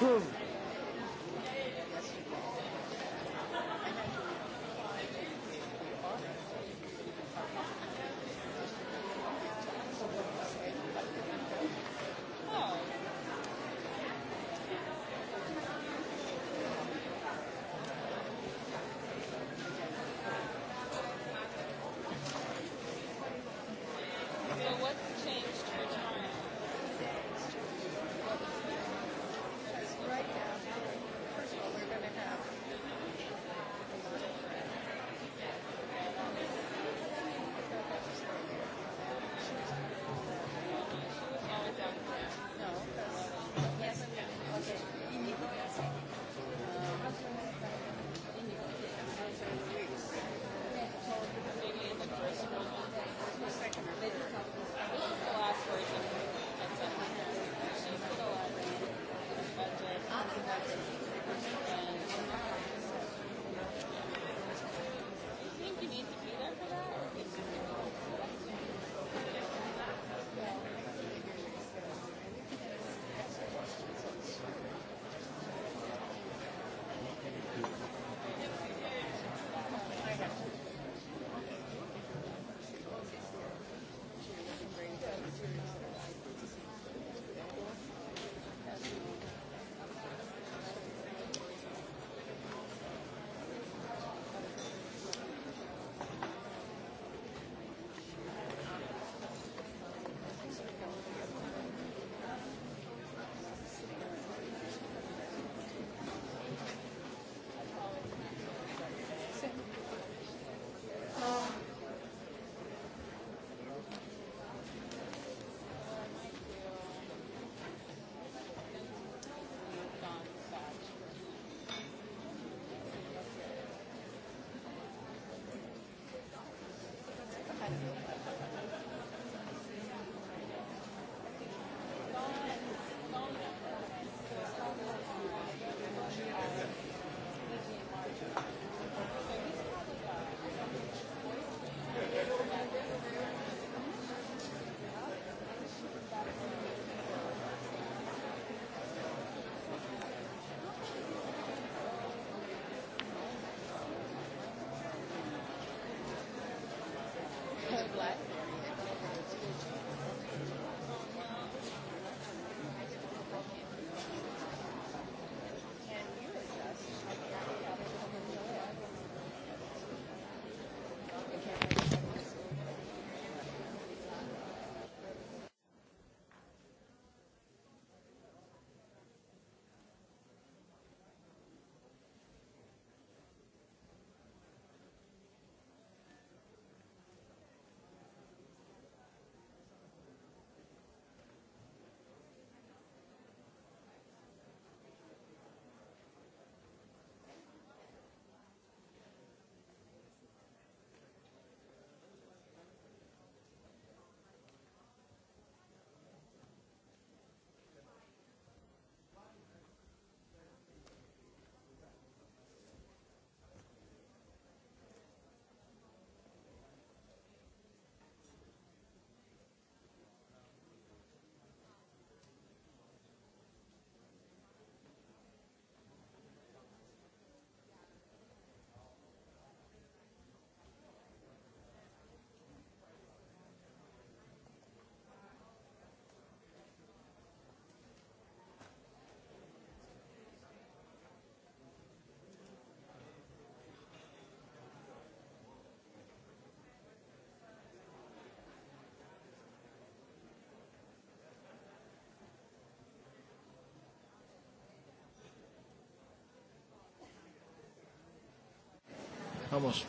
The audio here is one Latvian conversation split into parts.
approved. Hmm. Vamos.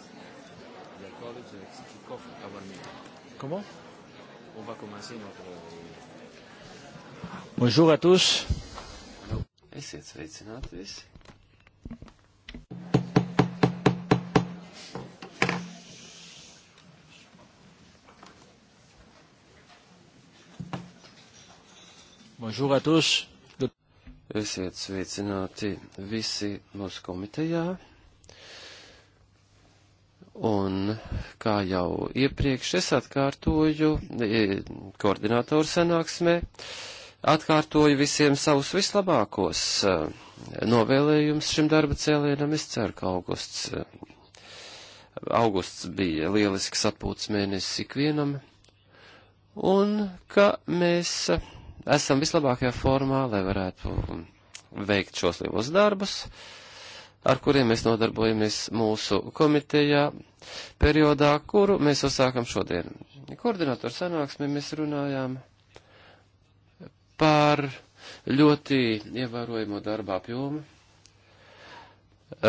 ¿Cómo? Bonjour à tous. Esiet sveicināti visi. Bonjour à tous. Esiet sveicināti visi mūsu komitejā. Un, kā jau iepriekš es atkārtoju, e, koordinātoru sanāksmē, atkārtoju visiem savus vislabākos e, novēlējums šim darba cēlienam. Es ceru, ka augusts, e, augusts bija lielisks atpūtas mēnesis ikvienam, un ka mēs esam vislabākajā formā, lai varētu veikt šos lielos darbus. Uh, ar kuriem mēs nodarbojamies mūsu komitejā periodā, kuru mēs uzsākam šodien. Koordinatoru sanāksmē mēs runājām par ļoti ievērojamo darba apjomu,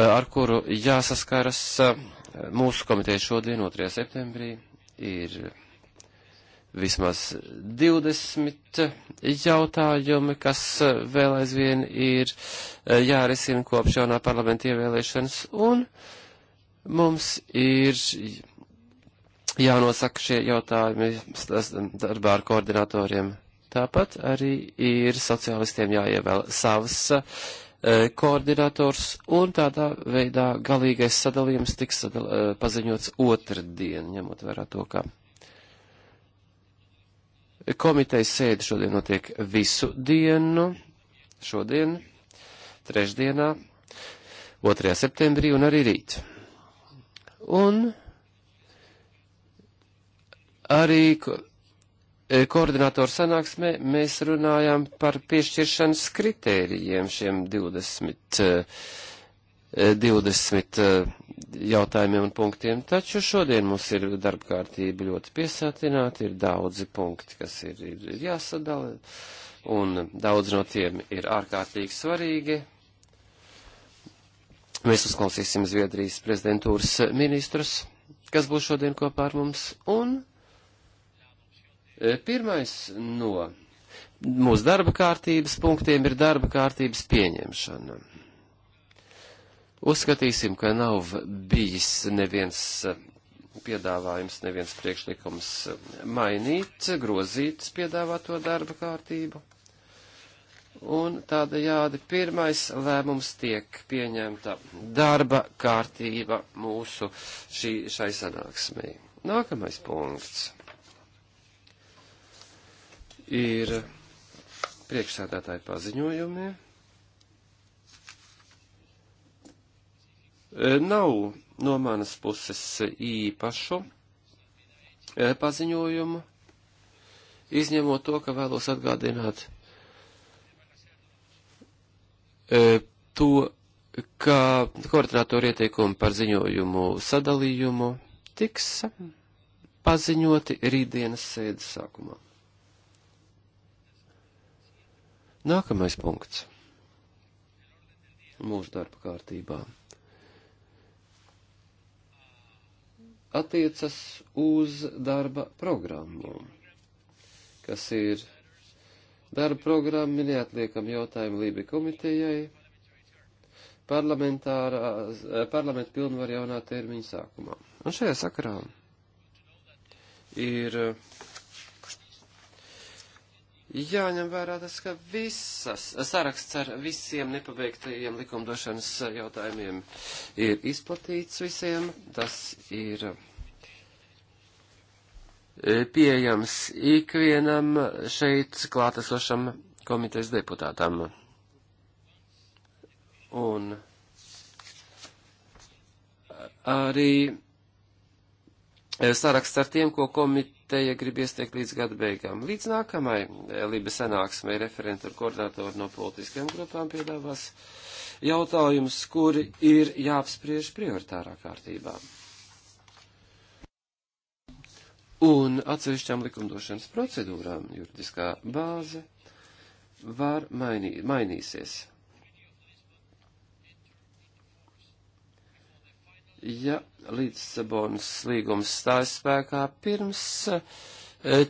ar kuru jāsaskaras eh, mūsu komiteja šodien, 2. septembrī, ir vismaz 20 jautājumi, kas vēl aizvien ir eh, jārisina kopš jaunā parlamenta ievēlēšanas, un mums ir jānosaka šie jautājumi darbā ar koordinatoriem. Tāpat arī ir sociālistiem jāievēl savs eh, koordinators, un tādā veidā galīgais sadalījums tiks sadal eh, paziņots otrdien, ņemot vērā to, ka Komitejas sēde šodien notiek visu dienu, šodien, trešdienā, 2. septembrī un arī rīt. Un arī ko, e, koordinātoru sanāksmē mēs runājām par piešķiršanas kritērijiem šiem 20, 20 e, jautājumiem un punktiem, taču šodien mums ir darba kārtība ļoti piesātināta, ir daudzi punkti, kas ir, ir, ir jāsadala, un daudz no tiem ir ārkārtīgi svarīgi. Mēs uzklausīsim Zviedrijas prezidentūras ministrus, kas būs šodien kopā ar mums, un e, pirmais no mūsu darba kārtības punktiem ir darba kārtības pieņemšana. Uzskatīsim, ka nav bijis neviens eh, piedāvājums, neviens priekšlikums eh, mainīt, grozīt piedāvāto darba kārtību. Un tādējādi pirmais lēmums tiek pieņemta darba kārtība mūsu šī, šai sanāksmē. Nākamais punkts ir priekšsēdētāji paziņojumi. E, nav no manas puses īpašu e, paziņojumu, izņemot to, ka vēlos atgādināt e, to, ka koordinātori ieteikumi par ziņojumu sadalījumu tiks paziņoti rītdienas sēdes sākumā. Nākamais punkts mūsu darba kārtībā. attiecas uz darba programmu, kas ir darba programma neatliekam jautājumu Lībe komitejai eh, parlamenta pilnvaru jaunā termiņa sākumā. Un šajā sakarā ir eh, jāņem vērā tas, ka visas saraksts ar visiem nepabeigtajiem likumdošanas jautājumiem ir izplatīts visiem. Tas ir e, pieejams ikvienam šeit klātesošam komitejas deputātam. Un arī Eh, saraksts ar tiem, ko komiteja grib iesniegt līdz gada beigām. Līdz nākamai eh, Libe sanāksmai referenti un koordinatori no politiskajām grupām piedāvās jautājumus, kuri ir jāapspriež prioritārā kārtībā. Un atsevišķām likumdošanas procedūrām juridiskā bāze var mainī, mainīsies. ja Līdzsabonas līgums stājas spēkā pirms eh,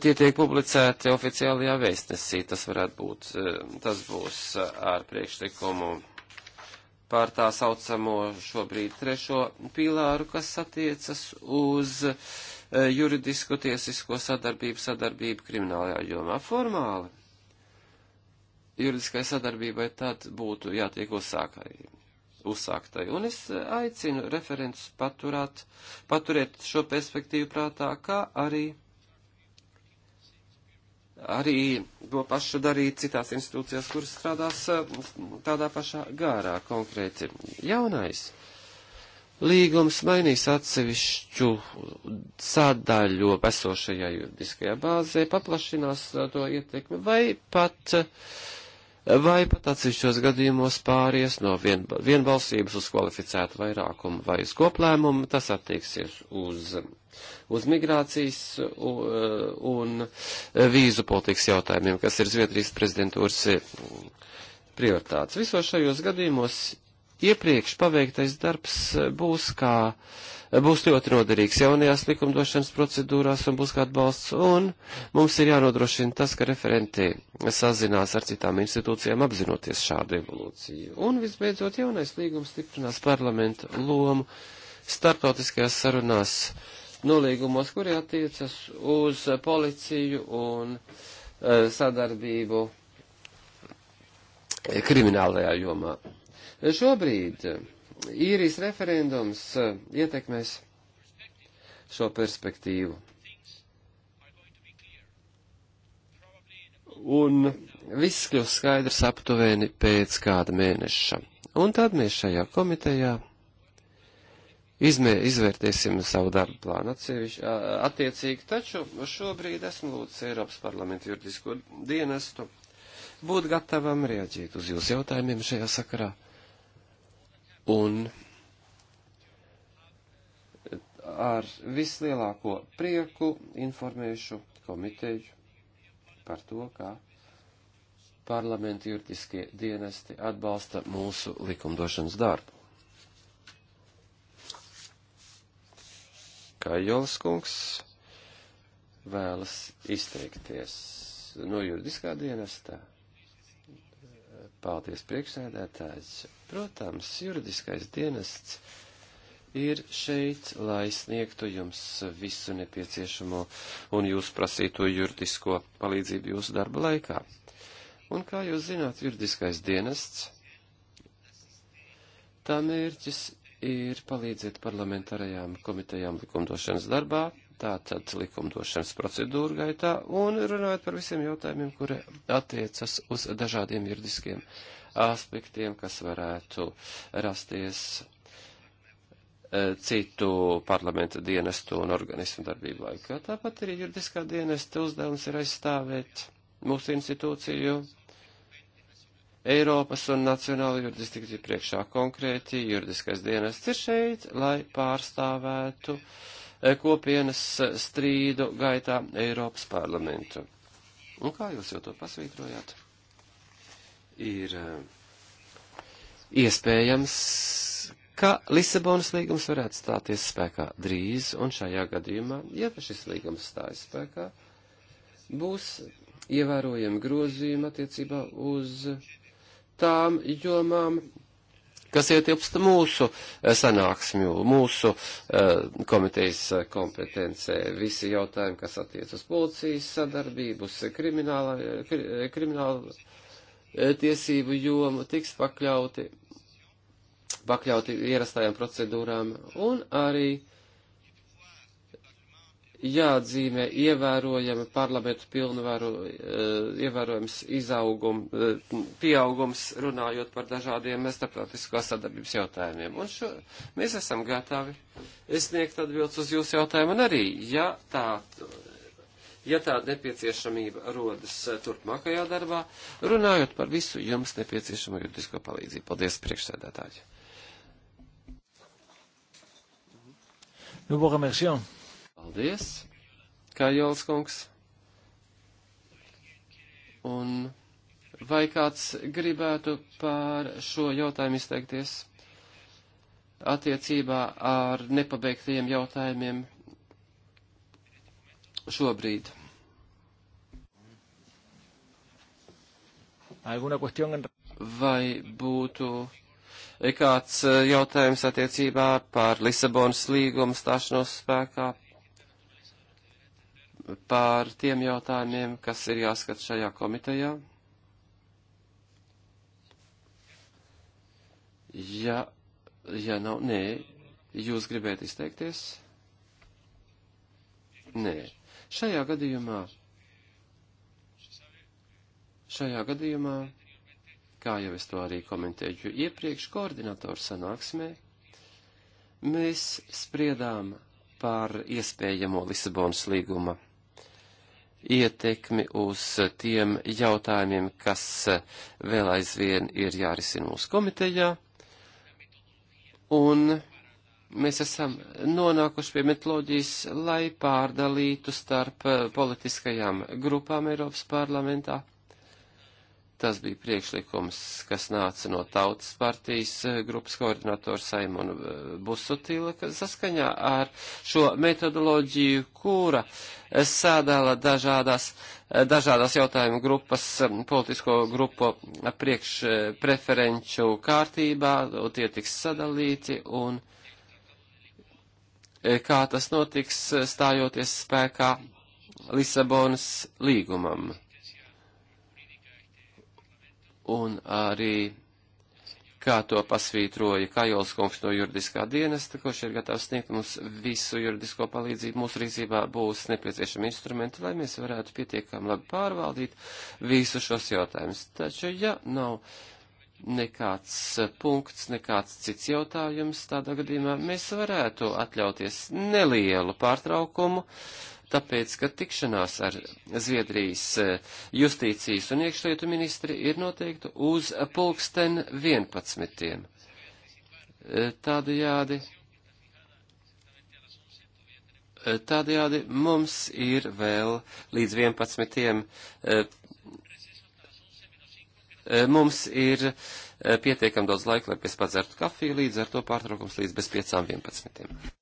tie tiek publicēti oficiālajā vēstnesī, tas varētu būt, eh, tas būs eh, ar priekšlikumu pār tā saucamo šobrīd trešo pīlāru, kas attiecas uz juridisko tiesisko sadarbību, sadarbību kriminālajā jomā formāli. Juridiskai sadarbībai tad būtu jātiek uzsākai uzsāktai. Un es aicinu referents paturāt, paturēt šo perspektīvu prātā, kā arī, arī to pašu darīt citās institūcijās, kuras strādās tādā pašā gārā konkrēti. Jaunais līgums mainīs atsevišķu sadaļu esošajā juridiskajā bāzē, paplašinās to ietekmi vai pat uh, vai pat atsevišķos gadījumos pāries no vien, vienbalsības uz kvalificētu vairākumu vai uz koplēmumu, tas attieksies uz, uz migrācijas un, un vīzu politikas jautājumiem, kas ir Zviedrijas prezidentūras e, prioritātes. Visos šajos gadījumos iepriekš paveiktais darbs būs kā uh, būs ļoti noderīgs jaunajās likumdošanas procedūrās un būs kā atbalsts, un mums ir jānodrošina tas, ka referenti sazinās ar citām institūcijām apzinoties šādu evolūciju. Un visbeidzot, jaunais līgums stiprinās parlamentu lomu starptautiskajās sarunās nolīgumos, kuri attiecas uz policiju un eh, sadarbību kriminālajā jomā. Šobrīd īrijas referendums eh, ietekmēs šo perspektīvu. Un viss kļūst skaidrs aptuveni pēc kāda mēneša. Un tad mēs šajā komitejā izmē, izvērtēsim savu darbu plānu atsevišķi, attiecīgi, taču šobrīd esmu lūdzis Eiropas parlamentu juridisko dienestu būt gatavam reaģēt uz jūsu jautājumiem šajā sakarā. Un ar vislielāko prieku informēšu komiteju par to, kā parlamenta juridiskie dienesti atbalsta mūsu likumdošanas darbu. Kā Jolas kungs vēlas izteikties no juridiskā dienestā? Paldies, priekšsēdētājs. Protams, juridiskais dienests ir šeit, lai sniegtu jums visu nepieciešamo un jūs prasīto juridisko palīdzību jūsu darba laikā. Un kā jūs zināt, juridiskais dienests, tā mērķis ir palīdzēt parlamentārajām komitejām likumdošanas darbā, tātad likumdošanas procedūru gaitā un runājot par visiem jautājumiem, kuri attiecas uz dažādiem juridiskiem aspektiem, kas varētu rasties e, citu parlamenta dienestu un organismu darbību laikā. Tāpat arī juridiskā dienesta uzdevums ir aizstāvēt mūsu institūciju Eiropas un Nacionāla jurisdikcija priekšā konkrēti. Juridiskais dienests ir šeit, lai pārstāvētu uh, kopienas strīdu gaitā Eiropas parlamentu. Un kā jūs jau to pasvītrojāt? Ir eh, iespējams, ka Lisabonas līgums varētu stāties spēkā drīz, un šajā gadījumā, ja šis līgums stājas spēkā, būs ievērojami grozījumi attiecībā uz tām jomām, kas ietilpst mūsu eh, sanāksmju, mūsu eh, komitejas eh, kompetencē. Visi jautājumi, kas attiec uz policijas sadarbību, uz krimināla, kri, krimināla tiesību jomu, tiks pakļauti, pakļauti ierastajām procedūrām un arī jāatzīmē ievērojama parlamentu pilnvaru, eh, ievērojams izaugum, eh, pieaugums runājot par dažādiem starptautiskās sadarbības jautājumiem. Un šo mēs esam gatavi sniegt atbildes uz jūsu jautājumu un arī, ja tā, ja tā nepieciešamība rodas eh, turpmākajā darbā, runājot par visu jums nepieciešamo juridisko palīdzību. Paldies, priekšsēdētāji! Nous vous remercions. Paldies, Kājols kungs. Un vai kāds gribētu par šo jautājumu izteikties attiecībā ar nepabeigtajiem jautājumiem šobrīd? Vai būtu kāds jautājums attiecībā par Lisabonas līgumu stāšanos spēkā pār tiem jautājumiem, kas ir jāskat šajā komitejā. Ja, ja nav, nē, jūs gribētu izteikties? Nē. Šajā gadījumā, šajā gadījumā, kā jau es to arī komentēju iepriekš koordinatoru sanāksmē, mēs spriedām par iespējamo Lisabonas līguma ietekmi uz tiem jautājumiem, kas vēl aizvien ir jārisina mūsu komitejā. Un mēs esam nonākuši pie metoloģijas, lai pārdalītu starp politiskajām grupām Eiropas parlamentā Tas bija priekšlikums, kas nāca no Tautas partijas eh, grupas koordinatora Saimona eh, Busutila, kas saskaņā ar šo metodoloģiju, kura eh, sādāla dažādās, dažādās jautājumu grupas, politisko grupu priekšpreferenču kārtībā, un tie tiks sadalīti, un kā tas notiks, stājoties spēkā Lisabonas līgumam un arī, kā to pasvītroja Kajols kungs no juridiskā dienesta, kurš ir gatavs sniegt mums visu juridisko palīdzību. Mūsu rīzībā būs nepieciešami instrumenti, lai mēs varētu pietiekami labi pārvaldīt visu šos jautājumus. Taču, ja nav nekāds punkts, nekāds cits jautājums, tādā gadījumā mēs varētu atļauties nelielu pārtraukumu tāpēc, ka tikšanās ar Zviedrijas e, justīcijas un iekšlietu ministri ir noteikta uz pulksten 11. E, tādajādi, e, tādajādi mums ir vēl līdz 11. Mums ir pietiekam daudz laika, lai es padzertu kafiju, līdz ar to pārtraukums līdz bez 5.11.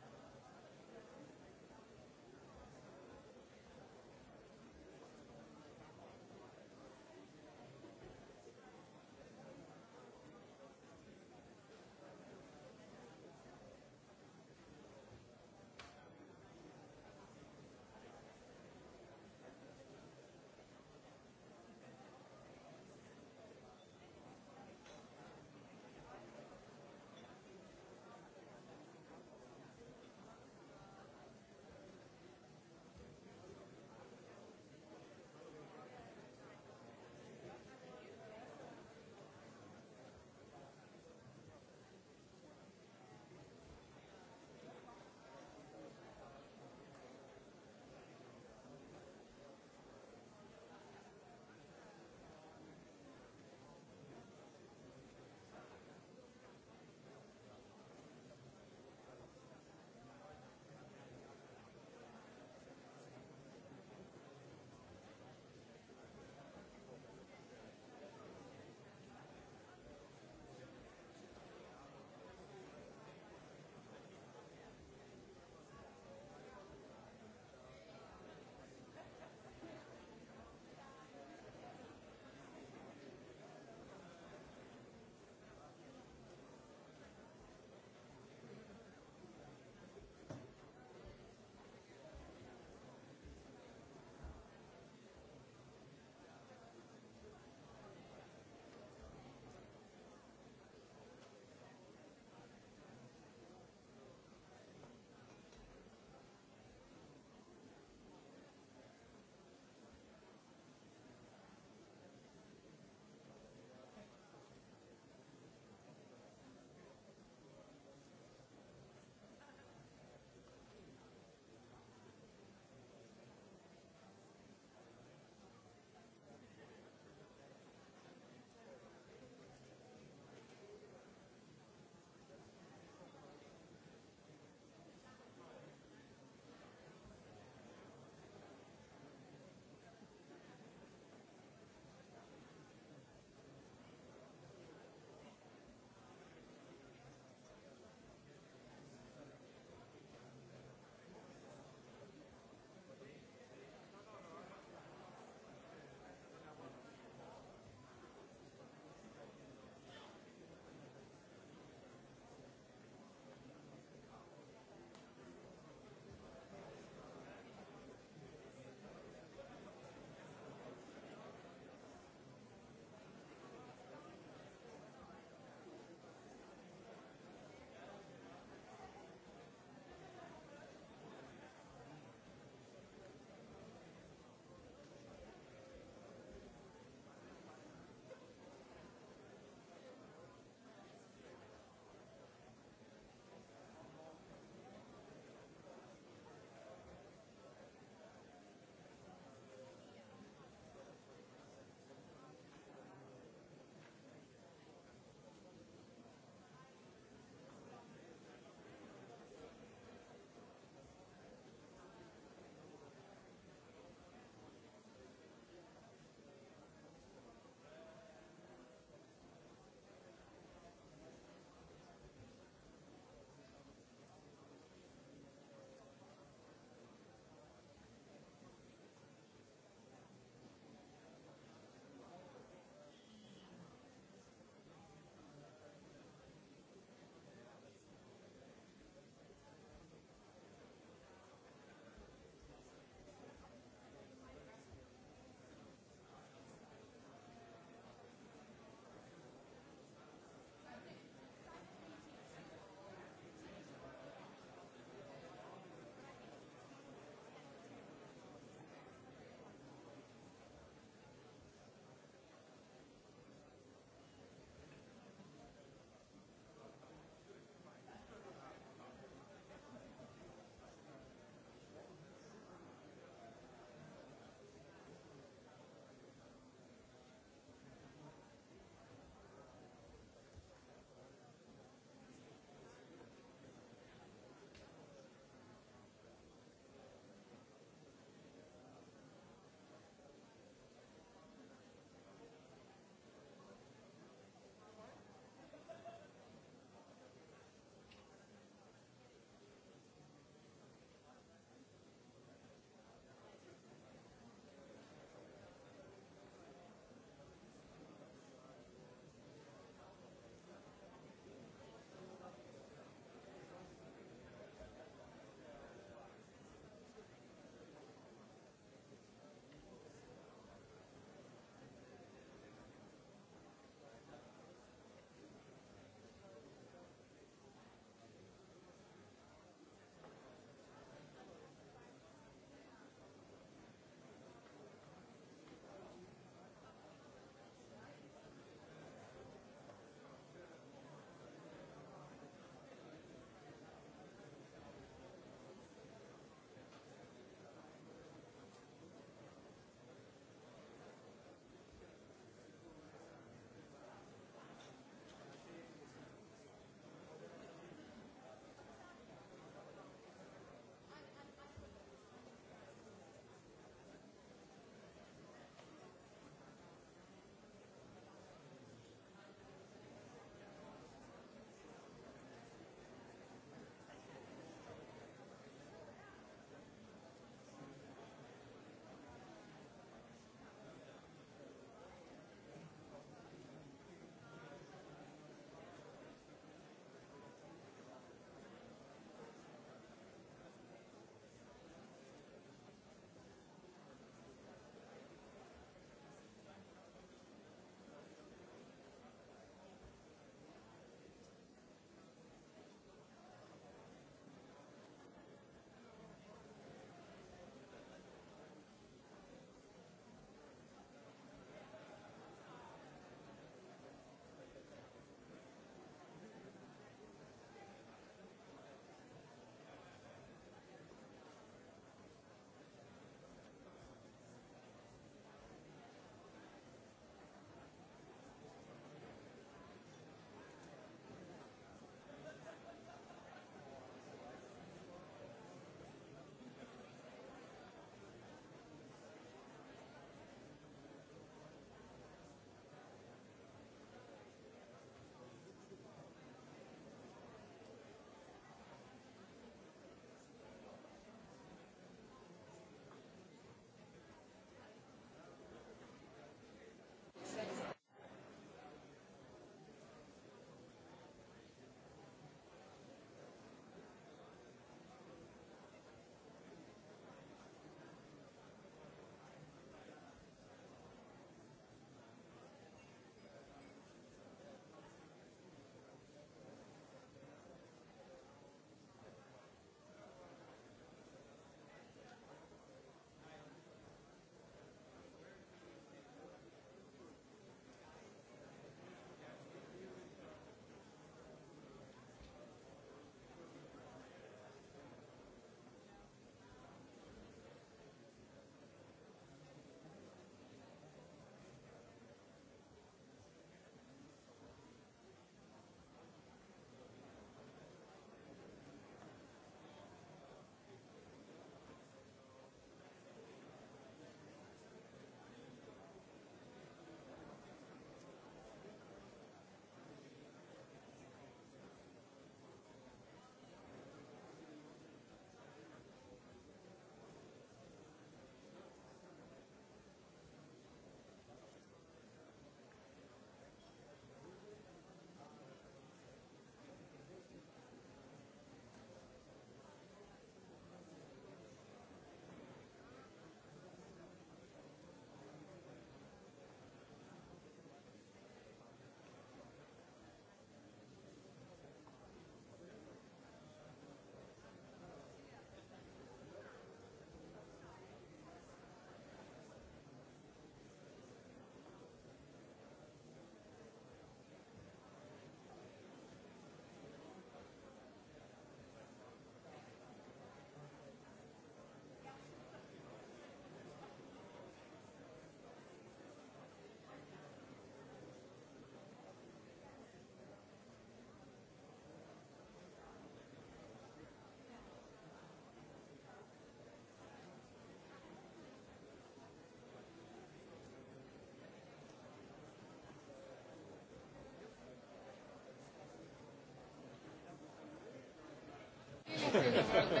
but if we should uh,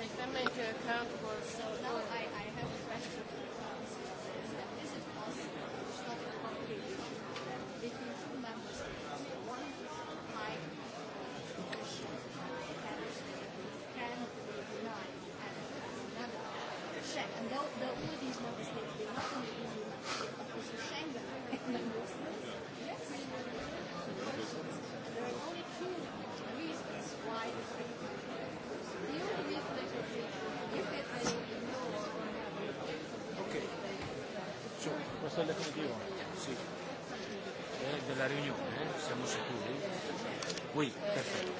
take them into account for. So now I, I have a question. Is it possible to stop the competition between two member states? One might can be denied and another Schengen. And though, though all these member states, they're not in the EU, they're also Schengen members. Yes. And there are only two reasons why the Ok. So. Questo è il definitivo? Sì. Eh, della riunione, eh? siamo sicuri? Oui, perfetto.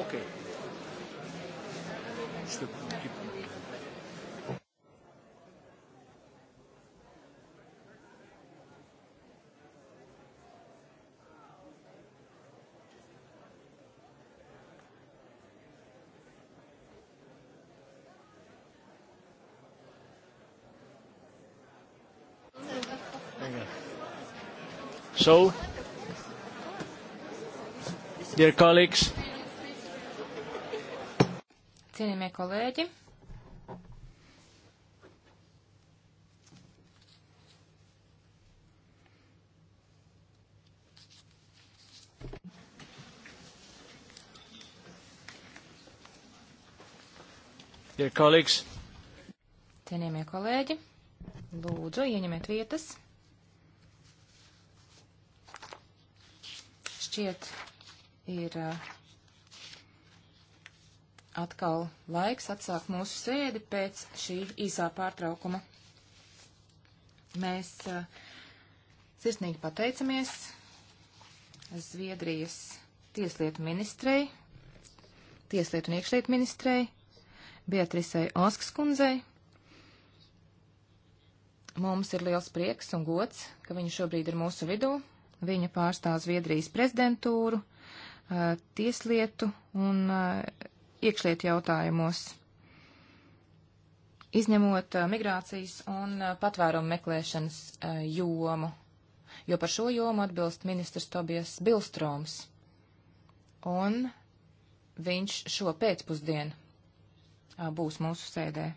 Ok. Je te, tu, So, dear colleagues, cienījamie kolēģi, Dear colleagues, cienījamie kolēģi, lūdzu, ieņemiet vietas. šķiet ir uh, atkal laiks atsākt mūsu sēdi pēc šī īsā pārtraukuma. Mēs uh, sirsnīgi pateicamies Zviedrijas tieslietu ministrei, tieslietu un iekšlietu ministrei, Beatrisai Oskas kundzei. Mums ir liels prieks un gods, ka viņa šobrīd ir mūsu vidū. Viņa pārstāv Zviedrijas prezidentūru, tieslietu un iekšlietu jautājumos, izņemot migrācijas un patvērumu meklēšanas jomu, jo par šo jomu atbilst ministrs Tobijas Bilstroms. Un viņš šo pēcpusdienu būs mūsu sēdē.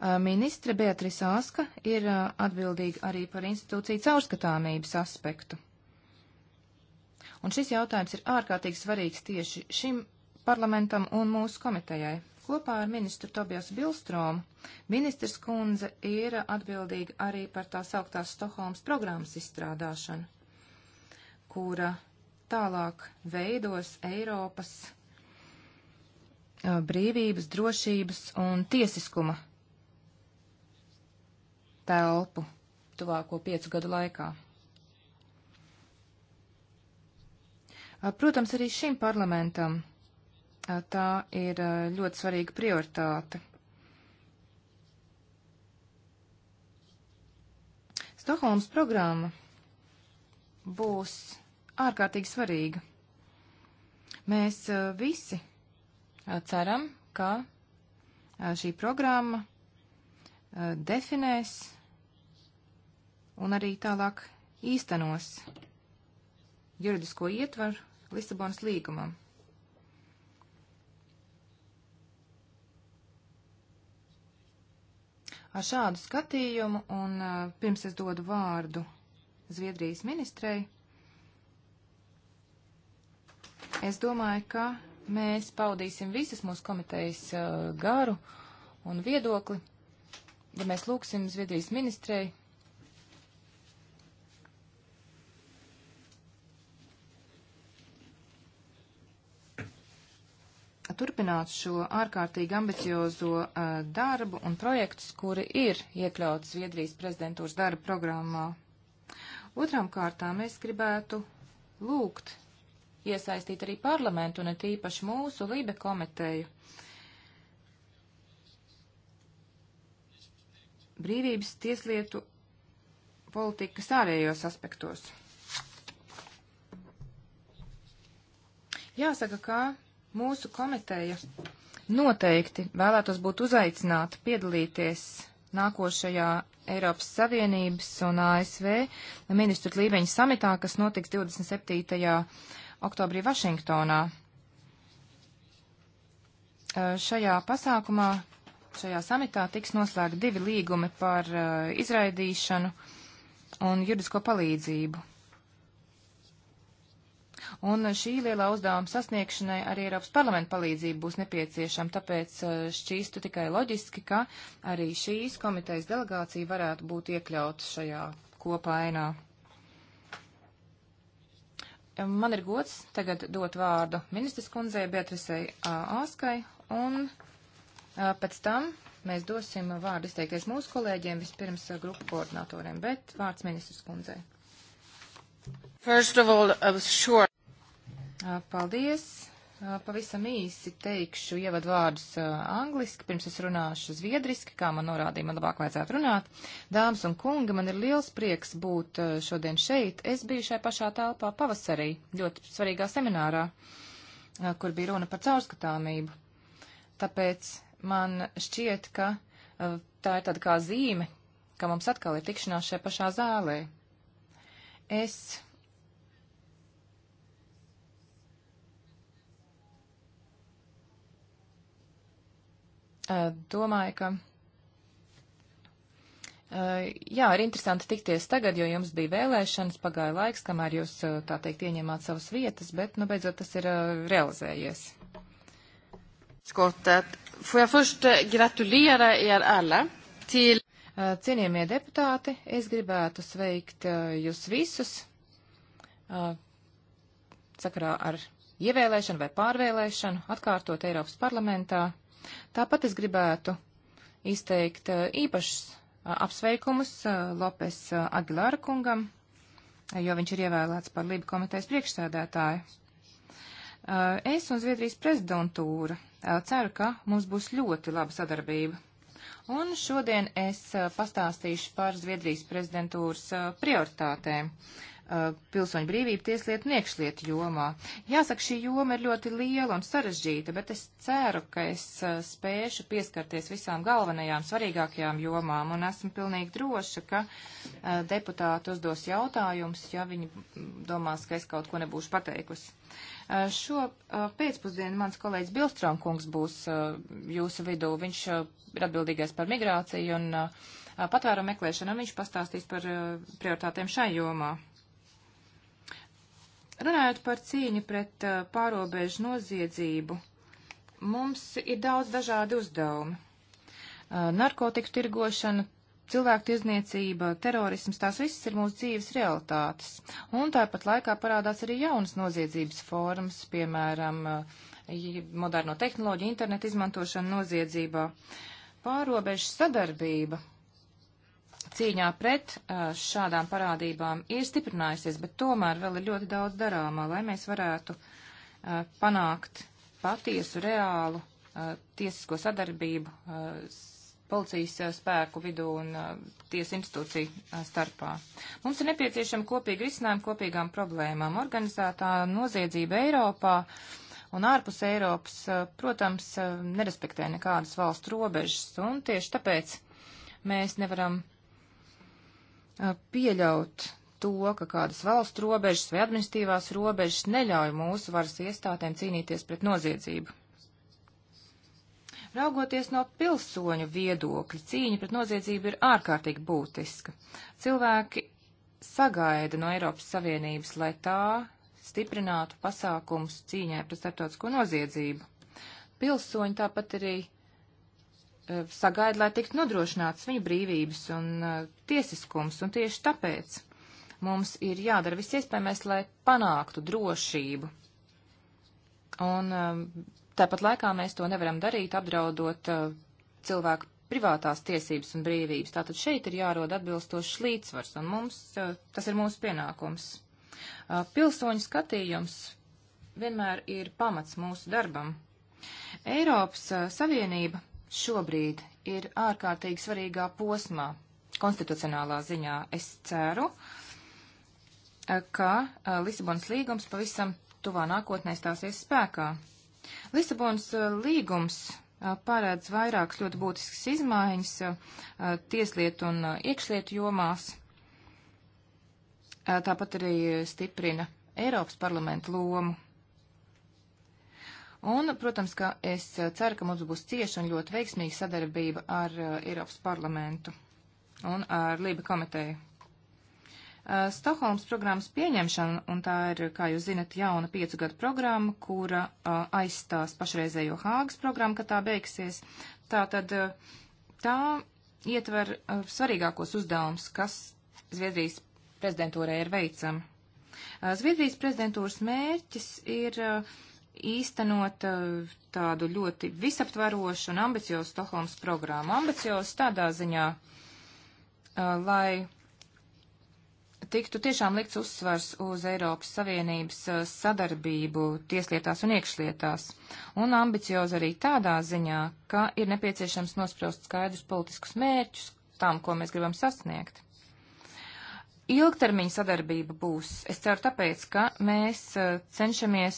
Uh, ministre Beatrice Āska ir uh, atbildīga arī par institūciju caurskatāmības aspektu. Un šis jautājums ir ārkārtīgi svarīgs tieši šim parlamentam un mūsu komitejai. Kopā ar ministru Tobijas Bilstromu ministrs kundze ir atbildīga arī par tā sauktās Stokholmas programmas izstrādāšanu, kura tālāk veidos Eiropas uh, brīvības, drošības un tiesiskuma telpu tuvāko piecu gadu laikā. Protams, arī šim parlamentam tā ir ļoti svarīga prioritāte. Stokholmas programma būs ārkārtīgi svarīga. Mēs visi ceram, ka šī programma definēs un arī tālāk īstenos juridisko ietvaru Lisabonas līgumam. Ar šādu skatījumu, un uh, pirms es dodu vārdu Zviedrijas ministrei, es domāju, ka mēs paudīsim visas mūsu komitejas uh, garu un viedokli, ja mēs lūksim Zviedrijas ministrei turpināt šo ārkārtīgi ambiciozo uh, darbu un projektus, kuri ir iekļauts Zviedrijas prezidentūras darba programmā. Otram kārtām es gribētu lūgt iesaistīt arī parlamentu un tīpaši mūsu Lībe komiteju. Brīvības tieslietu politikas ārējos aspektos. Jāsaka, ka Mūsu komiteja noteikti vēlētos būt uzaicināta piedalīties nākošajā Eiropas Savienības un ASV ministru līmeņa samitā, kas notiks 27. oktobrī Vašingtonā. Šajā pasākumā, šajā samitā tiks noslēgti divi līgumi par izraidīšanu un juridisko palīdzību un šī lielā uzdevuma sasniegšanai arī Eiropas parlamenta palīdzība būs nepieciešama, tāpēc eh, šķīstu tikai loģiski, ka arī šīs komitejas delegācija varētu būt iekļauts šajā kopainā. Man ir gods tagad dot vārdu ministrs kundzei Beatrisei eh, Āskai, un a, eh, pēc tam mēs dosim vārdu izteikties mūsu kolēģiem, vispirms a, grupu koordinatoriem, bet vārds ministrs kundzei. First of all, uh, sure. Paldies! Pavisam īsi teikšu ievad vārdus angliski, pirms es runāšu zviedriski, kā man norādīja, man labāk vajadzētu runāt. Dāmas un kungi, man ir liels prieks būt šodien šeit. Es biju šai pašā telpā pavasarī, ļoti svarīgā seminārā, kur bija runa par caurskatāmību. Tāpēc man šķiet, ka tā ir tāda kā zīme, ka mums atkal ir tikšanās šajā pašā zālē. Es domāju, ka. Jā, ir interesanti tikties tagad, jo jums bija vēlēšanas, pagāja laiks, kamēr jūs, tā teikt, ieņēmāt savas vietas, bet, nu, beidzot tas ir realizējies. Skottet, får jag först gratulera er alla till... Cienījamie deputāti, es gribētu sveikt jūs visus sakarā ar ievēlēšanu vai pārvēlēšanu atkārtot Eiropas parlamentā. Tāpat es gribētu izteikt eh, īpašs eh, apsveikumus eh, Lopes Agilāra kungam, jo viņš ir ievēlēts par Lība komitejas priekšsēdētāju. Es un Zviedrijas prezidentūra ceru, ka mums būs ļoti laba sadarbība. Un šodien es pastāstīšu par Zviedrijas prezidentūras prioritātēm Uh, pilsoņu brīvību tieslietu un iekšlietu jomā. Jāsaka, šī joma ir ļoti liela un sarežģīta, bet es ceru, ka es uh, spēšu pieskarties visām galvenajām, svarīgākajām jomām un esmu pilnīgi droša, ka uh, deputāti uzdos jautājumus, ja viņi domās, ka es kaut ko nebūšu pateikusi. Šo pēcpusdienu mans kolēģis Bilstrānkungs būs jūsu vidū. Viņš ir atbildīgais par migrāciju un patvēru meklēšanu, un viņš pastāstīs par prioritātēm šai jomā. Runājot par cīņu pret uh, pārobežu noziedzību, mums ir daudz dažādi uzdevumi. Uh, narkotiku tirgošana, cilvēku tirzniecība, terorisms, tās visas ir mūsu dzīves realitātes. Un tāpat laikā parādās arī jaunas noziedzības formas, piemēram, uh, moderno tehnoloģiju, internetu izmantošanu noziedzībā. Pārobežu sadarbība cīņā pret šādām parādībām ir stiprinājusies, bet tomēr vēl ir ļoti daudz darāmā, lai mēs varētu panākt patiesu, reālu tiesisko sadarbību policijas spēku vidū un tiesu institūciju starpā. Mums ir nepieciešama kopīga risinājuma kopīgām problēmām. Organizētā noziedzība Eiropā un ārpus Eiropas, protams, nerespektē nekādas valstu robežas, un tieši tāpēc mēs nevaram uh, Uh, pieļaut to, ka kādas valsts robežas vai administratīvās robežas neļauj mūsu varas iestātēm cīnīties pret noziedzību. Raugoties no pilsoņu viedokļa, cīņa pret noziedzību ir ārkārtīgi būtiska. Cilvēki sagaida no Eiropas Savienības, lai tā stiprinātu pasākums cīņai pret starptautisko noziedzību. Pilsoņi tāpat arī Eh, sagaida, lai tiktu nodrošināts viņu brīvības un eh, tiesiskums, un tieši tāpēc mums ir jādara viss iespējamais, lai panāktu drošību. Un eh, tāpat laikā mēs to nevaram darīt, apdraudot cilvēku privātās tiesības un brīvības. Tātad šeit ir jārod atbilstošs līdzsvars, un mums tas ir mūsu pienākums. Pilsoņu skatījums vienmēr ir pamats mūsu darbam. Eiropas Savienība šobrīd ir ārkārtīgi svarīgā posmā, konstitucionālā ziņā. Es ceru, eh, ka eh, Lisabonas līgums pavisam tuvā nākotnē stāsies spēkā. Lisabonas eh, līgums pārēdz vairākas ļoti būtiskas izmaiņas tieslietu un iekšlietu jomās. Tāpat arī stiprina Eiropas parlamenta lomu Un, protams, ka es eh, ceru, ka mums būs cieša un ļoti veiksmīga sadarbība ar uh, Eiropas parlamentu un ar Lība komiteju. Uh, Stokholmas programmas pieņemšana, un tā ir, kā jūs zinat, jauna piecu gadu programma, kura uh, aizstās pašreizējo Hāgas programmu, kad tā beigsies. Tā tad tā ietver svarīgākos uzdevumus, kas Zviedrijas prezidentūrē ir veicami. Zviedrijas prezidentūras mērķis ir uh, īstenot eh, tādu ļoti visaptvarošu un ambiciozu Stokholmas programmu. Ambiciozu tādā ziņā, eh, lai tiktu tiešām likts uzsvars uz Eiropas Savienības eh, sadarbību tieslietās un iekšlietās, un ambiciozi arī tādā ziņā, ka ir nepieciešams nospraust skaidrus politiskus mērķus tam, ko mēs gribam sasniegt ilgtermiņa sadarbība būs. Es ceru tāpēc, ka mēs uh, cenšamies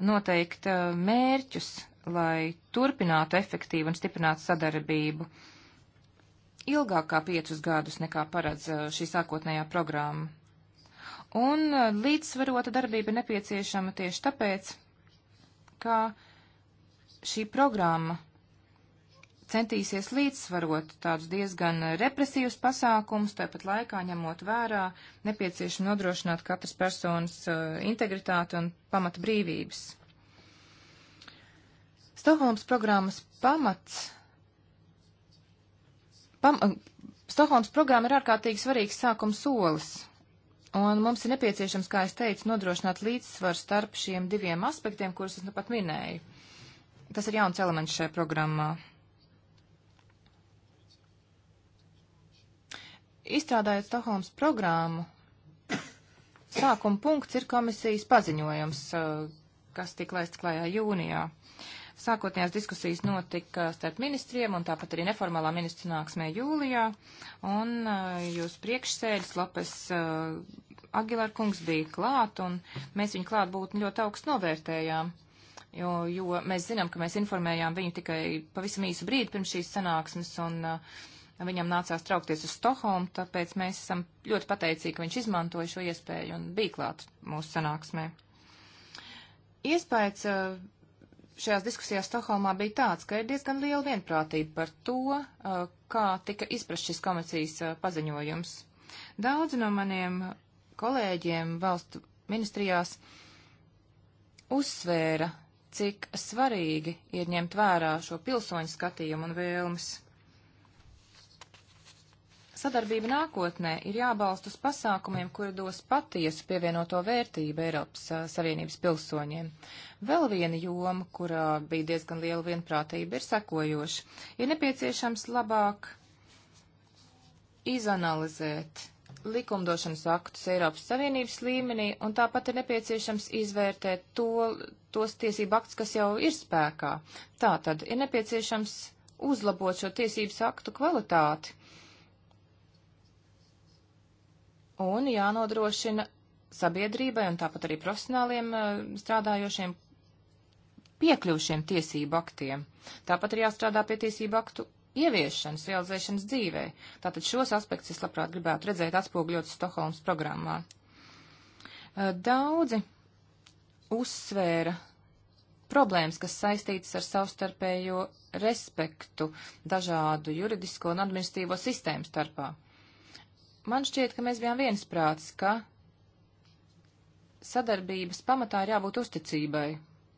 noteikt eh, mērķus, lai turpinātu efektīvu un stiprinātu sadarbību ilgāk kā piecus gadus nekā paredz eh, šī sākotnējā programma. Un eh, līdzsvarota darbība nepieciešama tieši tāpēc, ka šī programma centīsies līdzsvarot tādus diezgan represīvus pasākumus, tāpat laikā ņemot vērā nepieciešam nodrošināt katras personas uh, integritāti un pamata brīvības. Stokholmas programmas pamats. Pam, uh, Stokholmas programma ir ārkārtīgi svarīgs sākums solis, un mums ir nepieciešams, kā es teicu, nodrošināt līdzsvaru starp šiem diviem aspektiem, kurus es nu pat minēju. Tas ir jauns elements šajā programmā. Uh, Izstrādājot Stokholmas programmu, sākuma punkts ir komisijas paziņojums, eh, kas tika laists klājā jūnijā. Sākotnējās diskusijas notika starp ministriem un tāpat arī neformālā ministra nāksmē jūlijā, un eh, jūs priekšsēdis Lopes eh, Agilar kungs bija klāt, un mēs viņu klātbūtni ļoti augstu novērtējām jo, jo mēs zinām, ka mēs informējām viņu tikai pavisam īsu brīdi pirms šīs sanāksmes, un uh, Viņam nācās traukties uz Stokholmu, tāpēc mēs esam ļoti pateicīgi, ka viņš izmantoja šo iespēju un bija klāt mūsu sanāksmē. Iespējas eh, šajās diskusijās Stokholmā bija tāds, ka ir diezgan liela vienprātība par to, eh, kā tika izprast šis komisijas eh, paziņojums. Daudzi no maniem kolēģiem valstu ministrijās uzsvēra, cik svarīgi ir ņemt vērā šo pilsoņu skatījumu un vēlmes. Sadarbība nākotnē ir jābalst uz pasākumiem, kuri dos patiesu pievienoto vērtību Eiropas a, Savienības pilsoņiem. Vēl viena joma, kurā bija diezgan liela vienprātība, ir sekojoša. Ir nepieciešams labāk izanalizēt likumdošanas aktus Eiropas Savienības līmenī, un tāpat ir nepieciešams izvērtēt to, tos tiesību aktus, kas jau ir spēkā. Tātad ir nepieciešams uzlabot šo tiesības aktu kvalitāti, un jānodrošina sabiedrībai un tāpat arī profesionāliem eh, strādājošiem piekļuvušiem tiesību aktiem. Tāpat ir jāstrādā pie tiesību aktu ieviešanas, realizēšanas dzīvē. Tātad šos aspektus es labprāt gribētu redzēt atspogļot Stokholmas programmā. Eh, daudzi uzsvēra problēmas, kas saistītas ar savstarpējo respektu dažādu juridisko un administrīvo sistēmu starpā. Man šķiet, ka mēs bijām viensprāts, ka sadarbības pamatā ir jābūt uzticībai.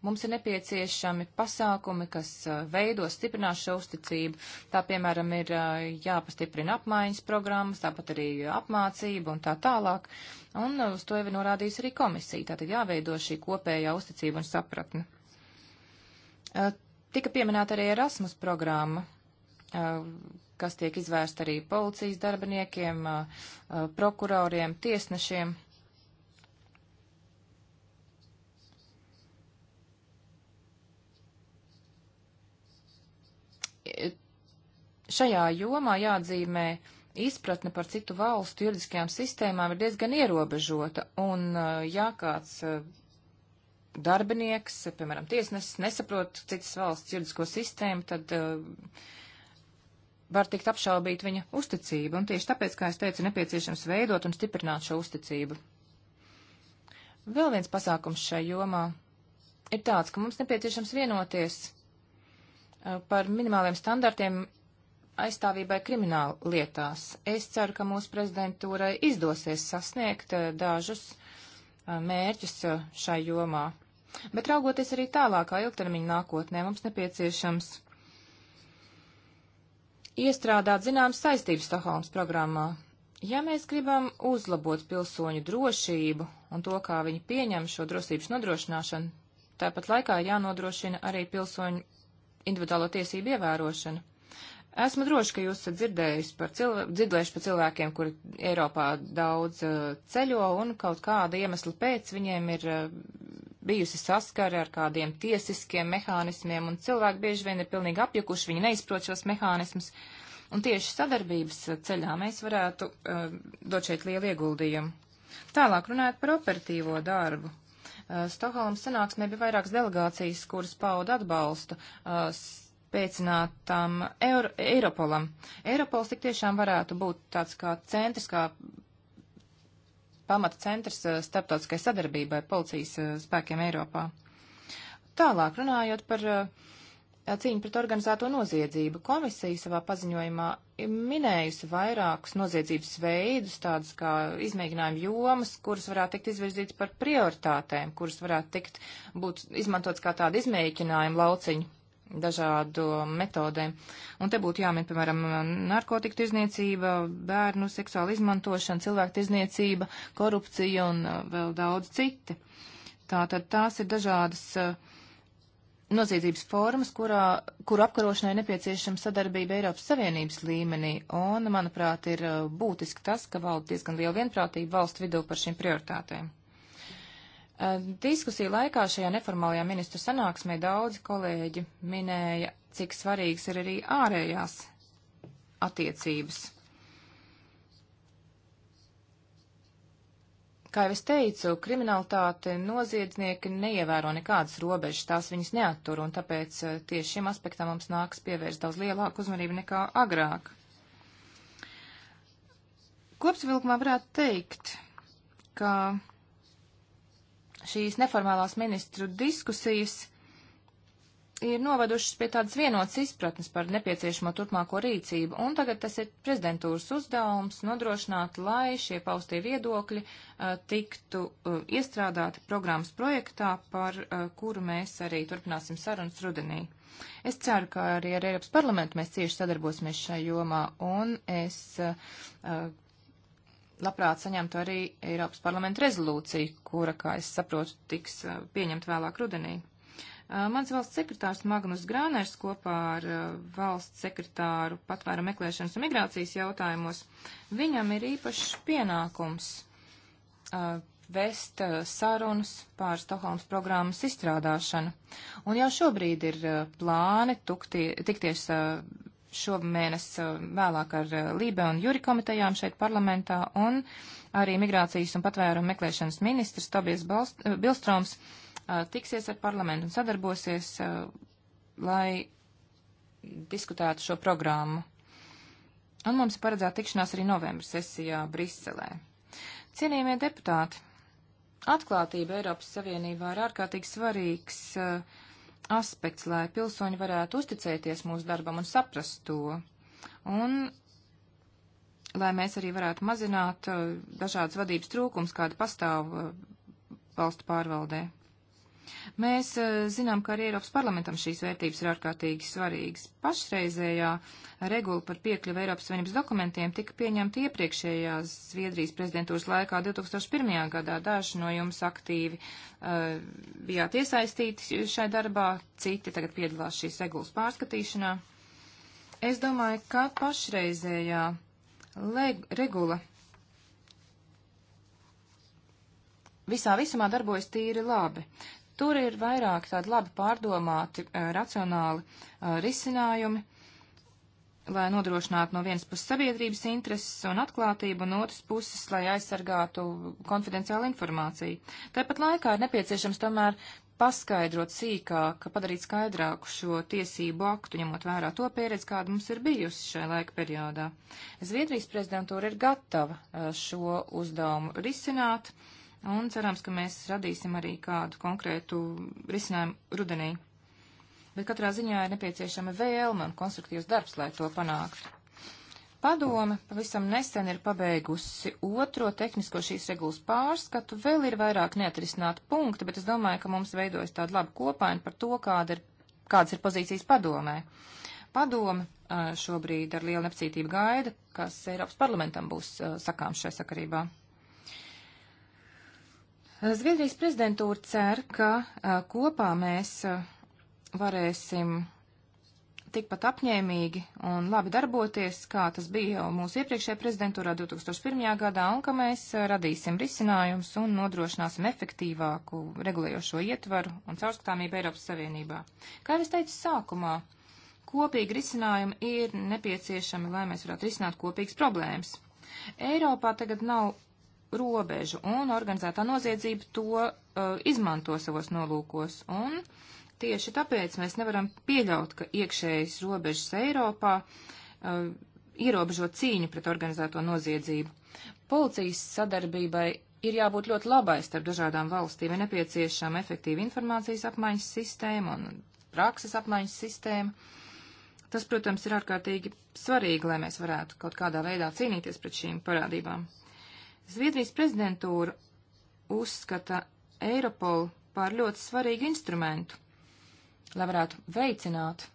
Mums ir nepieciešami pasākumi, kas uh, veido stiprinās šo uzticību. Tā, piemēram, ir uh, jāpastiprina apmaiņas programmas, tāpat arī apmācība un tā tālāk. Un uh, uz to jau ir norādījusi arī komisija. Tātad jāveido šī kopējā uzticība un sapratne. Tika pieminēta arī Erasmus programma. Eh, kas tiek izvērsta arī policijas darbiniekiem, eh, eh, prokuroriem, tiesnešiem. Šajā jomā jāatzīmē izpratne par citu valstu juridiskajām sistēmām ir diezgan ierobežota, un ja kāds darbinieks, piemēram, tiesnesis nesaprot citas valsts juridisko sistēmu, tad uh, var tikt apšaubīt viņa uzticība, un tieši tāpēc, kā es teicu, nepieciešams veidot un stiprināt šo uzticību. Vēl viens pasākums šai jomā ir tāds, ka mums nepieciešams vienoties uh, par minimāliem standartiem aizstāvībai krimināla lietās. Es ceru, ka mūsu prezidentūrai izdosies sasniegt uh, dažus uh, mērķus šai jomā. Bet raugoties arī tālākā ilgtermiņa nākotnē, mums nepieciešams iestrādāt zināmas saistības Stokholmas programmā. Ja mēs gribam uzlabot pilsoņu drošību un to, kā viņi pieņem šo drošības nodrošināšanu, tāpat laikā jānodrošina arī pilsoņu individuālo tiesību ievērošana. Esmu droši, ka jūs esat dzirdējuši par, cilv dzirdējuši par cilvēkiem, kuri Eiropā daudz uh, ceļo un kaut kāda iemesla pēc viņiem ir uh, bijusi saskara ar kādiem tiesiskiem mehānismiem, un cilvēki bieži vien ir pilnīgi apjukuši, viņi neizprot šos mehānismus. Un tieši sadarbības ceļā mēs varētu uh, dot šeit lielu ieguldījumu. Tālāk runājot par operatīvo darbu. Uh, Stokholmas sanāksmē bija vairākas delegācijas, kuras pauda atbalstu uh, eh, spēcinātam Eir Eiropolam. Eiropols tik tiešām varētu būt tāds kā centrs, kā pamata centrs eh, starptautiskai sadarbībai policijas eh, spēkiem Eiropā. Tālāk runājot par eh, cīņu pret organizēto noziedzību, komisija savā paziņojumā minējusi vairākus noziedzības veidus, tādus kā izmēģinājumu jomas, kuras varētu tikt izvirzītas par prioritātēm, kuras varētu tikt būt izmantotas kā tāda izmēģinājuma lauciņa dažādu metodēm. Un te būtu jāmin, piemēram, narkotika tirzniecība, bērnu seksuāla izmantošana, cilvēku tirzniecība, korupcija un uh, vēl daudz citi. Tātad tās ir dažādas uh, noziedzības formas, kurā, kuru apkarošanai nepieciešama sadarbība Eiropas Savienības līmenī. Un, manuprāt, ir uh, būtiski tas, ka valda diezgan liela vienprātība valstu vidū par šīm prioritātēm. Eh, diskusiju laikā šajā neformālajā ministru sanāksmē daudzi kolēģi minēja, cik svarīgs ir arī ārējās attiecības. Kā jau es teicu, kriminalitāte noziedznieki neievēro nekādas robežas, tās viņas neattur, un tāpēc eh, tieši šim aspektam mums nāks pievērst daudz lielāku uzmanību nekā agrāk. Kopsvilkumā varētu teikt, ka šīs neformālās ministru diskusijas ir novadušas pie tādas vienotas izpratnes par nepieciešamo turpmāko rīcību, un tagad tas ir prezidentūras uzdevums nodrošināt, lai šie paustie viedokļi uh, tiktu uh, iestrādāti programmas projektā, par uh, kuru mēs arī turpināsim sarunas rudenī. Es ceru, ka arī ar Eiropas parlamentu mēs cieši sadarbosimies šajā jomā, un es uh, uh labprāt saņemtu arī Eiropas parlamenta rezolūciju, kura, kā es saprotu, tiks pieņemt vēlāk rudenī. Mans valsts sekretārs Magnus Grāners kopā ar valsts sekretāru patvēru meklēšanas un migrācijas jautājumos, viņam ir īpašs pienākums vest sarunas pār Stokholmas programmas izstrādāšanu. Un jau šobrīd ir plāni tukti, tikties šomēnes eh, vēlāk ar eh, Lībe un Juri komitejām šeit parlamentā, un arī migrācijas un patvērumu meklēšanas ministrs Tobies Balst, eh, Bilstroms tiksies ar parlamentu un sadarbosies, lai diskutētu šo programmu. Un mums ir paredzēta tikšanās arī novembra sesijā Briselē. Cienījamie deputāti, atklātība Eiropas Savienībā ir ārkārtīgi svarīgs uh, aspekts, lai pilsoņi varētu uzticēties mūsu darbam un saprast to. Un lai mēs arī varētu mazināt uh, dažādas vadības trūkums, kāda pastāv uh, valstu pārvaldē. Mēs eh, zinām, ka arī Eiropas parlamentam šīs vērtības ir ārkārtīgi svarīgas. Pašreizējā regula par piekļuvu Eiropas Savienības dokumentiem tika pieņemta iepriekšējās Zviedrijas prezidentūras laikā 2001. gadā. Daži no jums aktīvi uh, bijāt iesaistīti šai darbā, citi tagad piedalās šīs regulas pārskatīšanā. Es domāju, ka pašreizējā regula visā visumā darbojas tīri labi. Tur ir vairāk tādi labi pārdomāti, eh, racionāli eh, risinājumi, lai nodrošinātu no vienas puses sabiedrības intereses un atklātību, un otras puses, lai aizsargātu konfidenciālu informāciju. Tāpat laikā ir nepieciešams tomēr paskaidrot sīkāk, padarīt skaidrāku šo tiesību aktu, ņemot vērā to pieredzi, kāda mums ir bijusi šajā laika periodā. Zviedrijas prezidentūra ir gatava eh, šo uzdevumu risināt. Uh, un cerams, ka mēs radīsim arī kādu konkrētu risinājumu rudenī. Bet katrā ziņā ir nepieciešama vēlme un konstruktīvs darbs, lai to panāktu. Padome pavisam nesen ir pabeigusi otro tehnisko šīs regulas pārskatu, vēl ir vairāk neatrisināti punkti, bet es domāju, ka mums veidojas tāda laba kopaina par to, kāda ir, kādas ir pozīcijas padomē. Padome šobrīd ar lielu nepacietību gaida, kas Eiropas parlamentam būs sakāms šai sakarībā. Zviedrijas prezidentūra cer, ka kopā mēs varēsim tikpat apņēmīgi un labi darboties, kā tas bija jau mūsu iepriekšējā prezidentūrā 2001. gadā, un ka mēs radīsim risinājumus un nodrošināsim efektīvāku regulējošo ietvaru un caurskatāmību Eiropas Savienībā. Kā jau es teicu sākumā, kopīgi risinājumi ir nepieciešami, lai mēs varētu risināt kopīgas problēmas. Eiropā tagad nav robežu, un organizētā noziedzība to uh, izmanto savos nolūkos. Un tieši tāpēc mēs nevaram pieļaut, ka iekšējas robežas Eiropā uh, ierobežo cīņu pret organizēto noziedzību. Policijas sadarbībai ir jābūt ļoti labai starp dažādām valstīm, ir nepieciešama efektīva informācijas apmaiņas sistēma un prakses apmaiņas sistēma. Tas, protams, ir ārkārtīgi svarīgi, lai mēs varētu kaut kādā veidā cīnīties pret šīm parādībām. Zviedrijas prezidentūra uzskata Eiropolu par ļoti svarīgu instrumentu, lai varētu veicināt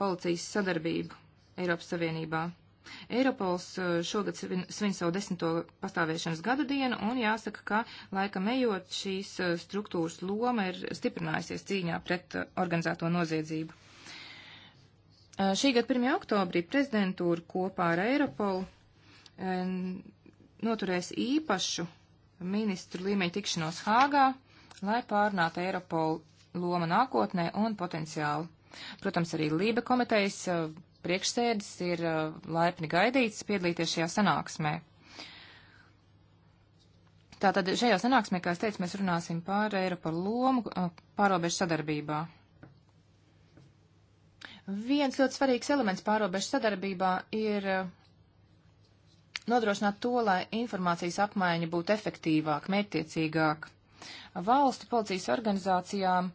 policijas sadarbību Eiropas Savienībā. Eiropols uh, šogad svin, svin savu desmito pastāvēšanas gadu dienu, un jāsaka, ka laikam ejot šīs uh, struktūras loma ir stiprinājusies cīņā pret uh, organizēto noziedzību. Šī gada 1. oktobrī prezidentūra kopā ar Eiropolu um, noturēs īpašu ministru līmeņa tikšanos Hāgā, lai pārnātu Eiropolu loma nākotnē un potenciālu. Protams, arī Lība komitejas uh, priekšsēdis ir uh, laipni gaidīts piedalīties šajā sanāksmē. Tātad šajā sanāksmē, kā es teicu, mēs runāsim par Eiropalu lomu uh, pārobežu sadarbībā. Viens ļoti svarīgs elements pārobežu sadarbībā ir nodrošināt to, lai informācijas apmaiņa būtu efektīvāk, mērķtiecīgāk. Valstu policijas organizācijām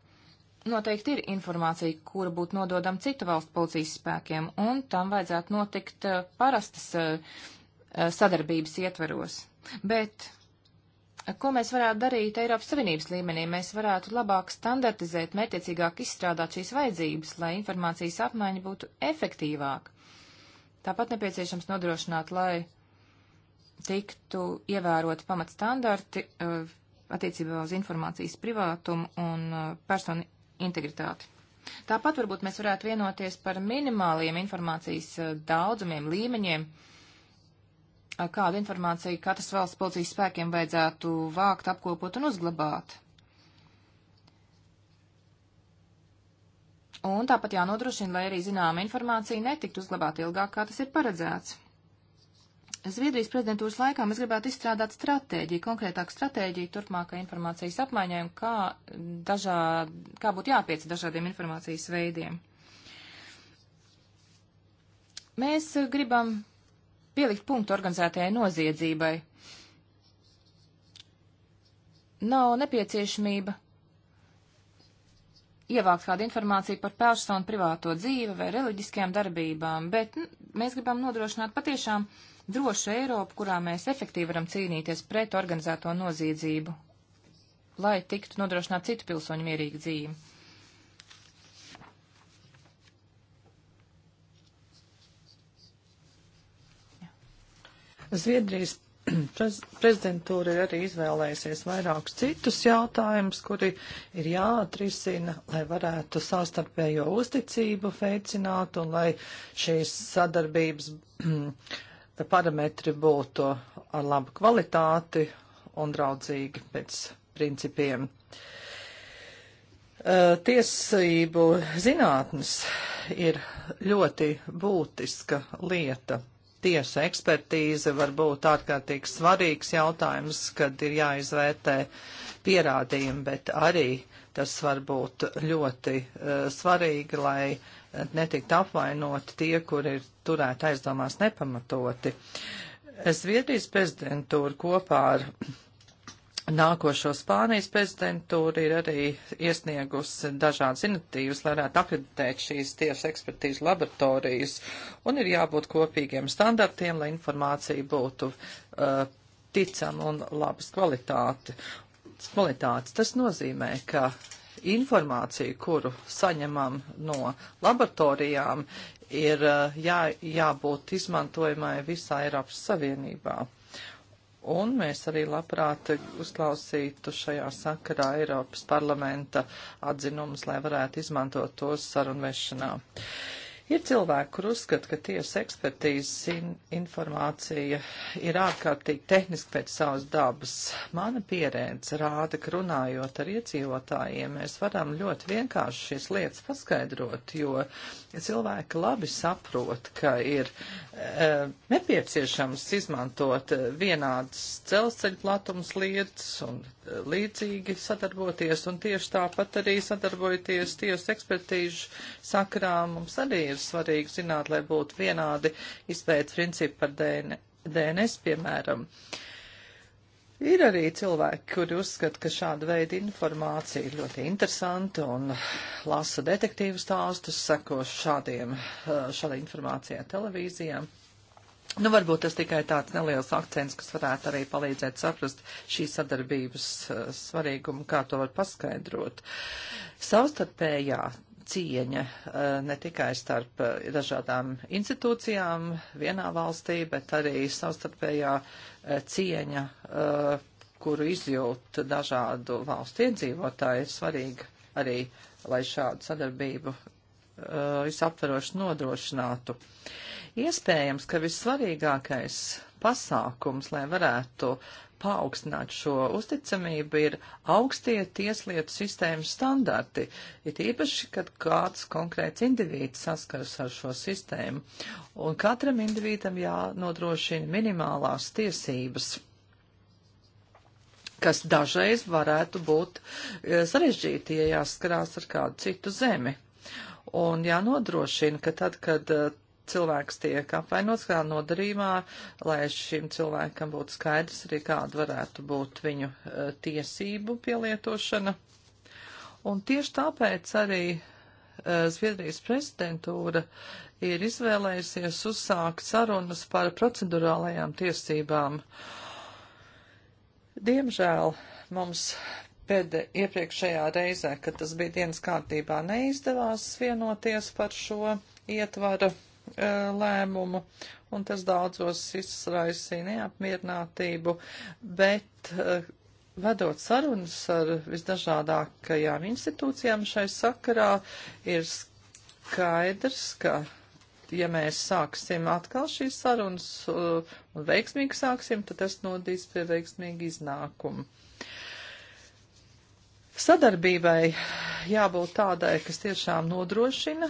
noteikti ir informācija, kura būtu nododama citu valstu policijas spēkiem, un tam vajadzētu notikt uh, parastas uh, sadarbības ietvaros. Bet eh, ko mēs varētu darīt Eiropas Savienības līmenī? Mēs varētu labāk standartizēt, mērķiecīgāk izstrādāt šīs vajadzības, lai informācijas apmaiņa būtu efektīvāka. Tāpat nepieciešams nodrošināt, lai tiktu ievēroti pamatstandarti uh, attiecībā uz informācijas privātumu un uh, personu integritāti. Tāpat varbūt mēs varētu vienoties par minimāliem informācijas uh, daudzumiem, līmeņiem, kādu informāciju katras valsts policijas spēkiem vajadzētu vākt, apkopot un uzglabāt. Un tāpat jānodrošina, lai arī zināma informācija netiktu uzglabāta ilgāk, kā tas ir paredzēts. Zviedrijas prezidentūras laikā mēs gribētu izstrādāt stratēģiju, konkrētāku stratēģiju turpmākai informācijas apmaiņai un kā, dažā, kā būtu jāpiec dažādiem informācijas veidiem. Mēs gribam pielikt punktu organizētajai noziedzībai. Nav nepieciešamība ievākt kādu informāciju par personu privāto dzīvi vai reliģiskajām darbībām, bet mēs gribam nodrošināt patiešām uh, drošu Eiropu, kurā mēs efektīvi varam cīnīties pret organizēto noziedzību, lai tiktu nodrošināt citu pilsoņu mierīgu dzīvi. Zviedrijas prez, prezidentūra ir arī izvēlējusies vairākus citus jautājumus, kuri ir jāatrisina, lai varētu savstarpējo uzticību veicināt un lai šīs sadarbības parametri būtu ar labu kvalitāti un draudzīgi pēc principiem. Tiesību zinātnes ir ļoti būtiska lieta. Tiesa ekspertīze var būt ārkārtīgi svarīgs jautājums, kad ir jāizvērtē pierādījumi, bet arī tas var būt ļoti uh, svarīgi, lai uh, netikt apvainoti tie, kur ir turēti aizdomās nepamatoti. Zviedrijas prezidentūra kopā ar nākošo Spānijas prezidentūru ir arī iesniegusi dažādas iniciatīvas, lai varētu akreditēt šīs tiesu ekspertīzes laboratorijas, un ir jābūt kopīgiem standartiem, lai informācija būtu uh, ticama un labas kvalitāte. Kvalitātes. Tas nozīmē, ka informācija, kuru saņemam no laboratorijām, ir eh, jā, jābūt izmantojamai visā Eiropas Savienībā. Un mēs arī labprāt uzklausītu šajā sakarā Eiropas parlamenta atzinumus, lai varētu izmantot tos sarunvešanā. Uh, Ir cilvēki, kur uzskata, ka tiesa ekspertīzes in informācija ir ārkārtīgi tehniski pēc savas dabas. Mana pieredze rāda, ka runājot ar iedzīvotājiem, mēs varam ļoti vienkārši šīs lietas paskaidrot, jo cilvēki labi saprot, ka ir e, nepieciešams izmantot vienādas dzelzceļa platums lietas un e, līdzīgi sadarboties, un tieši tāpat arī sadarbojoties tiesa ekspertīžu sakrā mums arī ir ir svarīgi zināt, lai būtu vienādi izpēta principi par DN DNS, piemēram. Ir arī cilvēki, kuri uzskata, ka šāda veida informācija ir ļoti interesanta un lasa detektīvu stāstus, seko šādiem, šādai informācijai televīzijām. Nu, varbūt tas tikai tāds neliels akcents, kas varētu arī palīdzēt saprast šī sadarbības uh, svarīgumu, kā to var paskaidrot. Savstarpējā cieņa eh, ne tikai starp eh, dažādām institūcijām vienā valstī, bet arī savstarpējā eh, cieņa, kuru izjūt dažādu valstu iedzīvotāji, ir svarīga arī, lai šādu sadarbību visaptveroši nodrošinātu. Iespējams, ka vissvarīgākais pasākums, lai varētu paaugstināt šo uzticamību, ir augstie tieslietu sistēmas standarti, it īpaši, kad kāds konkrēts individs saskars ar šo sistēmu, un katram individam jānodrošina minimālās tiesības kas dažreiz varētu būt e, sarežģīti, ja jāskarās ar kādu citu zemi. Un jānodrošina, ka tad, kad e, cilvēks tiek apvainots kā nodarījumā, lai šim cilvēkam būtu skaidrs arī kāda varētu būt viņu eh, tiesību pielietošana. Un tieši tāpēc arī eh, Zviedrijas prezidentūra ir izvēlējusies uzsākt sarunas par procedurālajām tiesībām. Diemžēl mums pēdē, iepriekšējā reizē, kad tas bija dienas kārtībā, neizdevās vienoties par šo ietvaru. E, lēmumu, un tas daudzos izraisīja neapmierinātību, bet e, vedot sarunas ar visdažādākajām institūcijām šai sakarā, ir skaidrs, ka, ja mēs sāksim atkal šīs sarunas e, un veiksmīgi sāksim, tad tas nodīs pie veiksmīgi iznākumu. Sadarbībai jābūt tādai, kas tiešām nodrošina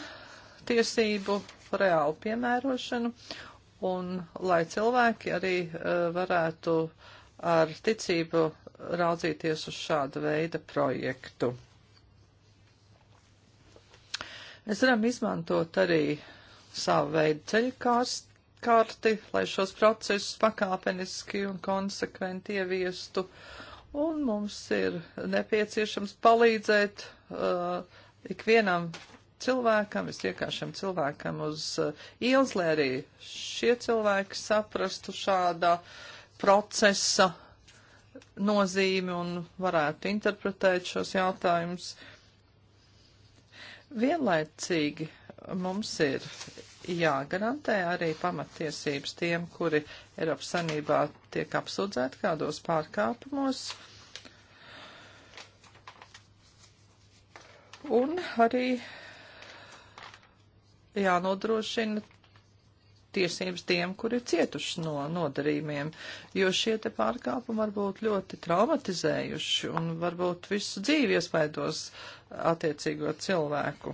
tiesību reālu piemērošanu un lai cilvēki arī eh, varētu ar ticību raudzīties uz šāda veida projektu. Mēs varam izmantot arī savu veidu ceļkārti, lai šos procesus pakāpeniski un konsekventi ieviestu, un mums ir nepieciešams palīdzēt uh, ikvienam cilvēkam, es tiekāšam cilvēkam uz uh, ielas, lai arī šie cilvēki saprastu šādā procesa nozīmi un varētu interpretēt šos jautājumus. Vienlaicīgi mums ir jāgarantē arī pamatiesības tiem, kuri Eiropas Sanībā tiek apsūdzēti kādos pārkāpumos. Un arī jānodrošina tiesības tiem, kur ir cietuši no nodarījumiem, jo šie te pārkāpumi var būt ļoti traumatizējuši un varbūt visu dzīvi iespaidos attiecīgo cilvēku.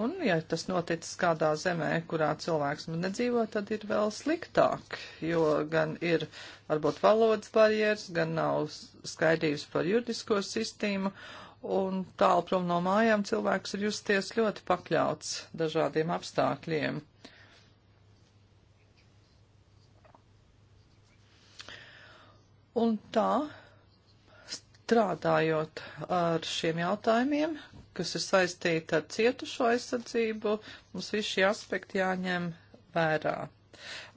Un, ja tas noticis kādā zemē, kurā cilvēks nu nedzīvo, tad ir vēl sliktāk, jo gan ir varbūt valodas barjeras, gan nav skaidrības par juridisko sistēmu, un tālu prom no mājām cilvēks ir justies ļoti pakļauts dažādiem apstākļiem. Un tā, strādājot ar šiem jautājumiem, kas ir saistīti ar cietušo aizsardzību, mums visi šie aspekti jāņem vērā.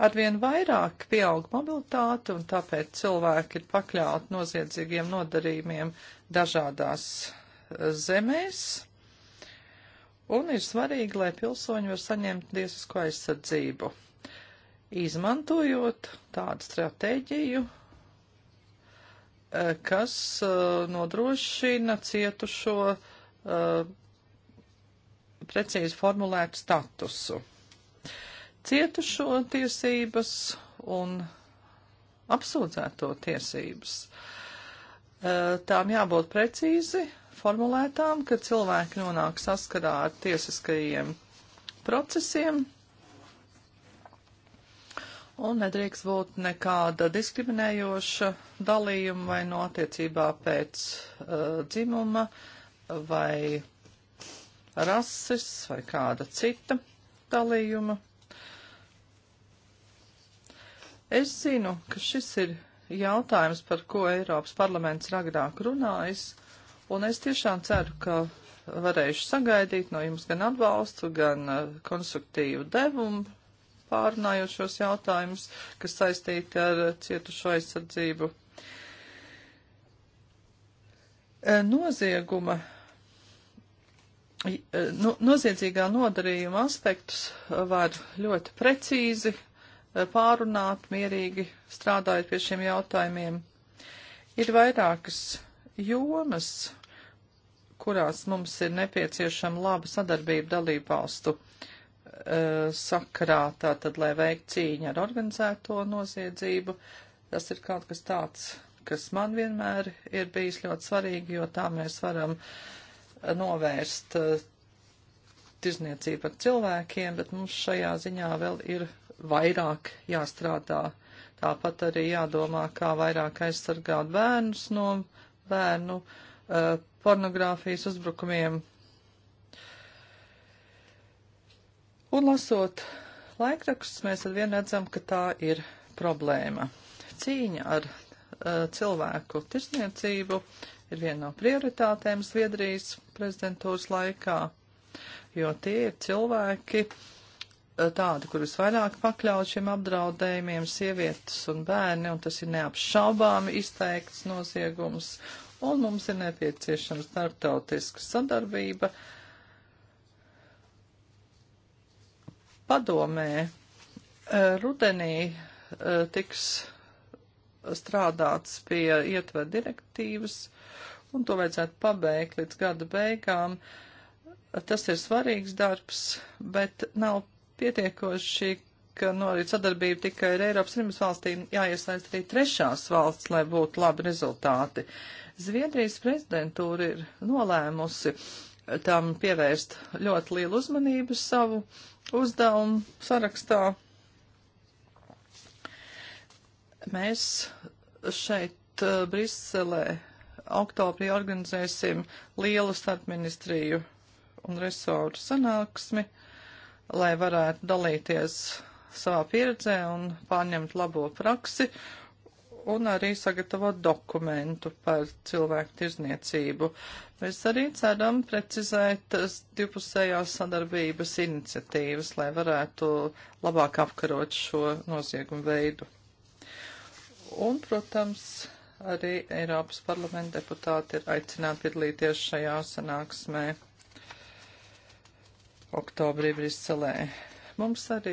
Arvien vairāk pieaug mobilitāte un tāpēc cilvēki ir pakļauti noziedzīgiem nodarījumiem dažādās eh, zemēs. Un ir svarīgi, lai pilsoņi var saņemt tiesisko aizsardzību. Izmantojot tādu stratēģiju, eh, kas eh, nodrošina cietušo precīzi formulētu statusu cietušo tiesības un apsūdzēto tiesības. Eh, tām jābūt precīzi formulētām, ka cilvēki nonāk saskarā ar tiesiskajiem procesiem un nedrīkst būt nekāda diskriminējoša dalījuma vai no attiecībā pēc uh, dzimuma vai rases vai kāda cita dalījuma. Es zinu, ka šis ir jautājums, par ko Eiropas parlaments ir agrāk runājis, un es tiešām ceru, ka varēšu sagaidīt no jums gan atbalstu, gan uh, konstruktīvu devumu pārunājošos jautājumus, kas saistīti ar uh, cietušo aizsardzību. Uh, nozieguma, eh, no, noziedzīgā nodarījuma aspektus var ļoti precīzi pārunāt, mierīgi strādājot pie šiem jautājumiem. Ir vairākas jomas, kurās mums ir nepieciešama laba sadarbība dalību valstu e, sakarā, tātad, lai veikt cīņu ar organizēto noziedzību. Tas ir kaut kas tāds, kas man vienmēr ir bijis ļoti svarīgi, jo tā mēs varam novērst e, tirzniecību ar cilvēkiem, bet mums šajā ziņā vēl ir vairāk jāstrādā. Tāpat arī jādomā, kā vairāk aizsargāt bērnus no bērnu uh, pornogrāfijas uzbrukumiem. Un lasot laikrakstus, mēs arvien redzam, ka tā ir problēma. Cīņa ar uh, cilvēku tirsniecību ir viena no prioritātēm Zviedrijas prezidentūras laikā, jo tie ir cilvēki, uh, Eh, tādi, kurus vairāk pakļaut šiem apdraudējumiem, sievietes un bērni, un tas ir neapšaubāmi izteikts noziegums, un mums ir nepieciešama starptautiska sadarbība. Padomē, eh, rudenī eh, tiks strādāts pie ietver direktīvas, un to vajadzētu pabeigt līdz gada beigām. Tas ir svarīgs darbs, bet nav pietiekoši, ka norit sadarbība tikai ar Eiropas Savienības valstīm, jāiesaist arī trešās valsts, lai būtu labi rezultāti. Zviedrijas prezidentūra ir nolēmusi tam pievērst ļoti lielu uzmanību savu uzdevumu sarakstā. Mēs šeit eh, Briselē oktobrī organizēsim lielu starpministriju un resoru sanāksmi. Uh, lai varētu dalīties savā pieredzē un pārņemt labo praksi un arī sagatavot dokumentu par cilvēku tirzniecību. Mēs arī ceram precizēt divpusējās sadarbības iniciatīvas, lai varētu labāk apkarot šo noziegumu veidu. Un, protams, arī Eiropas parlamenta deputāti ir aicināti piedalīties šajā sanāksmē oktobrī Briselē. Mums arī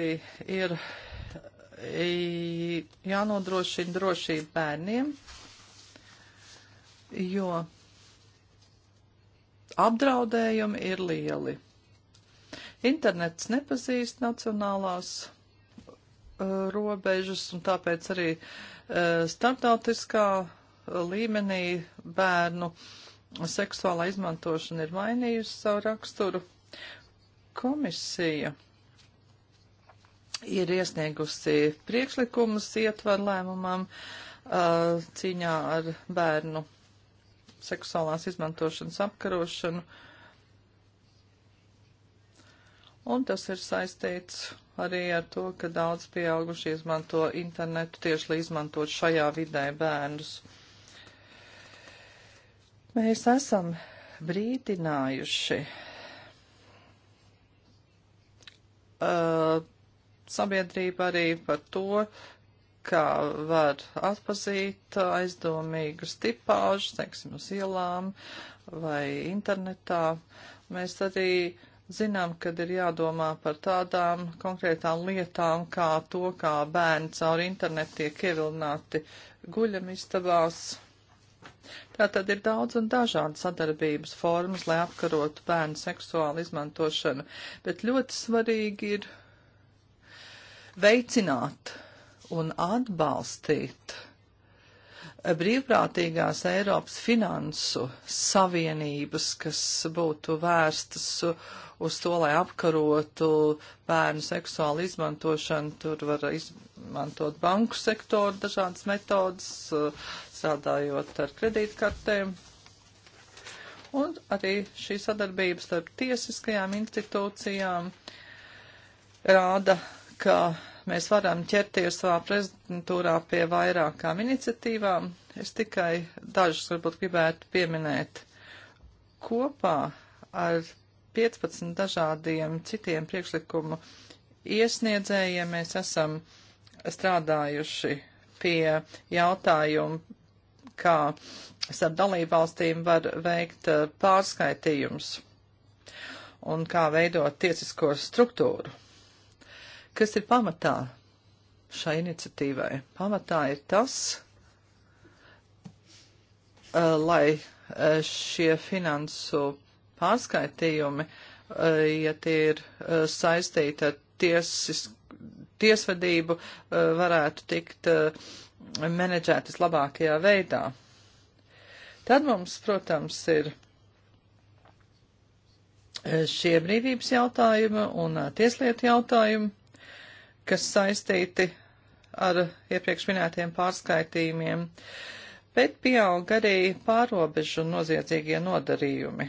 ir jānodrošina drošība bērniem, jo apdraudējumi ir lieli. Internets nepazīst nacionālās uh, robežas, un tāpēc arī uh, starptautiskā līmenī bērnu seksuālā izmantošana ir mainījusi savu raksturu. Komisija ir iesniegusi priekšlikumus ietvaru lēmumam uh, cīņā ar bērnu seksuālās izmantošanas apkarošanu. Un tas ir saistīts arī ar to, ka daudz pieauguši izmanto internetu tieši lai izmantot šajā vidē bērnus. Mēs esam brīdinājuši uh, uh, sabiedrība arī par to, kā var atpazīt aizdomīgus tipāžus, teiksim, uz ielām vai internetā. Mēs arī zinām, kad ir jādomā par tādām konkrētām lietām, kā to, kā bērni caur internetu tiek ievilināti guļamistabās Tātad ir daudz un dažādi sadarbības formas, lai apkarotu bērnu seksuālu izmantošanu, bet ļoti svarīgi ir veicināt un atbalstīt brīvprātīgās Eiropas finansu savienības, kas būtu vērstas uz to, lai apkarotu bērnu seksuālu izmantošanu. Tur var izmantot banku sektoru dažādas metodas, strādājot ar kredītkartēm. Un arī šī sadarbības starp tiesiskajām institūcijām rāda, ka mēs varam ķerties savā prezentūrā pie vairākām iniciatīvām. Es tikai dažus varbūt gribētu pieminēt kopā ar 15 dažādiem citiem priekšlikumu iesniedzējiem. Mēs esam strādājuši pie jautājumu, kā starp dalībvalstīm var veikt eh, pārskaitījums un kā veidot tiesisko struktūru Kas ir pamatā šai iniciatīvai? Pamatā ir tas, eh, lai eh, šie finansu pārskaitījumi, eh, ja tie ir saistīti ar tiesis, tiesvedību, varētu tikt menedžētas labākajā veidā. Tad mums, protams, ir šie brīvības jautājumi un tieslietu jautājumi kas saistīti ar iepriekš minētiem pārskaitījumiem, bet pieaug arī pārobežu noziedzīgie nodarījumi.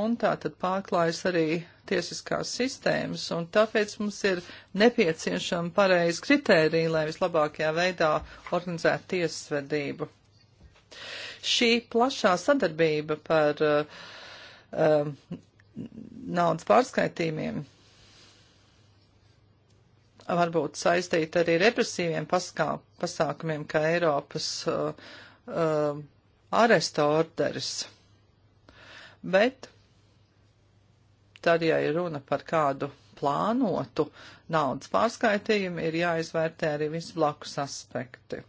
Un tā tad pārklājas arī tiesiskās sistēmas, un tāpēc mums ir nepieciešama pareizi kritērija, lai vislabākajā veidā organizētu tiesvedību. Šī plašā sadarbība par uh, uh, naudas pārskaitījumiem var būt saistīta arī represīviem paskā, pasākumiem, kā Eiropas uh, uh, aresta orderis. Bet tad, ja ir runa par kādu plānotu naudas pārskaitījumu, ir jāizvērtē arī visi blakus aspekti.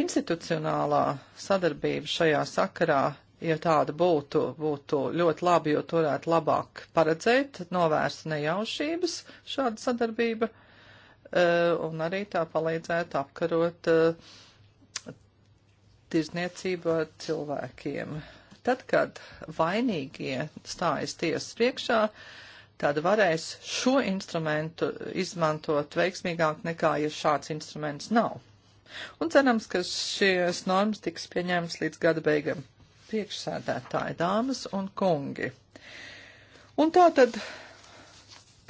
Institucionālā sadarbība šajā sakarā, ja tāda būtu, būtu ļoti labi, jo turētu labāk paredzēt, novērst nejaušības šāda sadarbība. Uh, Eh, un arī tā palīdzētu apkarot eh, tirzniecību ar cilvēkiem. Tad, kad vainīgie stājas tiesas priekšā, tad varēs šo instrumentu izmantot veiksmīgāk nekā, ja šāds instruments nav. Un cerams, ka šīs normas tiks pieņemts līdz gada beigam. Priekšsēdētāji, dāmas un kungi. Un tā tad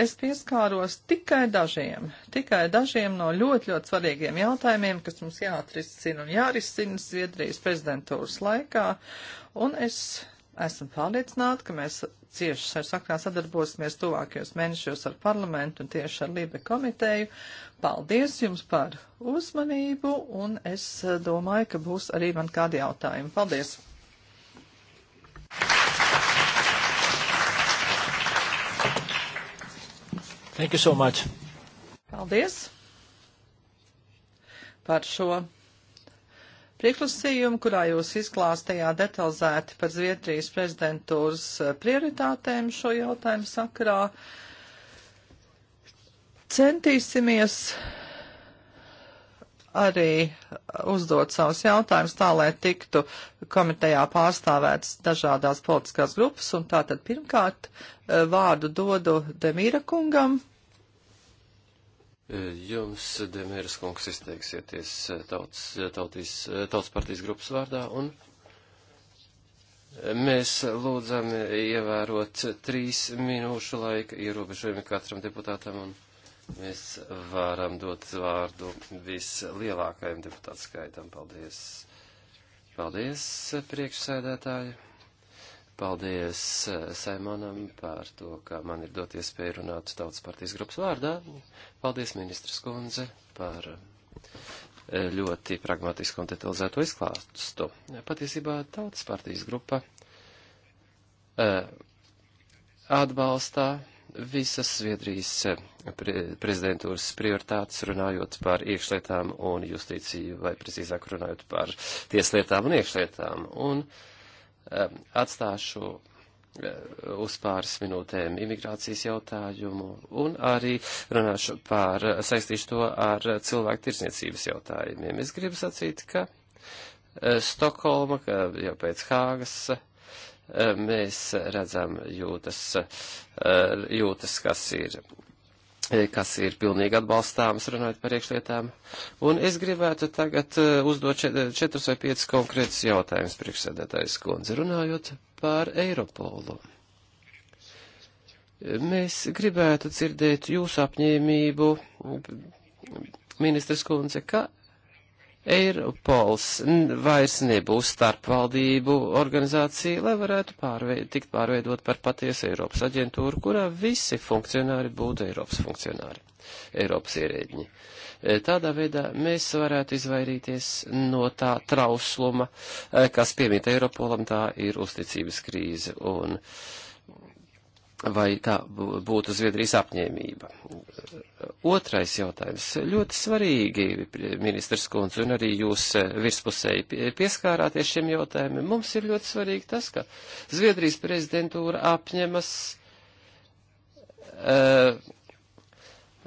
es pieskāros tikai dažiem, tikai dažiem no ļoti, ļoti svarīgiem jautājumiem, kas mums jāatrisina un jārisina Zviedrijas prezidentūras laikā, un es esmu pārliecināta, ka mēs cieši sakrā sadarbosimies tuvākajos mēnešos ar parlamentu un tieši ar Lībe komiteju. Paldies jums par uzmanību, un es eh, domāju, ka būs arī man kādi jautājumi. Paldies! Thank you. Thank you so much. Paldies par šo priekšlasījumu, kurā jūs izklāstījāt detalizēti par Zviedrijas prezidentūras prioritātēm šo jautājumu sakarā. Centīsimies arī uzdot savus jautājumus tā, lai tiktu komitejā pārstāvētas dažādās politiskās grupas. Un tātad pirmkārt eh, vārdu dodu Demīra kungam. Eh, jums, Demīras kungs, izteiksieties eh, tautas, tautis, tautas partijas grupas vārdā un Mēs lūdzam ievērot trīs minūšu laika ierobežojumu katram deputātam un mēs varam dot vārdu vislielākajam deputātu skaitam. Paldies! Paldies, priekšsēdētāji! Paldies Saimonam par to, ka man ir dot iespēju runāt Tautas partijas grupas vārdā. Paldies, ministras kundze, par eh, ļoti pragmatisku un detalizēto izklāstu. Patiesībā Tautas partijas grupa eh, atbalstā visas Sviedrijas eh, pre prezidentūras prioritātes runājot par iekšlietām un justīciju, vai precīzāk runājot par tieslietām un iekšlietām. Un um, atstāšu um, uz pāris minūtēm imigrācijas jautājumu un arī runāšu par, saistīšu to ar cilvēku tirsniecības jautājumiem. Es gribu sacīt, ka Stokholma, jau pēc Hāgas, mēs redzam jūtas, jūtas kas ir kas ir pilnīgi atbalstāms, runājot par iekšlietām. Un es gribētu tagad eh, uzdot četrus vai piecus konkrētus jautājumus priekšsēdētājas kundze, runājot par Eiropolu. Mēs gribētu dzirdēt jūsu apņēmību, ministrs kundze, ka Eiropols vairs nebūs starpvaldību organizācija, lai varētu pārveid, tikt pārveidot par patiesu Eiropas aģentūru, kurā visi funkcionāri būtu Eiropas funkcionāri, Eiropas ierēģiņi. E, tādā veidā mēs varētu izvairīties no tā trausluma, e, kas piemīta Eiropolam, tā ir uzticības krīze. Un, uh, vai tā būtu Zviedrijas apņēmība. Otrais jautājums. Ļoti svarīgi, ministrs Kunz, un arī jūs eh, virspusēji pieskārāties šiem jautājumiem. Mums ir ļoti svarīgi tas, ka Zviedrijas prezidentūra apņemas. Uh,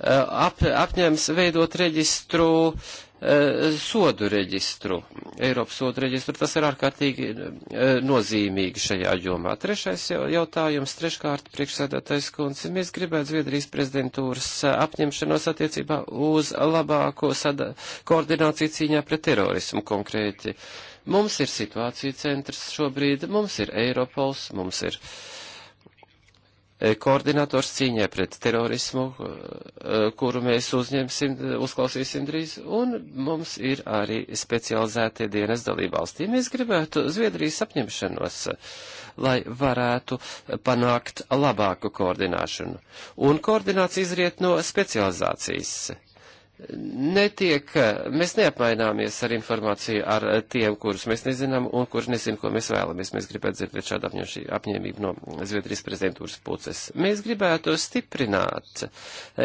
ap, apņems veidot reģistru uh, Eh, sodu reģistru, Eiropas sodu reģistru, tas ir ārkārtīgi eh, nozīmīgi šajā jomā. Trešais jautājums, treškārt, priekšsēdētais kundze, mēs gribētu Zviedrijas prezidentūras eh, apņemšanos attiecībā uz labāko sada, koordināciju cīņā pret terorismu konkrēti. Mums ir situācija centrs šobrīd, mums ir Eiropols, mums ir. Uh, Eh, koordinators cīņai pret terorismu, eh, kuru mēs uzņemsim, eh, uzklausīsim drīz, un mums ir arī specializētie dienas dalībvalstī. Mēs gribētu Zviedrijas apņemšanos, lai varētu panākt labāku koordināšanu. Un koordinācija izriet no specializācijas netiek, mēs neapmaināmies ar informāciju ar tiem, kurus mēs nezinām un kurus nezinām, ko mēs vēlamies. Mēs gribētu dzirdēt šādu apņemšī, apņēmību no Zviedrijas prezidentūras puses. Mēs gribētu stiprināt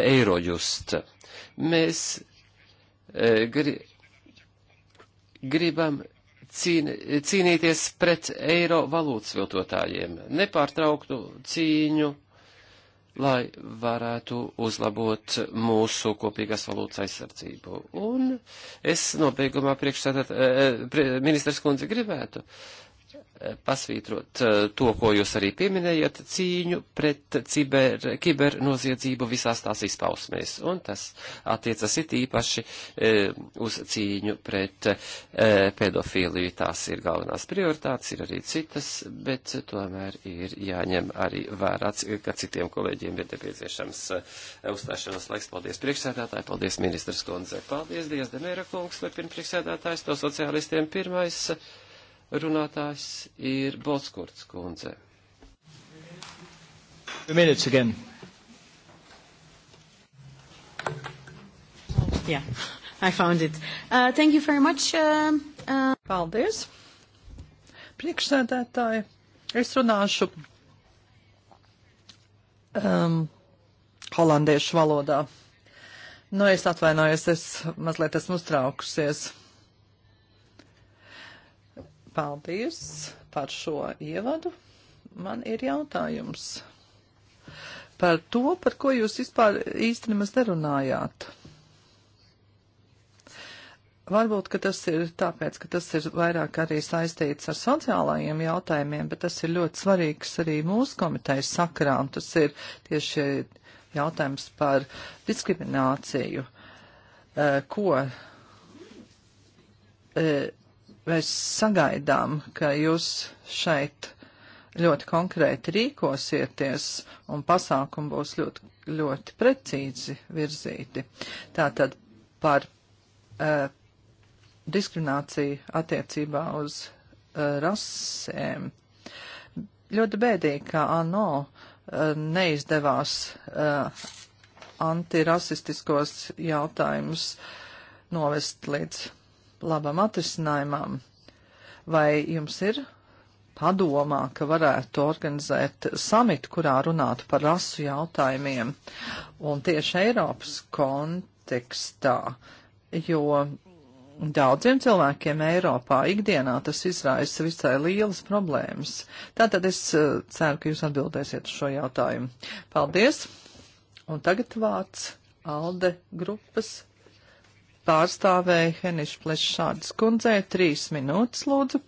Eirojust. Mēs e, gri, gribam cīn, cīnīties pret eiro valūtas viltotājiem, nepārtrauktu cīņu lai varētu uzlabot mūsu kopīgās valūtas aizsardzību. Un es nobeigumā priekšsēdāt, eh, eh, ministrs kundze gribētu Eh, pasvītrot eh, to, ko jūs arī pieminējat, cīņu pret ciber, kibernoziedzību visās tās izpausmēs. Un tas attiecas it īpaši e, uz cīņu pret e, pedofīliju. Tās ir galvenās prioritātes, ir arī citas, bet tomēr ir jāņem arī vērā, ka citiem kolēģiem ir nepieciešams uzstāšanās laiks. Paldies priekšsēdētāji, paldies ministrs Kondze, paldies Dievs Demēra kungs, lepina priekšsēdētājs, to sociālistiem pirmais runātājs ir Bolskurts kundze. Minutes again. Yeah, I found it. Uh, thank you very much. Uh, uh... Paldies. Priekšsēdētāji, es runāšu um, holandiešu valodā. Nu, es atvainojos, es mazliet esmu uztraukusies. Paldies par šo ievadu. Man ir jautājums par to, par ko jūs vispār īstenībā nerunājāt. Varbūt, ka tas ir tāpēc, ka tas ir vairāk arī saistīts ar sociālajiem jautājumiem, bet tas ir ļoti svarīgs arī mūsu komitejas sakrā, un tas ir tieši jautājums par diskrimināciju, eh, ko eh, mēs sagaidām, ka jūs šeit ļoti konkrēti rīkosieties un pasākumi būs ļoti, ļoti precīzi virzīti. Tātad par uh, diskrimināciju attiecībā uz uh, rasēm. Ļoti bēdīgi, ka ANO uh, neizdevās uh, antirasistiskos jautājumus novest līdz labam atrisinājumam. Vai jums ir padomā, ka varētu organizēt samitu, kurā runātu par rasu jautājumiem un tieši Eiropas kontekstā, jo daudziem cilvēkiem Eiropā ikdienā tas izraisa visai lielas problēmas. Tātad es eh, ceru, ka jūs atbildēsiet uz šo jautājumu. Paldies! Un tagad vārds Alde grupas pārstāvēja Henišu Plešādas kundzē. Trīs minūtes, lūdzu.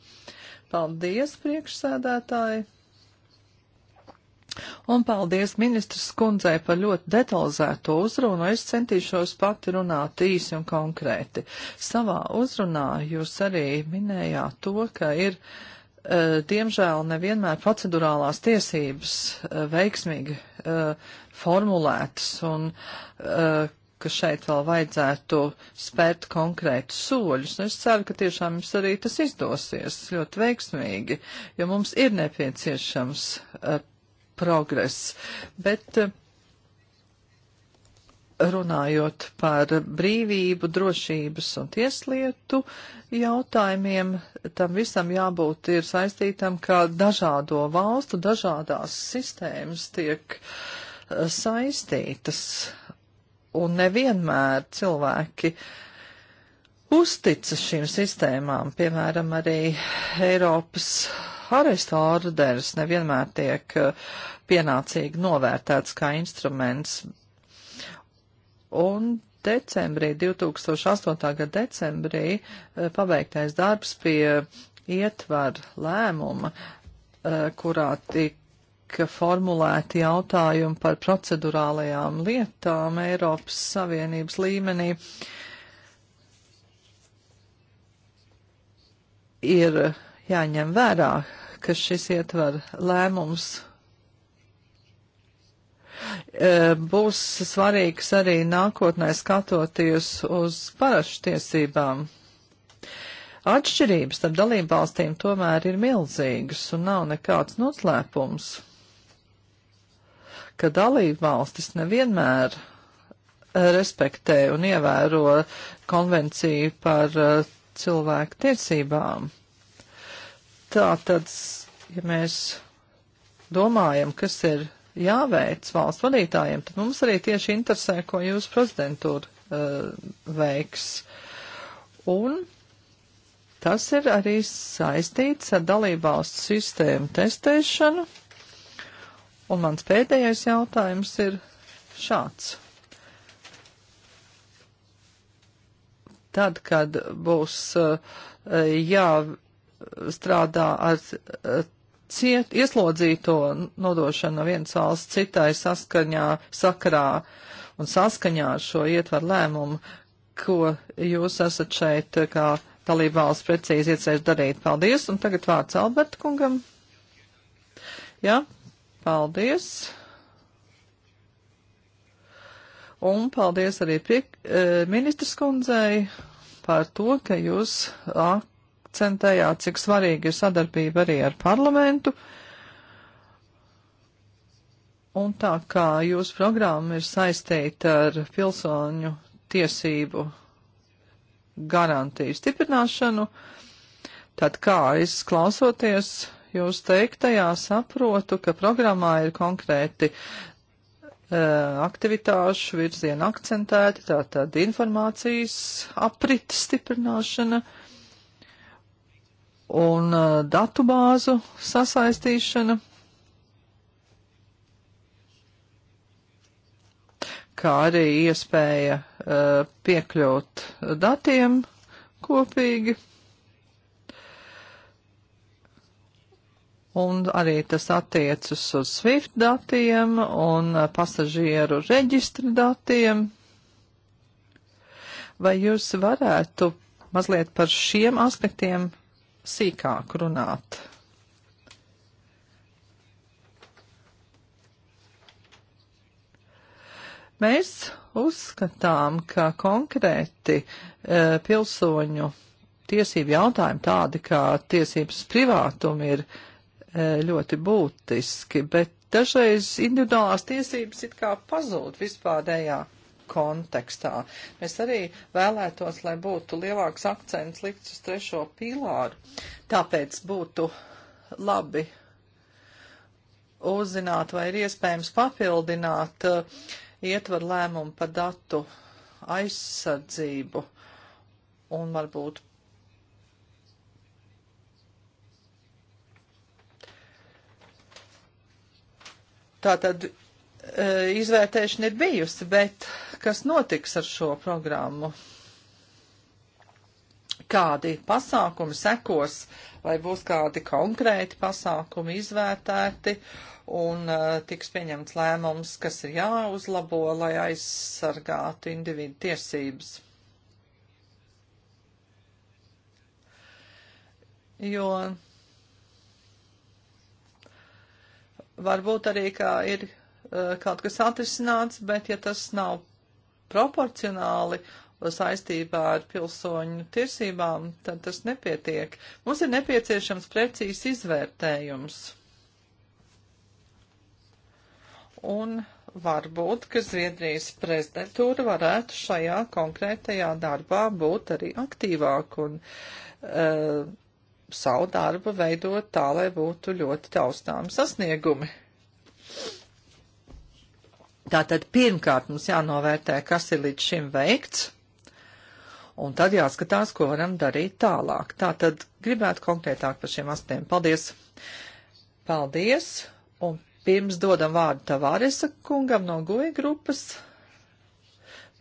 Paldies, priekšsēdētāji. Un paldies ministras kundzē par ļoti detalizēto uzrunu. Es centīšos pati runāt īsi un konkrēti. Savā uzrunā jūs arī minējāt to, ka ir, uh, diemžēl, nevienmēr procedurālās tiesības uh, veiksmīgi uh, formulētas un ka šeit vēl vajadzētu spērt konkrētus soļus. Un nu, es ceru, ka tiešām mums arī tas izdosies ļoti veiksmīgi, jo mums ir nepieciešams uh, progress. Bet uh, runājot par brīvību, drošības un tieslietu jautājumiem, tam visam jābūt ir saistītam, ka dažādo valstu, dažādās sistēmas tiek uh, saistītas un nevienmēr cilvēki uzticas šīm sistēmām, piemēram, arī Eiropas arestu orders nevienmēr tiek eh, pienācīgi novērtēts kā instruments. Un decembrī, 2008. gada decembrī, eh, pabeigtais darbs pie ietvar lēmuma, eh, kurā tika tika formulēti jautājumi par procedurālajām lietām Eiropas Savienības līmenī, ir jāņem vērā, ka šis ietver lēmums e, būs svarīgs arī nākotnē skatoties uz parašu tiesībām. Atšķirības starp dalībvalstīm tomēr ir milzīgas un nav nekāds noslēpums, ka dalība valstis nevienmēr eh, respektē un ievēro konvenciju par uh, cilvēku tiesībām. Tātad, ja mēs domājam, kas ir jāveic valsts vadītājiem, tad mums arī tieši interesē, ko jūs prezidentūra uh, veiks. Un tas ir arī saistīts ar dalībvalsts sistēmu testēšanu Un mans pēdējais jautājums ir šāds. Tad, kad būs eh, jāstrādā ar eh, ciet, ieslodzīto nodošana viens valsts citai saskaņā, sakarā un saskaņā ar šo ietvaru lēmumu, ko jūs esat šeit eh, kā dalība valsts precīzi iecerējuši darīt. Paldies, un tagad vārds Alberta kungam. Jā, ja? Paldies! Un paldies arī priek, e, ministrs kundzei par to, ka jūs akcentējāt, cik svarīgi ir sadarbība arī ar parlamentu. Un tā kā jūsu programma ir saistīta ar pilsoņu tiesību garantiju stiprināšanu, tad kā es klausoties jūs teiktajā saprotu, ka programmā ir konkrēti e, aktivitāšu virzienu akcentēti, tātad informācijas aprita stiprināšana un e, datu bāzu sasaistīšana, kā arī iespēja e, piekļūt datiem kopīgi. un arī tas attiecas uz SWIFT datiem un pasažieru reģistra datiem. Vai jūs varētu mazliet par šiem aspektiem sīkāk runāt? Mēs uzskatām, ka konkrēti e, pilsoņu tiesību jautājumi tādi kā tiesības privātumi ir E, ļoti būtiski, bet dažreiz individuālās tiesības it kā pazūd vispārējā kontekstā. Mēs arī vēlētos, lai būtu lielāks akcents likts uz trešo pīlāru, tāpēc būtu labi uzzināt, vai ir iespējams papildināt uh, ietver lēmumu par datu aizsardzību un varbūt Tā tad e, izvērtēšana ir bijusi, bet kas notiks ar šo programmu? Kādi pasākumi sekos, vai būs kādi konkrēti pasākumi izvērtēti un e, tiks pieņemts lēmums, kas ir jāuzlabo, lai aizsargātu individu tiesības? Jo varbūt arī, ka ir eh, kaut kas atrisināts, bet ja tas nav proporcionāli saistībā ar pilsoņu tiesībām, tad tas nepietiek. Mums ir nepieciešams precīzs izvērtējums. Un varbūt, ka Zviedrijas prezidentūra varētu šajā konkrētajā darbā būt arī aktīvāk un uh, savu darbu veidot tā, lai būtu ļoti taustāmi sasniegumi. Tātad pirmkārt mums jānovērtē, kas ir līdz šim veikts, un tad jāskatās, ko varam darīt tālāk. Tātad gribētu konkrētāk par šiem astiem. Paldies! Paldies! Un pirms dodam vārdu Tavārisa kungam no goja grupas,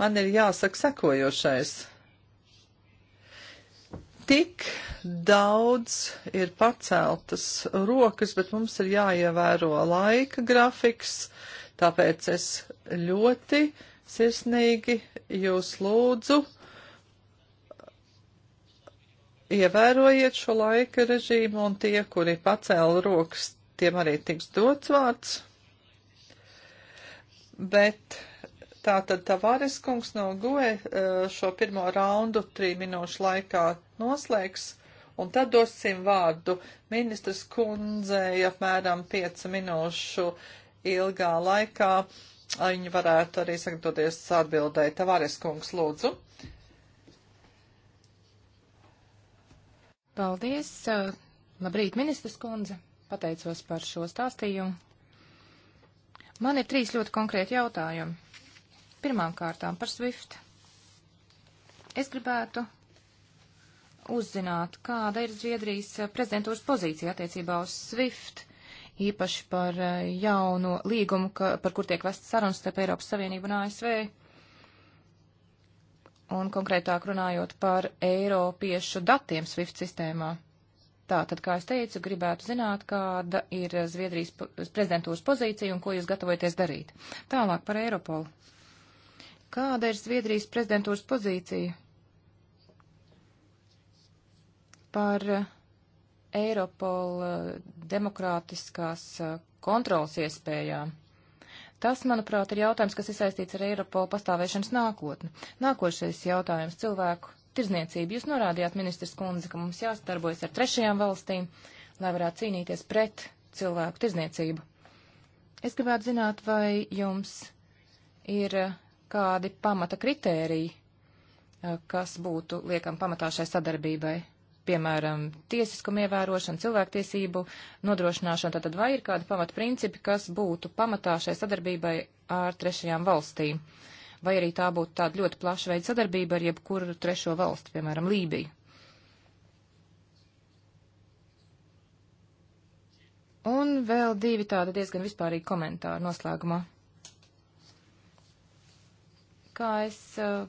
man ir jāsaka sekojošais tik daudz ir paceltas rokas, bet mums ir jāievēro laika grafiks, tāpēc es ļoti sirsnīgi jūs lūdzu ievērojiet šo laika režīmu un tie, kuri pacēla rokas, tiem arī tiks dots vārds. Bet Tātad Tavares kungs no GUE eh, šo pirmo raundu trīs minūšu laikā noslēgs, un tad dosim vārdu ministras kundzei apmēram piecu minūšu ilgā laikā. Viņa varētu arī sagatavoties atbildēt. Tavares kungs, lūdzu. Paldies. Labrīt, ministras kundze. Pateicos par šo stāstījumu. Man ir trīs ļoti konkrēti jautājumi. Pirmām kārtām par SWIFT. Es gribētu uzzināt, kāda ir Zviedrijas eh, prezidentūras pozīcija attiecībā uz SWIFT, īpaši par eh, jauno līgumu, ka, par kur tiek vests sarunas starp Eiropas Savienību un ASV. Un konkrētāk runājot par Eiropiešu datiem SWIFT sistēmā. Tā tad, kā es teicu, gribētu zināt, kāda ir Zviedrijas prezidentūras pozīcija un ko jūs gatavojaties darīt. Tālāk par Eiropolu. Kāda ir Zviedrijas prezidentūras pozīcija par eh, Eiropola eh, demokrātiskās eh, kontrolas iespējām? Tas, manuprāt, ir jautājums, kas ir saistīts ar Eiropola pastāvēšanas nākotni. Nākošais jautājums - cilvēku tirzniecība. Jūs norādījāt, ministrs kundze, ka mums jāsadarbojas ar trešajām valstīm, lai varētu cīnīties pret cilvēku tirzniecību. Es gribētu zināt, vai jums ir kādi pamata kritēriji, eh, kas būtu liekam pamatā šai sadarbībai. Piemēram, tiesiskumu ievērošana, cilvēktiesību nodrošināšana, tad vai ir kādi pamata principi, kas būtu pamatā šai sadarbībai ar trešajām valstīm? Vai arī tā būtu tāda ļoti plaša veida sadarbība ar jebkuru trešo valstu, piemēram, Lībiju? Un vēl divi tādi diezgan vispārīgi komentāri noslēgumā kā es uh,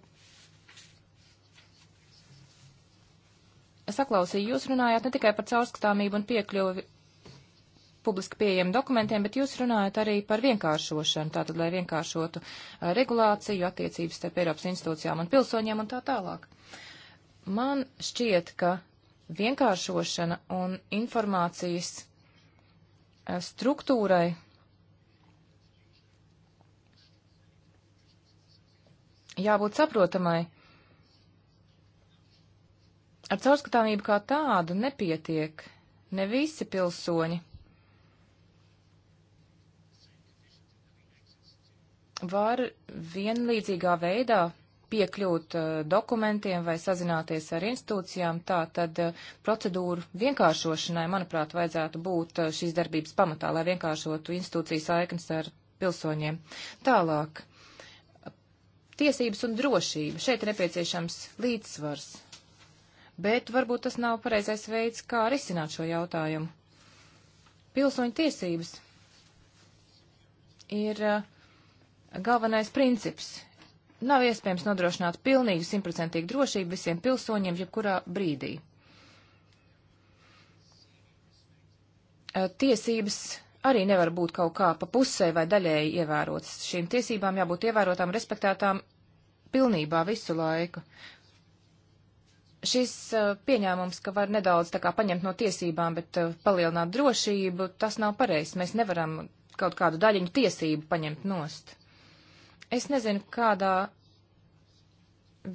saklausīju, jūs runājāt ne tikai par caurskatāmību un piekļuvi publiski pieejam dokumentiem, bet jūs runājat arī par vienkāršošanu, tātad, lai vienkāršotu uh, regulāciju, attiecības starp Eiropas institūcijām un pilsoņiem un tā tālāk. Man šķiet, ka vienkāršošana un informācijas eh, struktūrai jābūt saprotamai. Ar caurskatāmību kā tādu nepietiek ne visi pilsoņi. Var vienlīdzīgā veidā piekļūt uh, dokumentiem vai sazināties ar institūcijām, tā tad uh, procedūru vienkāršošanai, manuprāt, vajadzētu būt uh, šīs darbības pamatā, lai vienkāršotu institūcijas saiknes ar pilsoņiem. Tālāk Tiesības un drošība. Šeit ir nepieciešams līdzsvars. Bet varbūt tas nav pareizais veids, kā risināt šo jautājumu. Pilsoņu tiesības ir uh, galvenais princips. Nav iespējams nodrošināt pilnīgu simtprocentīgu drošību visiem pilsoņiem jebkurā brīdī. Uh, tiesības arī nevar būt kaut kā pa pusē vai daļēji ievērotas. Šīm tiesībām jābūt ievērotām, respektētām pilnībā visu laiku. Šis uh, pieņēmums, ka var nedaudz tā kā paņemt no tiesībām, bet uh, palielināt drošību, tas nav pareizs. Mēs nevaram kaut kādu daļiņu tiesību paņemt nost. Es nezinu, kādā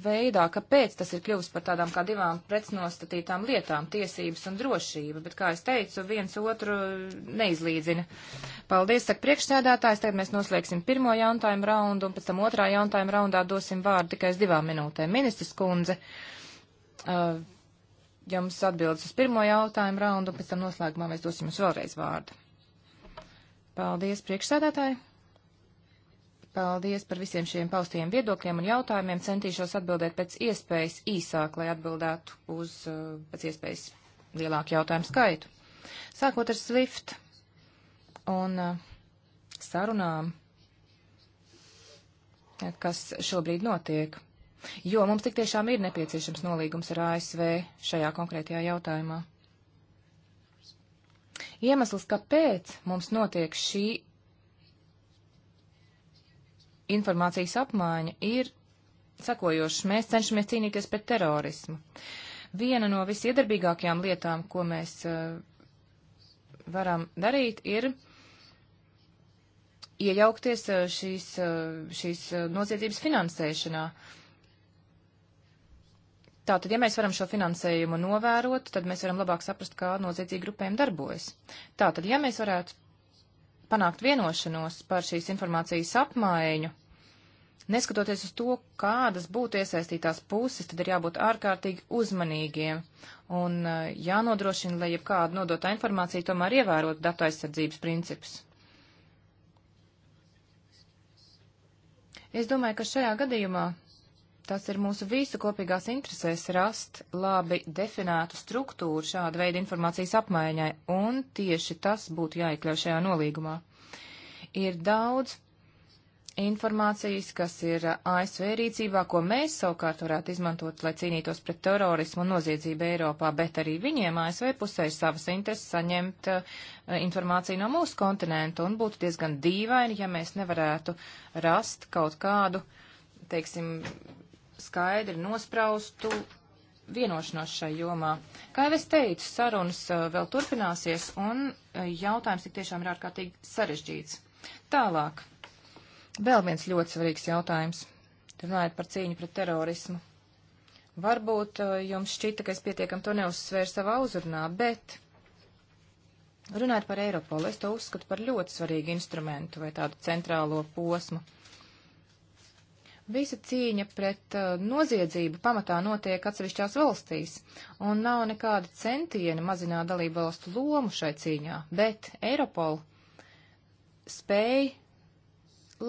veidā, kāpēc tas ir kļuvis par tādām kā divām pretnostatītām lietām - tiesības un drošība, bet, kā es teicu, viens otru neizlīdzina. Paldies, saka priekšsēdētājs, tagad mēs noslēgsim pirmo jautājumu raundu, un pēc tam otrā jautājuma raundā dosim vārdu tikai uz divām minūtēm. Ministrs kundze, uh, jums atbildes uz pirmo jautājumu raundu, un pēc tam noslēgumā mēs dosim jums vēlreiz vārdu. Paldies, priekšsēdētāji! Paldies par visiem šiem paustajiem viedokļiem un jautājumiem. Centīšos atbildēt pēc iespējas īsāk, lai atbildētu uz uh, pēc iespējas lielāku jautājumu skaitu. Sākot ar SWIFT un uh, sarunām, kas šobrīd notiek. Jo mums tik tiešām ir nepieciešams nolīgums ar ASV šajā konkrētajā jautājumā. Iemesls, kāpēc mums notiek šī informācijas apmaiņa ir sakojošs. Mēs cenšamies cīnīties pret terorismu. Viena no visiedarbīgākajām lietām, ko mēs uh, varam darīt, ir iejaukties uh, šīs, uh, šīs noziedzības finansēšanā. Tātad, ja mēs varam šo finansējumu novērot, tad mēs varam labāk saprast, kā noziedzīgi grupējumi darbojas. Tātad, ja mēs varētu panākt vienošanos par šīs informācijas apmaiņu, Neskatoties uz to, kādas būtu iesaistītās puses, tad ir jābūt ārkārtīgi uzmanīgiem un uh, jānodrošina, lai jebkāda nodotā informācija tomēr ievērot datu aizsardzības principus. Es domāju, ka šajā gadījumā tas ir mūsu visu kopīgās interesēs rast labi definētu struktūru šāda veida informācijas apmaiņai, un tieši tas būtu jāiekļauj šajā nolīgumā. Ir daudz informācijas, kas ir ASV rīcībā, ko mēs savukārt varētu izmantot, lai cīnītos pret terorismu un noziedzību Eiropā, bet arī viņiem ASV pusē ir savas intereses saņemt uh, informāciju no mūsu kontinentu un būtu diezgan dīvaini, ja mēs nevarētu rast kaut kādu, teiksim, skaidri nospraustu vienošanos šai jomā. Kā jau es teicu, sarunas uh, vēl turpināsies un uh, jautājums tik tiešām ir ārkārtīgi sarežģīts. Tālāk Vēl viens ļoti svarīgs jautājums. Runājot par cīņu pret terorismu. Varbūt uh, jums šķita, ka es pietiekam to neuzsvēru savā uzrunā, bet runājot par Eiropolu, es to uzskatu par ļoti svarīgu instrumentu vai tādu centrālo posmu. Visa cīņa pret uh, noziedzību pamatā notiek atsevišķās valstīs, un nav nekāda centiena mazināt dalību valstu lomu šai cīņā, bet Eiropola spēj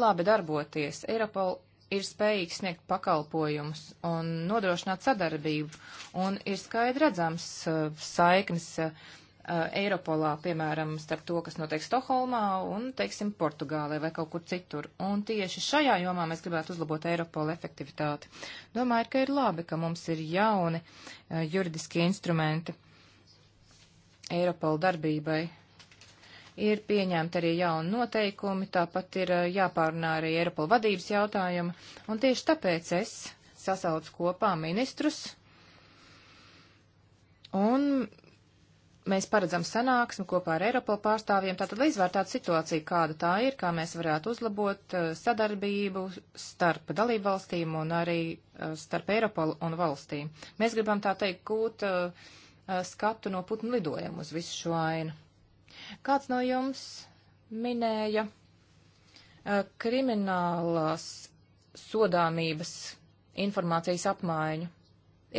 labi darboties. Eiropol ir spējīgs sniegt pakalpojumus un nodrošināt sadarbību, un ir skaidri redzams uh, saiknes uh, uh Eiropolā, piemēram, starp to, kas notiek Stoholmā un, teiksim, Portugālē vai kaut kur citur. Un tieši šajā jomā mēs gribētu uzlabot Eiropola efektivitāti. Domāju, ka ir labi, ka mums ir jauni uh, juridiski instrumenti Eiropola darbībai Ir pieņemti arī jauni noteikumi, tāpat ir jāpārunā arī Eiropola vadības jautājumu, un tieši tāpēc es sasaucu kopā ministrus, un mēs paredzam sanāksmi kopā ar Eiropola pārstāvjiem, tātad lai izvērtātu situāciju, kāda tā ir, kā mēs varētu uzlabot sadarbību starp dalībvalstīm un arī starp Eiropolu un valstīm. Mēs gribam tā teikt gūt skatu no putnu lidojumu uz visu šo ainu. Kāds no jums minēja eh, kriminālās sodāmības informācijas apmaiņu.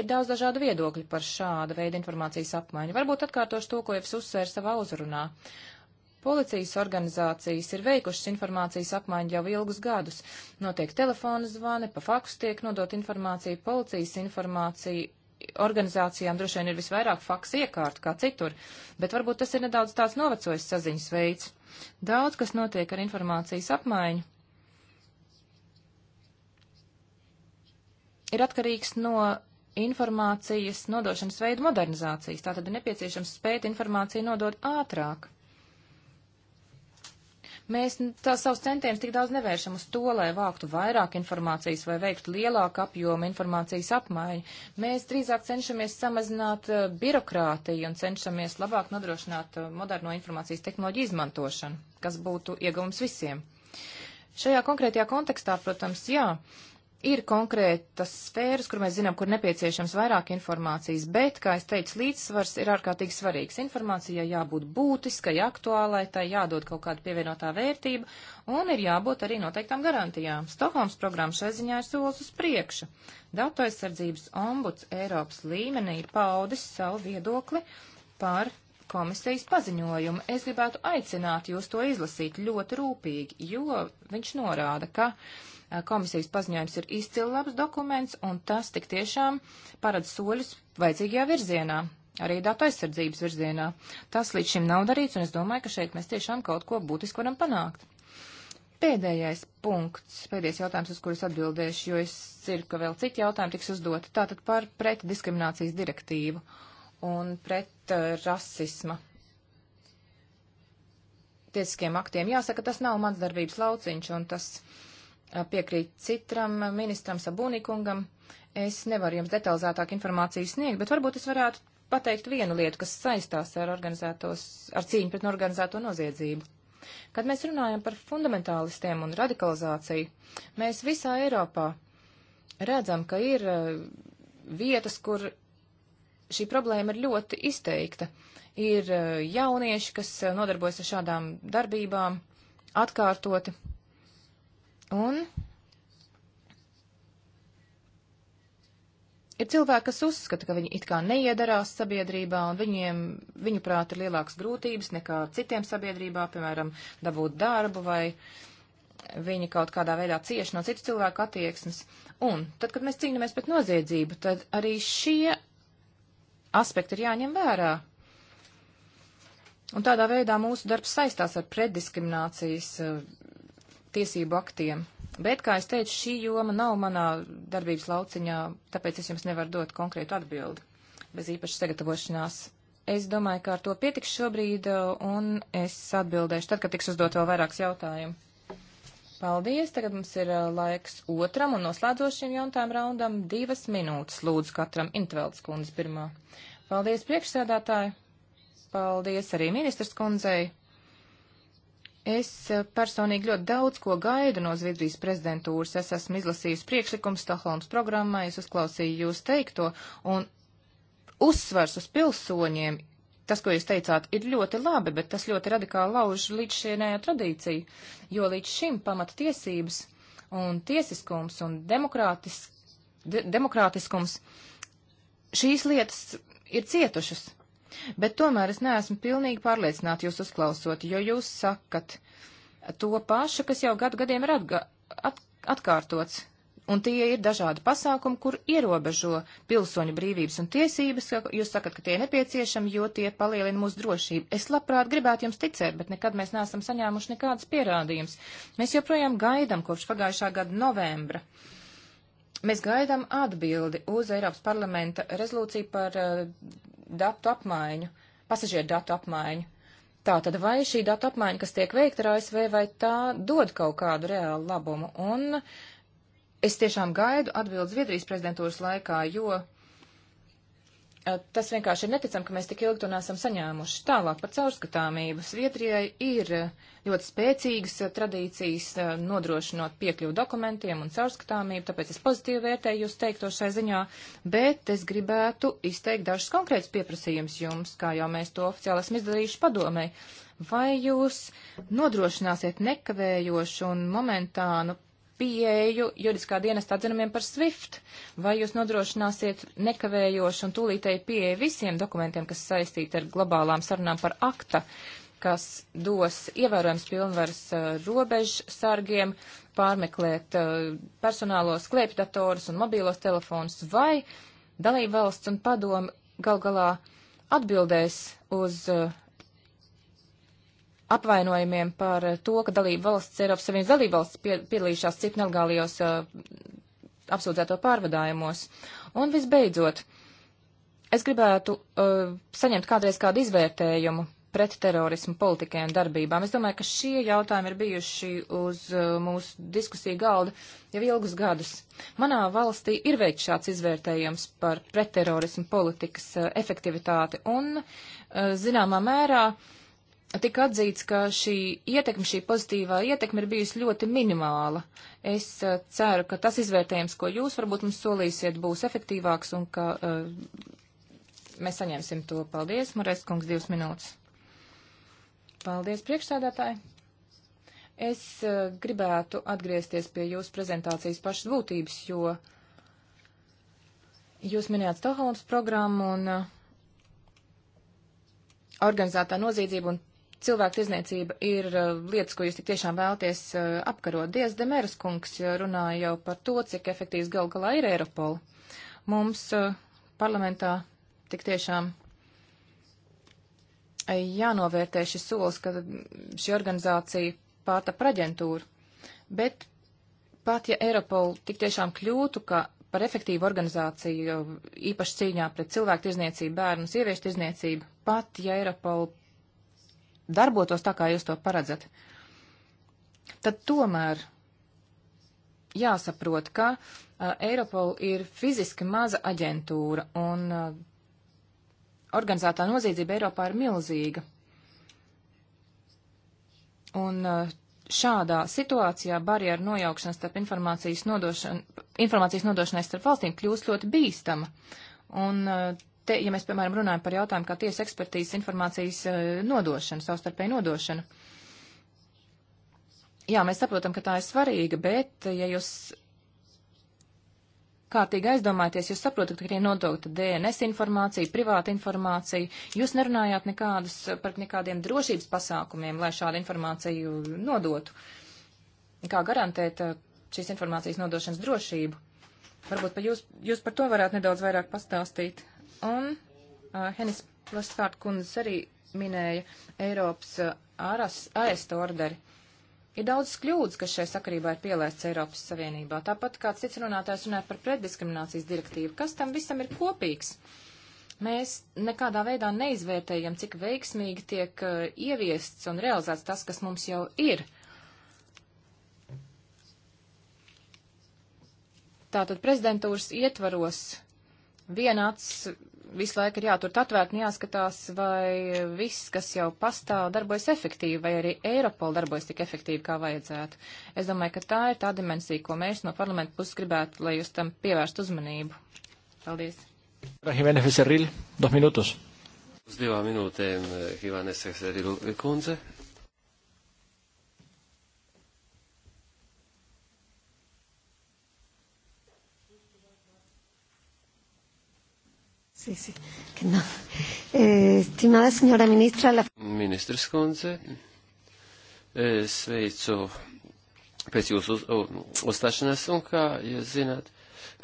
Ir daudz dažādu viedokļu par šāda veida informācijas apmaiņu. Varbūt atkārtošu to, ko jau es uzsvēru savā uzrunā. Policijas organizācijas ir veikušas informācijas apmaiņu jau ilgus gadus. Notiek telefona zvani, pa faksu tiek nodot informācija, policijas informācija organizācijām droši vien ir visvairāk faks iekārt kā citur, bet varbūt tas ir nedaudz tāds novecojis saziņas veids. Daudz, kas notiek ar informācijas apmaiņu, ir atkarīgs no informācijas nodošanas veidu modernizācijas. Tātad ir nepieciešams spēt informāciju nodot ātrāk. Mēs tā savus centienus tik daudz nevēršam uz to, lai vāktu vairāk informācijas vai veiktu lielāku apjomu informācijas apmaiņu. Mēs drīzāk cenšamies samazināt uh, birokrātiju un cenšamies labāk nodrošināt uh, moderno informācijas tehnoloģiju izmantošanu, kas būtu iegums visiem. Šajā konkrētajā kontekstā, protams, jā. Uh, ir konkrētas sfēras, kur mēs zinām, kur nepieciešams vairāk informācijas, bet, kā es teicu, līdzsvars ir ārkārtīgi svarīgs. Informācijai jābūt būtiskai, aktuālai, tai jādod kaut kāda pievienotā vērtība, un ir jābūt arī noteiktām garantijām. Stokholmas programma šai ziņā ir solis uz priekšu. Datu aizsardzības ombuds Eiropas līmenī ir paudis savu viedokli par komisijas paziņojumu. Es gribētu aicināt jūs to izlasīt ļoti rūpīgi, jo viņš norāda, ka Eh, komisijas paziņojums ir izcili labs dokuments, un tas tik tiešām parāda soļus vajadzīgajā virzienā, arī datu aizsardzības virzienā. Tas līdz šim nav darīts, un es domāju, ka šeit mēs tiešām kaut ko būtiski varam panākt. Pēdējais punkts, pēdējais jautājums, uz kurus atbildēšu, jo es ceru, ka vēl citi jautājumi tiks uzdoti, tātad par pretdiskriminācijas direktīvu un pret uh, rasisma tiesiskiem aktiem. Jāsaka, tas nav mans darbības lauciņš, un tas Eh, piekrīt citram ministram Sabūnikungam. Es nevaru jums detalizētāk informāciju sniegt, bet varbūt es varētu pateikt vienu lietu, kas saistās ar, ar cīņu pret organizēto noziedzību. Kad mēs runājam par fundamentālistiem un radikalizāciju, mēs visā Eiropā redzam, ka ir eh, vietas, kur šī problēma ir ļoti izteikta. Ir eh, jaunieši, kas nodarbojas ar šādām darbībām atkārtoti Un ir cilvēki, kas uzskata, ka viņi it kā neiedarās sabiedrībā, un viņiem, viņuprāt, ir lielākas grūtības nekā citiem sabiedrībā, piemēram, dabūt darbu vai viņi kaut kādā veidā cieši no citu cilvēku attieksmes. Un tad, kad mēs cīnāmies pret noziedzību, tad arī šie aspekti ir jāņem vērā. Un tādā veidā mūsu darbs saistās ar preddiskriminācijas tiesību aktiem. Bet, kā es teicu, šī joma nav manā darbības lauciņā, tāpēc es jums nevaru dot konkrētu atbildi bez īpašas sagatavošanās. Es domāju, ka ar to pietiks šobrīd, un es atbildēšu tad, kad tiks uzdot vēl vairāks jautājumu. Paldies, tagad mums ir laiks otram un noslēdzošiem jautājumu raundam. Divas minūtes lūdzu katram Intveldes kundze pirmā. Paldies priekšsēdētāji, paldies arī ministrs kundzei Es eh, personīgi ļoti daudz ko gaidu no Zviedrijas prezidentūras. Es esmu izlasījusi priekšlikumu Stokholmas programmā, es uzklausīju jūs teikto, un uzsvars uz pilsoņiem, tas, ko jūs teicāt, ir ļoti labi, bet tas ļoti radikāli lauž līdz šienējā tradīciju, jo līdz šim pamata tiesības un tiesiskums un demokrātis, de, demokrātiskums šīs lietas ir cietušas. Bet tomēr es neesmu pilnīgi pārliecināta jūs uzklausot, jo jūs sakat to pašu, kas jau gadu gadiem ir atga, at, atkārtots. Un tie ir dažādi pasākumi, kur ierobežo pilsoņu brīvības un tiesības. Jūs sakat, ka tie ir nepieciešami, jo tie palielina mūsu drošību. Es labprāt gribētu jums ticēt, bet nekad mēs neesam saņēmuši nekādas pierādījumus. Mēs joprojām gaidam kopš pagājušā gada novembra. Mēs gaidām atbildi uz Eiropas parlamenta rezolūciju par uh, datu apmaiņu, pasažieru datu apmaiņu. Tātad vai šī datu apmaiņa, kas tiek veikta ar ASV, vai tā dod kaut kādu reālu labumu? Un es tiešām gaidu atbildes Zviedrijas prezidentūras laikā, jo Eh, tas vienkārši ir neticami, ka mēs tik ilgi to nesam saņēmuši. Tālāk par caurskatāmību. Sviedrijai ir eh, ļoti spēcīgas eh, tradīcijas nodrošinot piekļuvu dokumentiem un caurskatāmību, tāpēc es pozitīvi vērtēju jūs teikto šai ziņā, bet es gribētu izteikt dažus konkrētus pieprasījumus jums, kā jau mēs to oficiāli esam izdarījuši padomē. Vai jūs nodrošināsiet nekavējošu un momentānu pieeju juridiskā dienesta atzinumiem par SWIFT? Vai jūs nodrošināsiet nekavējošu un tūlītēju pieeju visiem dokumentiem, kas saistīti ar globālām sarunām par akta, kas dos ievērojams pilnvaras uh, robežu sargiem, pārmeklēt uh, personālos klēpjdatorus un mobīlos telefonus, vai dalībvalsts un padomi gal galā atbildēs uz uh, apvainojumiem par to, ka dalība valsts, Eiropas Savienības dalība valsts piedalījušās citu nelegālajos uh, apsūdzēto pārvadājumos. Un visbeidzot, es gribētu uh, saņemt kādreiz kādu izvērtējumu pret terorismu politikai un darbībām. Es domāju, ka šie jautājumi ir bijuši uz uh, mūsu diskusiju galda jau ilgus gadus. Manā valstī ir veikts šāds izvērtējums par pretterorismu politikas uh, efektivitāti un, uh, zināmā mērā, uh, tika atzīts, ka šī ietekme, šī pozitīvā ietekme ir bijusi ļoti minimāla. Es uh, ceru, ka tas izvērtējums, ko jūs varbūt mums solīsiet, būs efektīvāks un ka uh, mēs saņemsim to. Paldies, Marais kungs, divas minūtes. Paldies, priekšsēdētāji. Es uh, gribētu atgriezties pie jūsu prezentācijas pašas būtības, jo jūs minējāt Stokholmas programmu un uh, organizētā noziedzība un cilvēku tirzniecība ir eh, lietas, ko jūs tik tiešām vēlties eh, apkarot. Dievs Demeras kungs eh, runāja jau par to, cik efektīvs gal galā ir Eiropola. Mums parlamentā tik tiešām jānovērtē šis solis, ka šī organizācija pārta par aģentūru. Bet pat ja Eiropola tik tiešām kļūtu, ka par efektīvu organizāciju īpaši cīņā pret cilvēku tirzniecību, bērnu, sieviešu tirzniecību, pat ja Eiropola darbotos tā, kā jūs to paredzat, tad tomēr jāsaprot, ka uh, Eiropola ir fiziski maza aģentūra un uh, organizētā noziedzība Eiropā ir milzīga. Un uh, šādā situācijā barjeru nojaukšana starp informācijas, nodošana, informācijas nodošanai starp valstīm kļūst ļoti bīstama. Un uh, te, ja mēs, piemēram, runājam par jautājumu kā tiesa ekspertīzes informācijas eh, nodošana, savstarpēji nodošana. Jā, mēs saprotam, ka tā ir svarīga, bet ja jūs kārtīgi aizdomājieties, jūs saprotat, ka ir nodota DNS informācija, privāta informācija, jūs nerunājāt nekādus, par nekādiem drošības pasākumiem, lai šādu informāciju nodotu. Kā garantēt eh, šīs informācijas nodošanas drošību? Varbūt pa jūs, jūs par to varētu nedaudz vairāk pastāstīt. Un uh, Henis Plaskārt kundzes arī minēja Eiropas uh, arestu orderi. Ir daudz kļūdas, kas šai sakarībā ir pielaists Eiropas Savienībā. Tāpat kā cits runātājs runāja par preddiskriminācijas direktīvu. Kas tam visam ir kopīgs? Mēs nekādā veidā neizvērtējam, cik veiksmīgi tiek uh, ieviests un realizēts tas, kas mums jau ir. Tātad prezidentūras ietvaros viena acis visu laiku ir jātur atvērt un jāskatās, vai viss, kas jau pastāv, darbojas efektīvi, vai arī Eiropola darbojas tik efektīvi, kā vajadzētu. Es domāju, ka tā ir tā dimensija, ko mēs no parlamenta puses gribētu, lai jūs tam pievērst uzmanību. Paldies. Jimene Feseril, dos minūtos. Uz divām minūtēm eh, Jimene Feseril eh, kundze. Sí, sí, que no. Eh, estimada señora ministra, la... Ministrs kundze, es eh, veicu pēc jūsu uz, uz, uzstāšanās un, kā jūs zināt,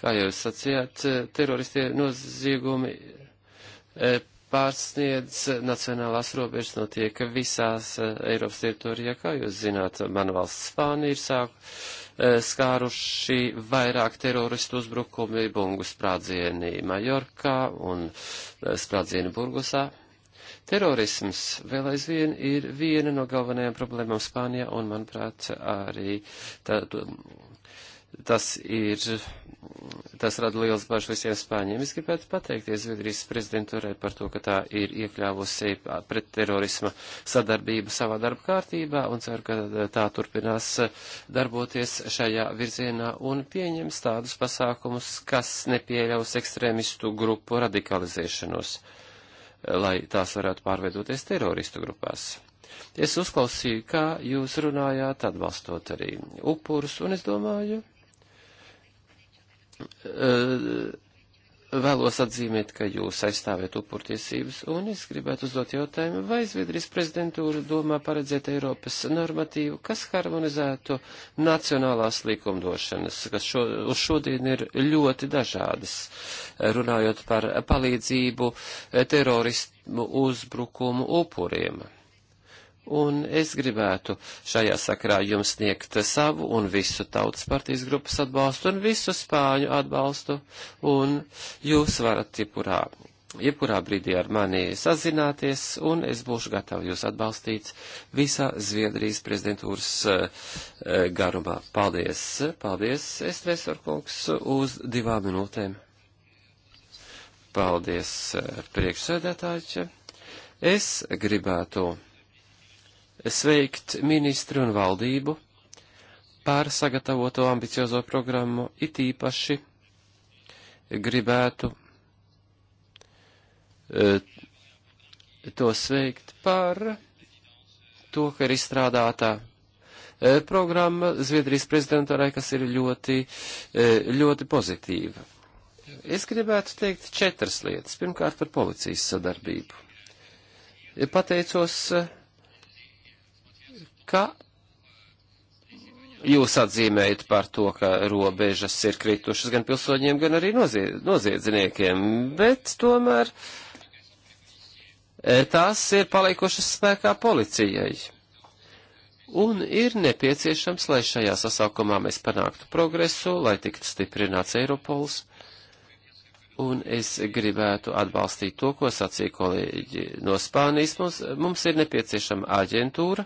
kā jau jūs sacījāt, eh, teroristie noziegumi eh, pārsniedz nacionālās robežas notiek visās Eiropas teritorijā, kā jūs zināt, man valsts Spānija ir sākusi Eh, skāruši vairāk teroristu uzbrukumi bungu sprādzieni Majorkā un eh, sprādzieni Burgusā. Terorisms vēl aizvien ir viena no galvenajām problēmām Spānijā un, manuprāt, arī tā, tas ir, tas rada liels bažas visiem spāņiem. Es gribētu pateikties Zviedrijas prezidentūrai par to, ka tā ir iekļāvusi pret terorisma sadarbību savā darba kārtībā un ceru, ka tā turpinās darboties šajā virzienā un pieņems tādus pasākumus, kas nepieļaus ekstrēmistu grupu radikalizēšanos, lai tās varētu pārveidoties teroristu grupās. Es uzklausīju, kā jūs runājāt, atbalstot arī upurus, un es domāju, Eh, vēlos atzīmēt, ka jūs aizstāvēt upurtiesības, un es gribētu uzdot jautājumu, vai Zviedrijas prezidentūra domā paredzēt Eiropas normatīvu, kas harmonizētu nacionālās likumdošanas, kas šo, uz šodien ir ļoti dažādas, eh, runājot par palīdzību eh, terorismu uzbrukumu upuriem un es gribētu šajā sakrā jums sniegt savu un visu tautas partijas grupas atbalstu un visu spāņu atbalstu, un jūs varat jebkurā, jebkurā brīdī ar mani sazināties, un es būšu gatavs jūs atbalstīt visā Zviedrijas prezidentūras eh, eh, garumā. Paldies, paldies, Estresor kungs, uz divām minūtēm. Paldies, eh, priekšsēdētāji. Es gribētu sveikt ministru un valdību par sagatavoto ambiciozo programmu, it īpaši gribētu e, to sveikt par to, ka ir izstrādātā e, programma Zviedrijas prezidentūrai, kas ir ļoti, e, ļoti pozitīva. Es gribētu teikt četras lietas. Pirmkārt, par policijas sadarbību. Pateicos uh, ka jūs atzīmējat par to, ka robežas ir kritušas gan pilsoņiem, gan arī nozied, noziedzniekiem, bet tomēr eh, tās ir palikušas spēkā policijai. Un ir nepieciešams, lai šajā sasaukumā mēs panāktu progresu, lai tiktu stiprināts Eiropols. Un es gribētu atbalstīt to, ko sacīja kolēģi no Spānijas. Mums, mums ir nepieciešama aģentūra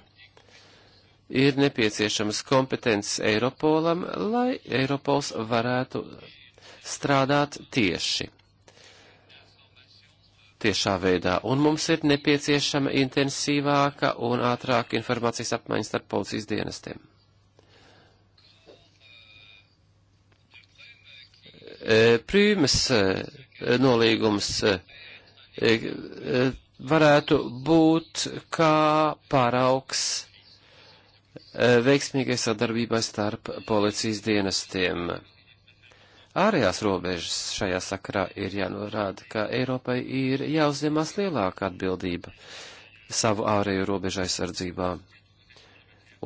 ir nepieciešamas kompetences Eiropolam, lai Eiropols varētu strādāt tieši. Tiešā veidā, un mums ir nepieciešama intensīvāka un ātrāka informācijas apmaiņa starp policijas dienestiem. E, Prīmes e, nolīgums e, varētu būt kā paraugs Eh, veiksmīgai sadarbībai starp policijas dienestiem. Ārējās robežas šajā sakarā ir jānorāda, ka Eiropai ir jāuzņemās lielāka atbildība savu ārēju robežu aizsardzībā.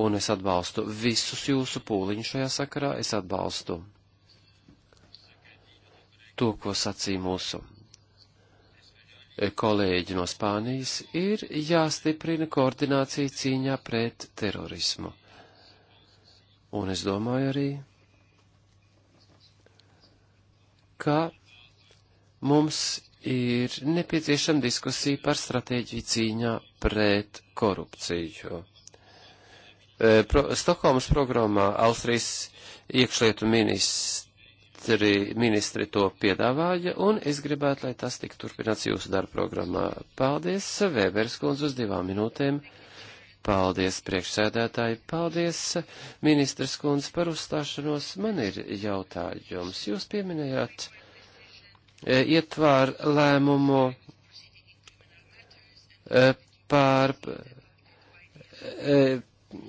Un es atbalstu visus jūsu pūliņus šajā sakarā, es atbalstu to, ko sacīja mūsu kolēģi no Spānijas, ir jāstiprina koordinācija cīņā pret terorismu. Un es domāju arī, ka mums ir nepieciešama diskusija par stratēģiju cīņā pret korupciju. E, pro, Stokholmas programmā Austrijas iekšlietu ministrs ministri, ministri to piedāvāja, un es gribētu, lai tas tik turpināts jūsu darba programmā. Paldies, Vēbers kundze, uz divām minūtēm. Paldies, priekšsēdētāji, paldies, ministrs kundze, par uzstāšanos. Man ir jautājums. Jūs pieminējāt e, ietvāru lēmumu e, pār. E,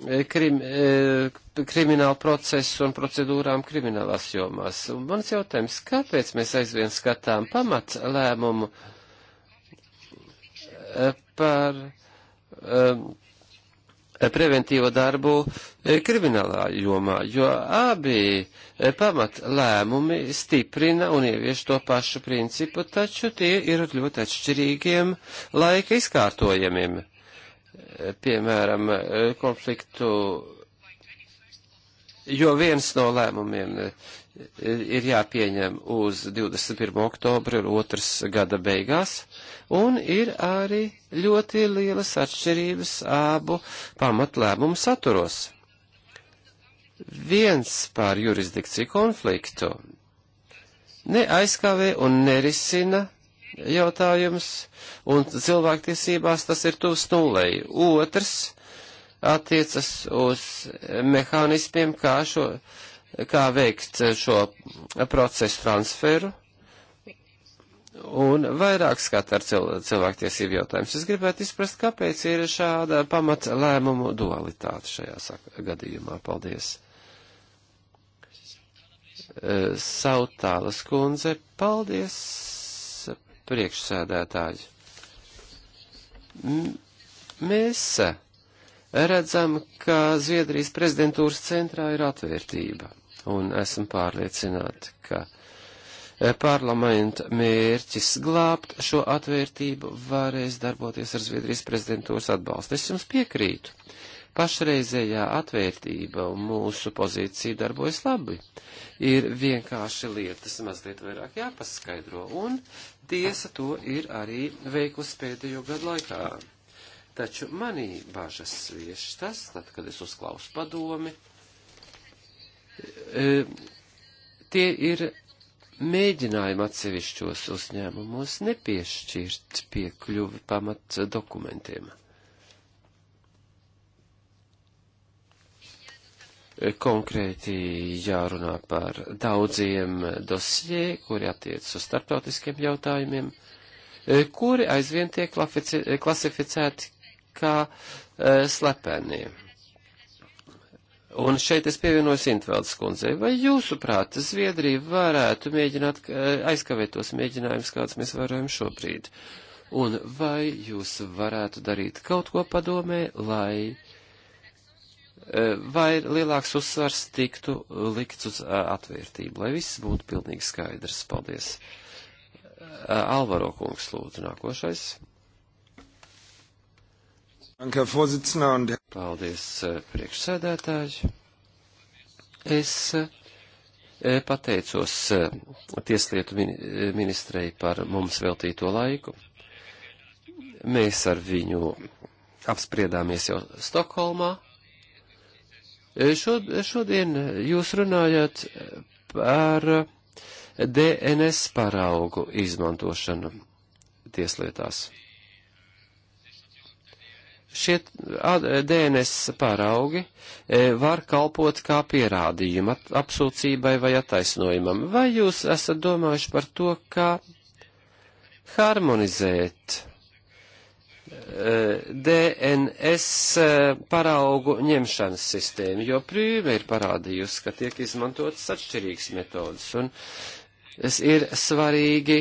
E, krim, e, kriminālu procesu un procedūrām kriminālās jomās. Un mans jautājums, kāpēc mēs aizvien skatām pamats lēmumu e, par um, preventīvo darbu kriminālā jomā, jo abi pamat lēmumi stiprina un ievieš to pašu principu, taču tie ir ļoti atšķirīgiem laika izkārtojumiem piemēram, konfliktu, jo viens no lēmumiem ir jāpieņem uz 21. oktobru, ir otrs gada beigās, un ir arī ļoti lielas atšķirības abu pamatlēmumu saturos. Viens pār jurisdikciju konfliktu neaizskavē un nerisina jautājums, un cilvēktiesībās tas ir tuvs nulēji. Otrs attiecas uz mehānismiem, kā, šo, kā veikt šo procesu transferu, un vairāk skata ar cil, cilvēktiesību jautājumus. Es gribētu izprast, kāpēc ir šāda pamata lēmumu dualitāte šajā gadījumā. Paldies! Eh, Sautālas kundze, paldies! priekšsēdētāji. M mēs redzam, ka Zviedrijas prezidentūras centrā ir atvērtība, un esam pārliecināti, ka e, parlamenta mērķis glābt šo atvērtību varēs darboties ar Zviedrijas prezidentūras atbalstu. Es jums piekrītu. Pašreizējā atvērtība un mūsu pozīcija darbojas labi. Ir vienkārši lietas mazliet vairāk jāpaskaidro, un Tiesa to ir arī veikusi pēdējo gadu laikā. Taču manī bažas svieš tas, tad, kad es uzklausu padomi, e, tie ir mēģinājumi atsevišķos uzņēmumos nepiešķirt piekļuvi pamat dokumentiem. konkrēti jārunā par daudziem dosjē, kuri attiecas uz starptautiskiem jautājumiem, e, kuri aizvien tiek e, klasificēti kā e, slepeni. Un šeit es pievienojos Intveldes kundzei. Vai jūsuprāt, Zviedrija varētu mēģināt aizkavēt tos mēģinājumus, kāds mēs varam šobrīd? Un vai jūs varētu darīt kaut ko padomē, lai Eh, vai lielāks uzsvars tiktu likts uz eh, atvērtību, lai viss būtu pilnīgi skaidrs. Paldies. Eh, Alvaro kungs lūdzu nākošais. Paldies, priekšsēdētāji. Es pateicos Tieslietu ministrei par mums veltīto laiku. Mēs ar viņu apspriedāmies jau Stokholmā Šod, šodien jūs runājat par DNS paraugu izmantošanu tieslietās. Šie DNS paraugi e, var kalpot kā pierādījuma apsūcībai vai attaisnojumam. Vai jūs esat domājuši par to, kā harmonizēt DNS eh, paraugu ņemšanas sistēmu, jo prīme ir parādījusi, ka tiek izmantotas atšķirīgas metodas, un ir svarīgi,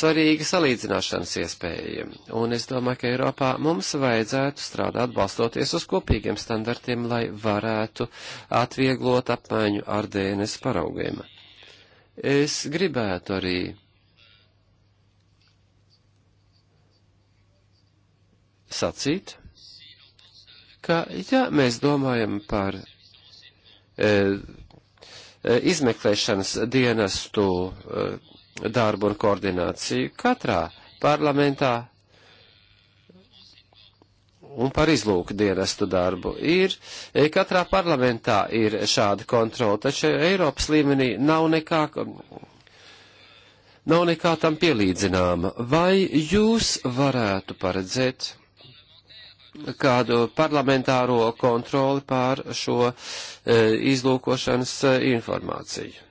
svarīgi salīdzināšanas iespēja. Un es domāju, ka Eiropā mums vajadzētu strādāt balstoties uz kopīgiem standartiem, lai varētu atvieglot apmaiņu ar DNS paraugiem. Es gribētu arī sacīt, ka, ja mēs domājam par e, e, izmeklēšanas dienestu e, darbu un koordināciju katrā parlamentā un par izlūku dienestu darbu. Ir, e, katrā parlamentā ir šāda kontrola, taču Eiropas līmenī nav nekā, nav nekā tam pielīdzināma. Vai jūs varētu paredzēt? kādu parlamentāro kontroli pār šo e, izlūkošanas e, informāciju.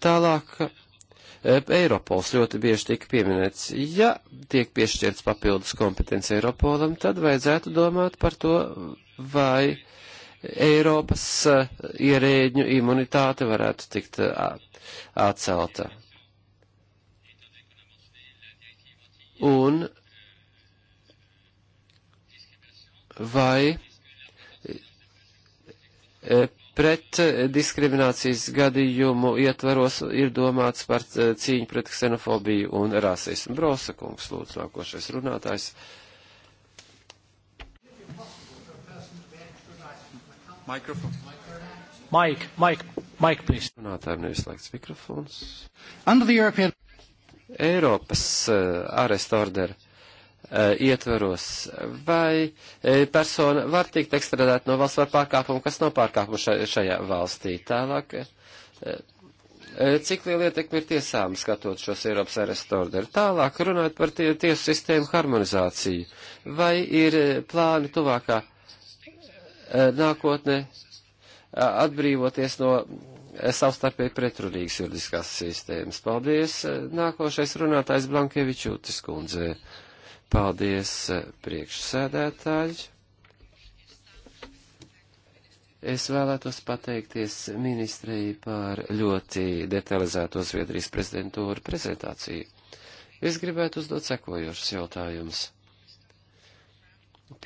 Tālāk, e, Eiropols ļoti bieži tika pieminēts. Ja tiek piešķirts papildus kompetence Eiropolam, tad vajadzētu domāt par to, vai Eiropas ierēģņu imunitāte varētu tikt atcelta. Un vai e, pret diskriminācijas gadījumu ietvaros ir domāts par e, cīņu pret ksenofobiju un rasismu. Brosa kungs, lūdzu, nākošais runātājs. Mikrofons. Mike, Mike, Mike, please. Runātājiem neizslēgts mikrofons. Under the European. Eiropas uh, e, aresta ordera Eh, ietvaros, vai eh, persona var tikt ekstradēta no valsts par pārkāpumu, kas nav pārkāpumu šajā valstī. Tālāk, eh, cik liela ietekme ir tiesām skatot šos Eiropas arestu orderu? Tālāk, runājot par tie, tiesu sistēmu harmonizāciju, vai ir plāni tuvākā nākotne atbrīvoties no savstarpēji pretrunīgas juridiskās sistēmas. Paldies! Nākošais runātājs Blankevičūtis kundzei. Paldies, eh, priekšsēdētāji. Es vēlētos pateikties ministrei par ļoti detalizēto Zviedrijas prezidentūru prezentāciju. Es gribētu uzdot sekojošus jautājumus.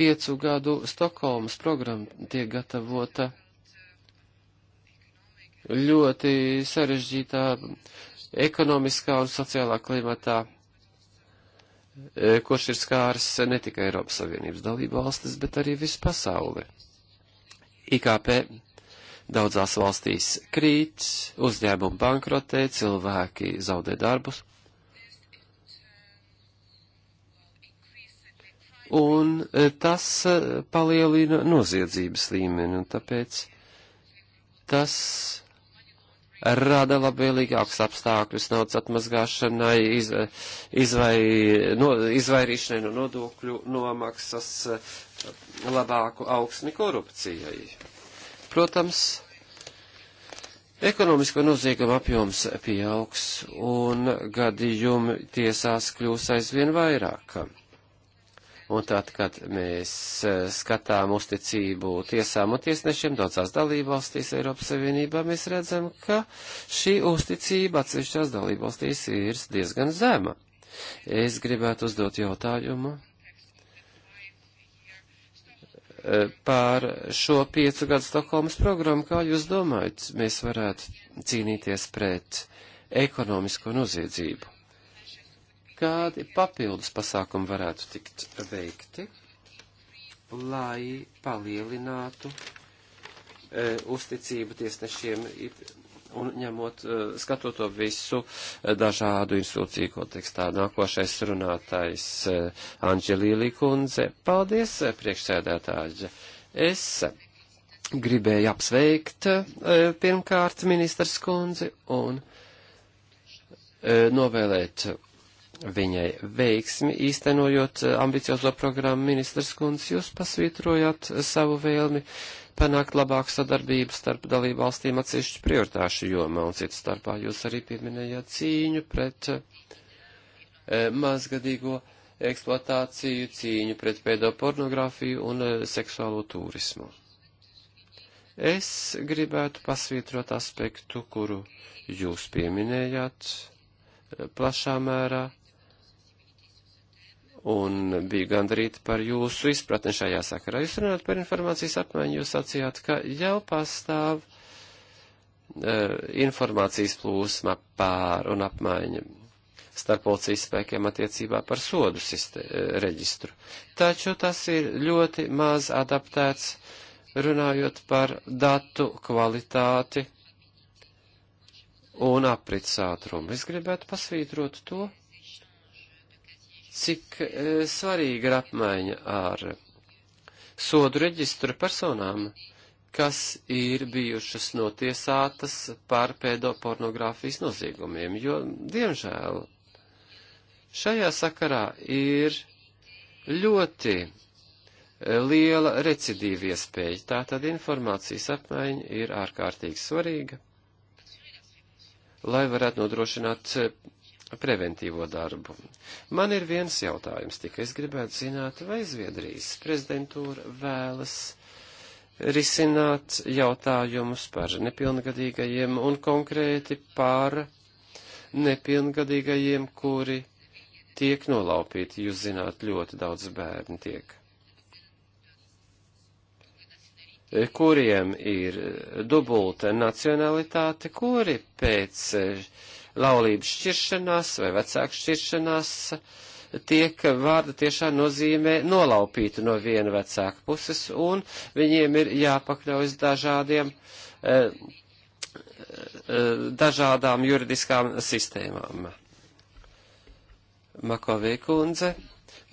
Piecu gadu Stokholmas programma tiek gatavota ļoti sarežģītā ekonomiskā un sociālā klimatā. E, kurš ir skāris ne tikai Eiropas Savienības dalību valstis, bet arī visu pasauli. IKP daudzās valstīs krīt, uzņēmumi bankrotē, cilvēki zaudē darbus. Un e, tas e, palielina noziedzības līmeni, un tāpēc tas rada labvēlīgākus apstākļus naudas atmazgāšanai, iz, izvai, no, izvairīšanai no nodokļu nomaksas, labāku augsni korupcijai. Protams, Ekonomisko noziegumu apjoms pieaugs un gadījumi tiesās kļūs aizvien vairāk. Un tad, kad mēs eh, skatām uzticību tiesām un tiesnešiem daudzās dalībvalstīs Eiropas Savienībā, mēs redzam, ka šī uzticība atsevišķās dalībvalstīs ir diezgan zema. Es gribētu uzdot jautājumu eh, par šo piecu gadu Stokholmas programmu. Kā jūs domājat, mēs varētu cīnīties pret ekonomisko noziedzību? kādi papildus pasākumi varētu tikt veikti, lai palielinātu e, uzticību tiesnešiem it, un ņemot, e, skatot to visu e, dažādu institūciju kontekstā. Nākošais runātājs e, Anģelīlī kundze. Paldies, e, priekšsēdētāģa. Es gribēju apsveikt e, pirmkārt ministrs kundzi un e, novēlēt viņai veiksmi īstenojot eh, ambiciozo programmu ministrs kundze, jūs pasvītrojāt eh, savu vēlmi panākt labāku sadarbību starp dalību valstīm atsevišķu prioritāšu jomā, un citu starpā jūs arī pieminējāt cīņu pret e, mazgadīgo eksploatāciju, cīņu pret pedopornogrāfiju un e, seksuālo turismu. Es gribētu pasvītrot aspektu, kuru jūs pieminējāt plašā mērā un biju gandarīti par jūsu izpratni šajā sakarā. Jūs runājat par informācijas apmaiņu, jūs sacījāt, ka jau pastāv uh, informācijas plūsma pār un apmaiņa starp policijas spēkiem attiecībā par sodu sistē, e, reģistru. Taču tas ir ļoti maz adaptēts runājot par datu kvalitāti un aprits ātrumu. Es gribētu pasvītrot to, cik e, svarīga ir apmaiņa ar sodu reģistru personām, kas ir bijušas notiesātas par pēdopornogrāfijas noziegumiem, jo, diemžēl, šajā sakarā ir ļoti e, liela recidīva iespēja. Tātad informācijas apmaiņa ir ārkārtīgi svarīga, lai varētu nodrošināt e, preventīvo darbu. Man ir viens jautājums tikai. Es gribētu zināt, vai Zviedrijas prezidentūra vēlas risināt jautājumus par nepilngadīgajiem un konkrēti par nepilngadīgajiem, kuri tiek nolaupīti. Jūs zināt, ļoti daudz bērnu tiek kuriem ir dubulta nacionalitāte, kuri pēc laulības šķiršanās vai vecāku šķiršanās tiek vārda tiešā nozīmē nolaupīti no viena vecāka puses, un viņiem ir jāpakļaujas dažādiem, eh, eh, dažādām juridiskām sistēmām. Makovī kundze.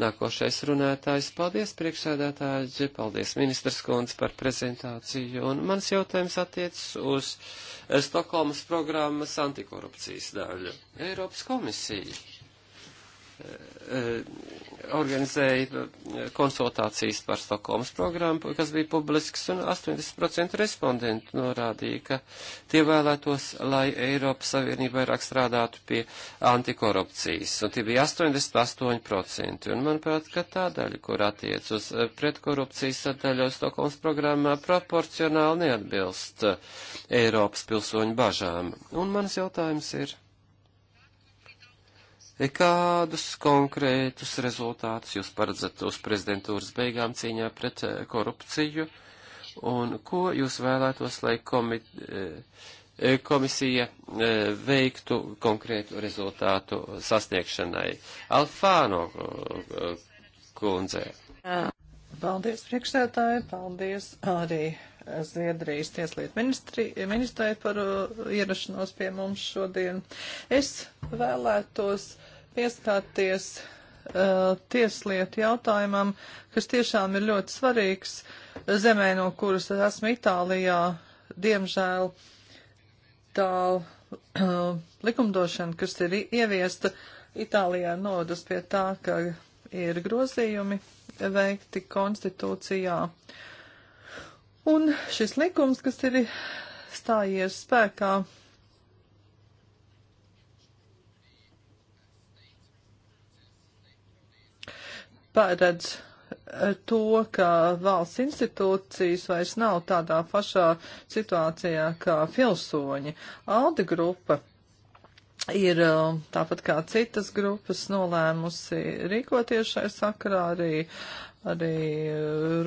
Nākošais runētājs. Paldies, priekšsēdētāji, paldies, ministrs Kundze, par prezentāciju. Un mans jautājums attiecas uz Stokholmas programmas antikorupcijas daļu. Eiropas komisija Eh, organizēja eh, konsultācijas par Stokholmas programmu, kas bija publisks, un 80% respondentu norādīja, ka tie vēlētos, lai Eiropas Savienība vairāk strādātu pie antikorupcijas, un tie bija 88%, un manuprāt, ka tā daļa, kur attiec uz eh, pretkorupcijas sadaļu Stokholmas programmā, proporcionāli neatbilst Eiropas pilsoņu bažām. Un mans jautājums ir Kādus konkrētus rezultātus jūs paredzat uz prezidentūras beigām cīņā pret eh, korupciju? Un ko jūs vēlētos, lai komi, eh, eh, komisija veiktu konkrētu rezultātu sasniegšanai? Alfāno kundzē. Paldies priekšsētāji, paldies arī Zviedrijas tieslietu ministrai par uh, ierašanos pie mums šodien. Es vēlētos uh, piestāties uh, tieslietu jautājumam, kas tiešām ir ļoti svarīgs zemē, no kuras esmu Itālijā. Diemžēl tā uh, likumdošana, kas ir ieviesta Itālijā, nodas pie tā, ka ir grozījumi veikti konstitūcijā. Un šis likums, kas ir stājies spēkā paredz e, to, ka valsts institūcijas vairs nav tādā pašā situācijā kā pilsoņi. Alde grupa ir e, tāpat kā citas grupas nolēmusi rīkoties šai sakarā arī, arī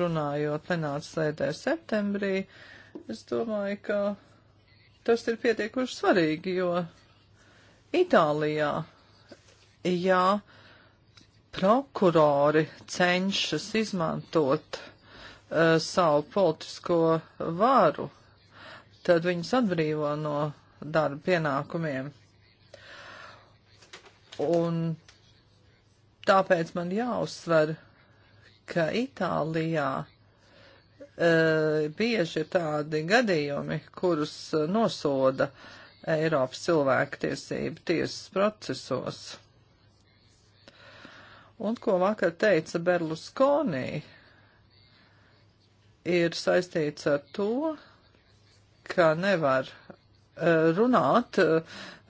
runājot plenāts sēdē septembrī. Es domāju, ka tas ir pietiekuši svarīgi, jo Itālijā, jā, ja prokurori cenšas izmantot uh, savu politisko varu, tad viņus atbrīvo no darba pienākumiem. Un tāpēc man jāuzsver, ka Itālijā uh, bieži ir tādi gadījumi, kurus eh, nosoda Eiropas cilvēktiesība tiesas procesos. Un ko vakar teica Berluskonī, ir saistīts ar to, ka nevar eh, runāt eh,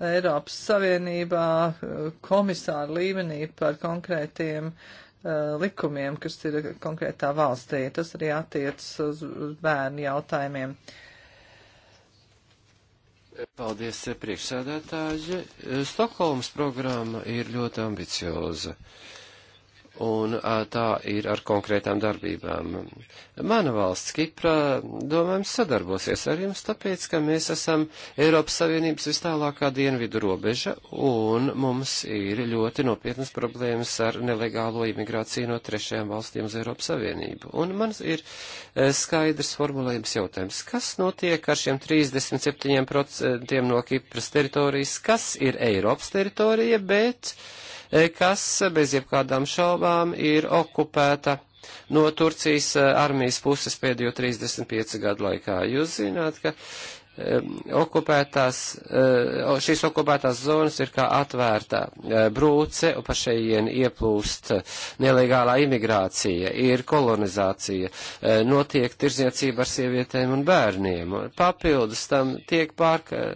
Eiropas Savienībā eh, komisāru līmenī par konkrētiem likumiem, kas ir konkrētā valstī. Tas arī attiecas uz bērnu jautājumiem. Paldies, priekšsēdētāji. Stokholmas programma ir ļoti ambicioza. Uh, un tā ir ar konkrētām darbībām. Mana valsts, Kipra, domājams, sadarbosies ar jums, tāpēc, ka mēs esam Eiropas Savienības vistālākā dienvidu robeža, un mums ir ļoti nopietnas problēmas ar nelegālo imigrāciju no trešajām valstīm uz Eiropas Savienību. Un man ir skaidrs formulējums jautājums, kas notiek ar šiem 37% no Kipras teritorijas, kas ir Eiropas teritorija, bet E, kas bez jebkādām šaubām ir okupēta no Turcijas e, armijas puses pēdējo 35 gadu laikā. Jūs zināt, ka e, okupētās, šīs okupētās zonas ir kā atvērtā brūce, un pašējien ieplūst nelegālā imigrācija, ir kolonizācija, notiek tirzniecība ar sievietēm un bērniem. Papildus tam tiek pārka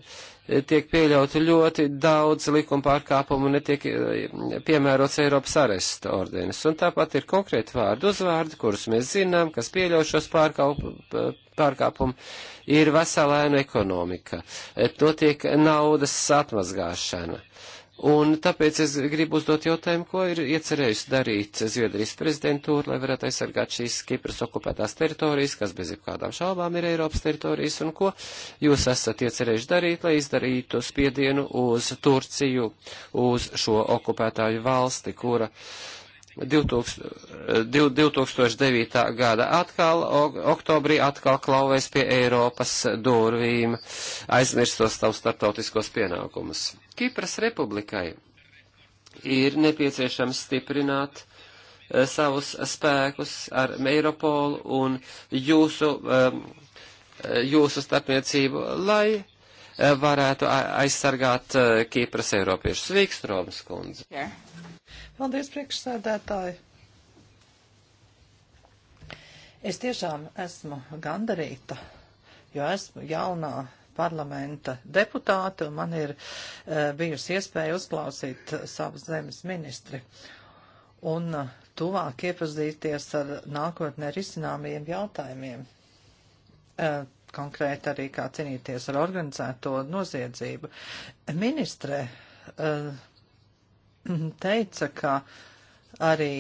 tiek pieļauti ļoti daudz likuma pārkāpumu un netiek eh, piemērots Eiropas aresta ordenis. Un tāpat ir konkrēti vārdu uzvārdi, kurus mēs zinām, kas pieļauj šos pārkāpumu, ir veselēna ekonomika. Notiek eh, naudas atmazgāšana. Un tāpēc es gribu uzdot jautājumu, ko ir iecerējusi darīt Zviedrijas prezidentūra, lai varētu aizsargāt šīs Kipras okupētās teritorijas, kas bez jebkādām šaubām ir Eiropas teritorijas, un ko jūs esat iecerējuši darīt, lai izdarītu spiedienu uz Turciju, uz šo okupētāju valsti, kura 2000, 2009. gada atkal, oktobrī atkal klauvēs pie Eiropas durvīm, aizmirstos savus starptautiskos pienākumus. Kipras republikai ir nepieciešams stiprināt uh, savus spēkus ar Eiropolu un jūsu, um, jūsu starpniecību, lai uh, varētu aizsargāt uh, Kipras Eiropiešus. Vīkstroms kundze. Yeah. Paldies, priekšsēdētāji. Es tiešām esmu gandarīta, jo esmu jaunā parlamenta deputāti, un man ir uh, bijusi iespēja uzklausīt uh, savas zemes ministri un uh, tuvāk iepazīties ar nākotnē risināmiem jautājumiem. Eh, konkrēti arī kā cīnīties ar organizēto noziedzību. Ministre teica, ka arī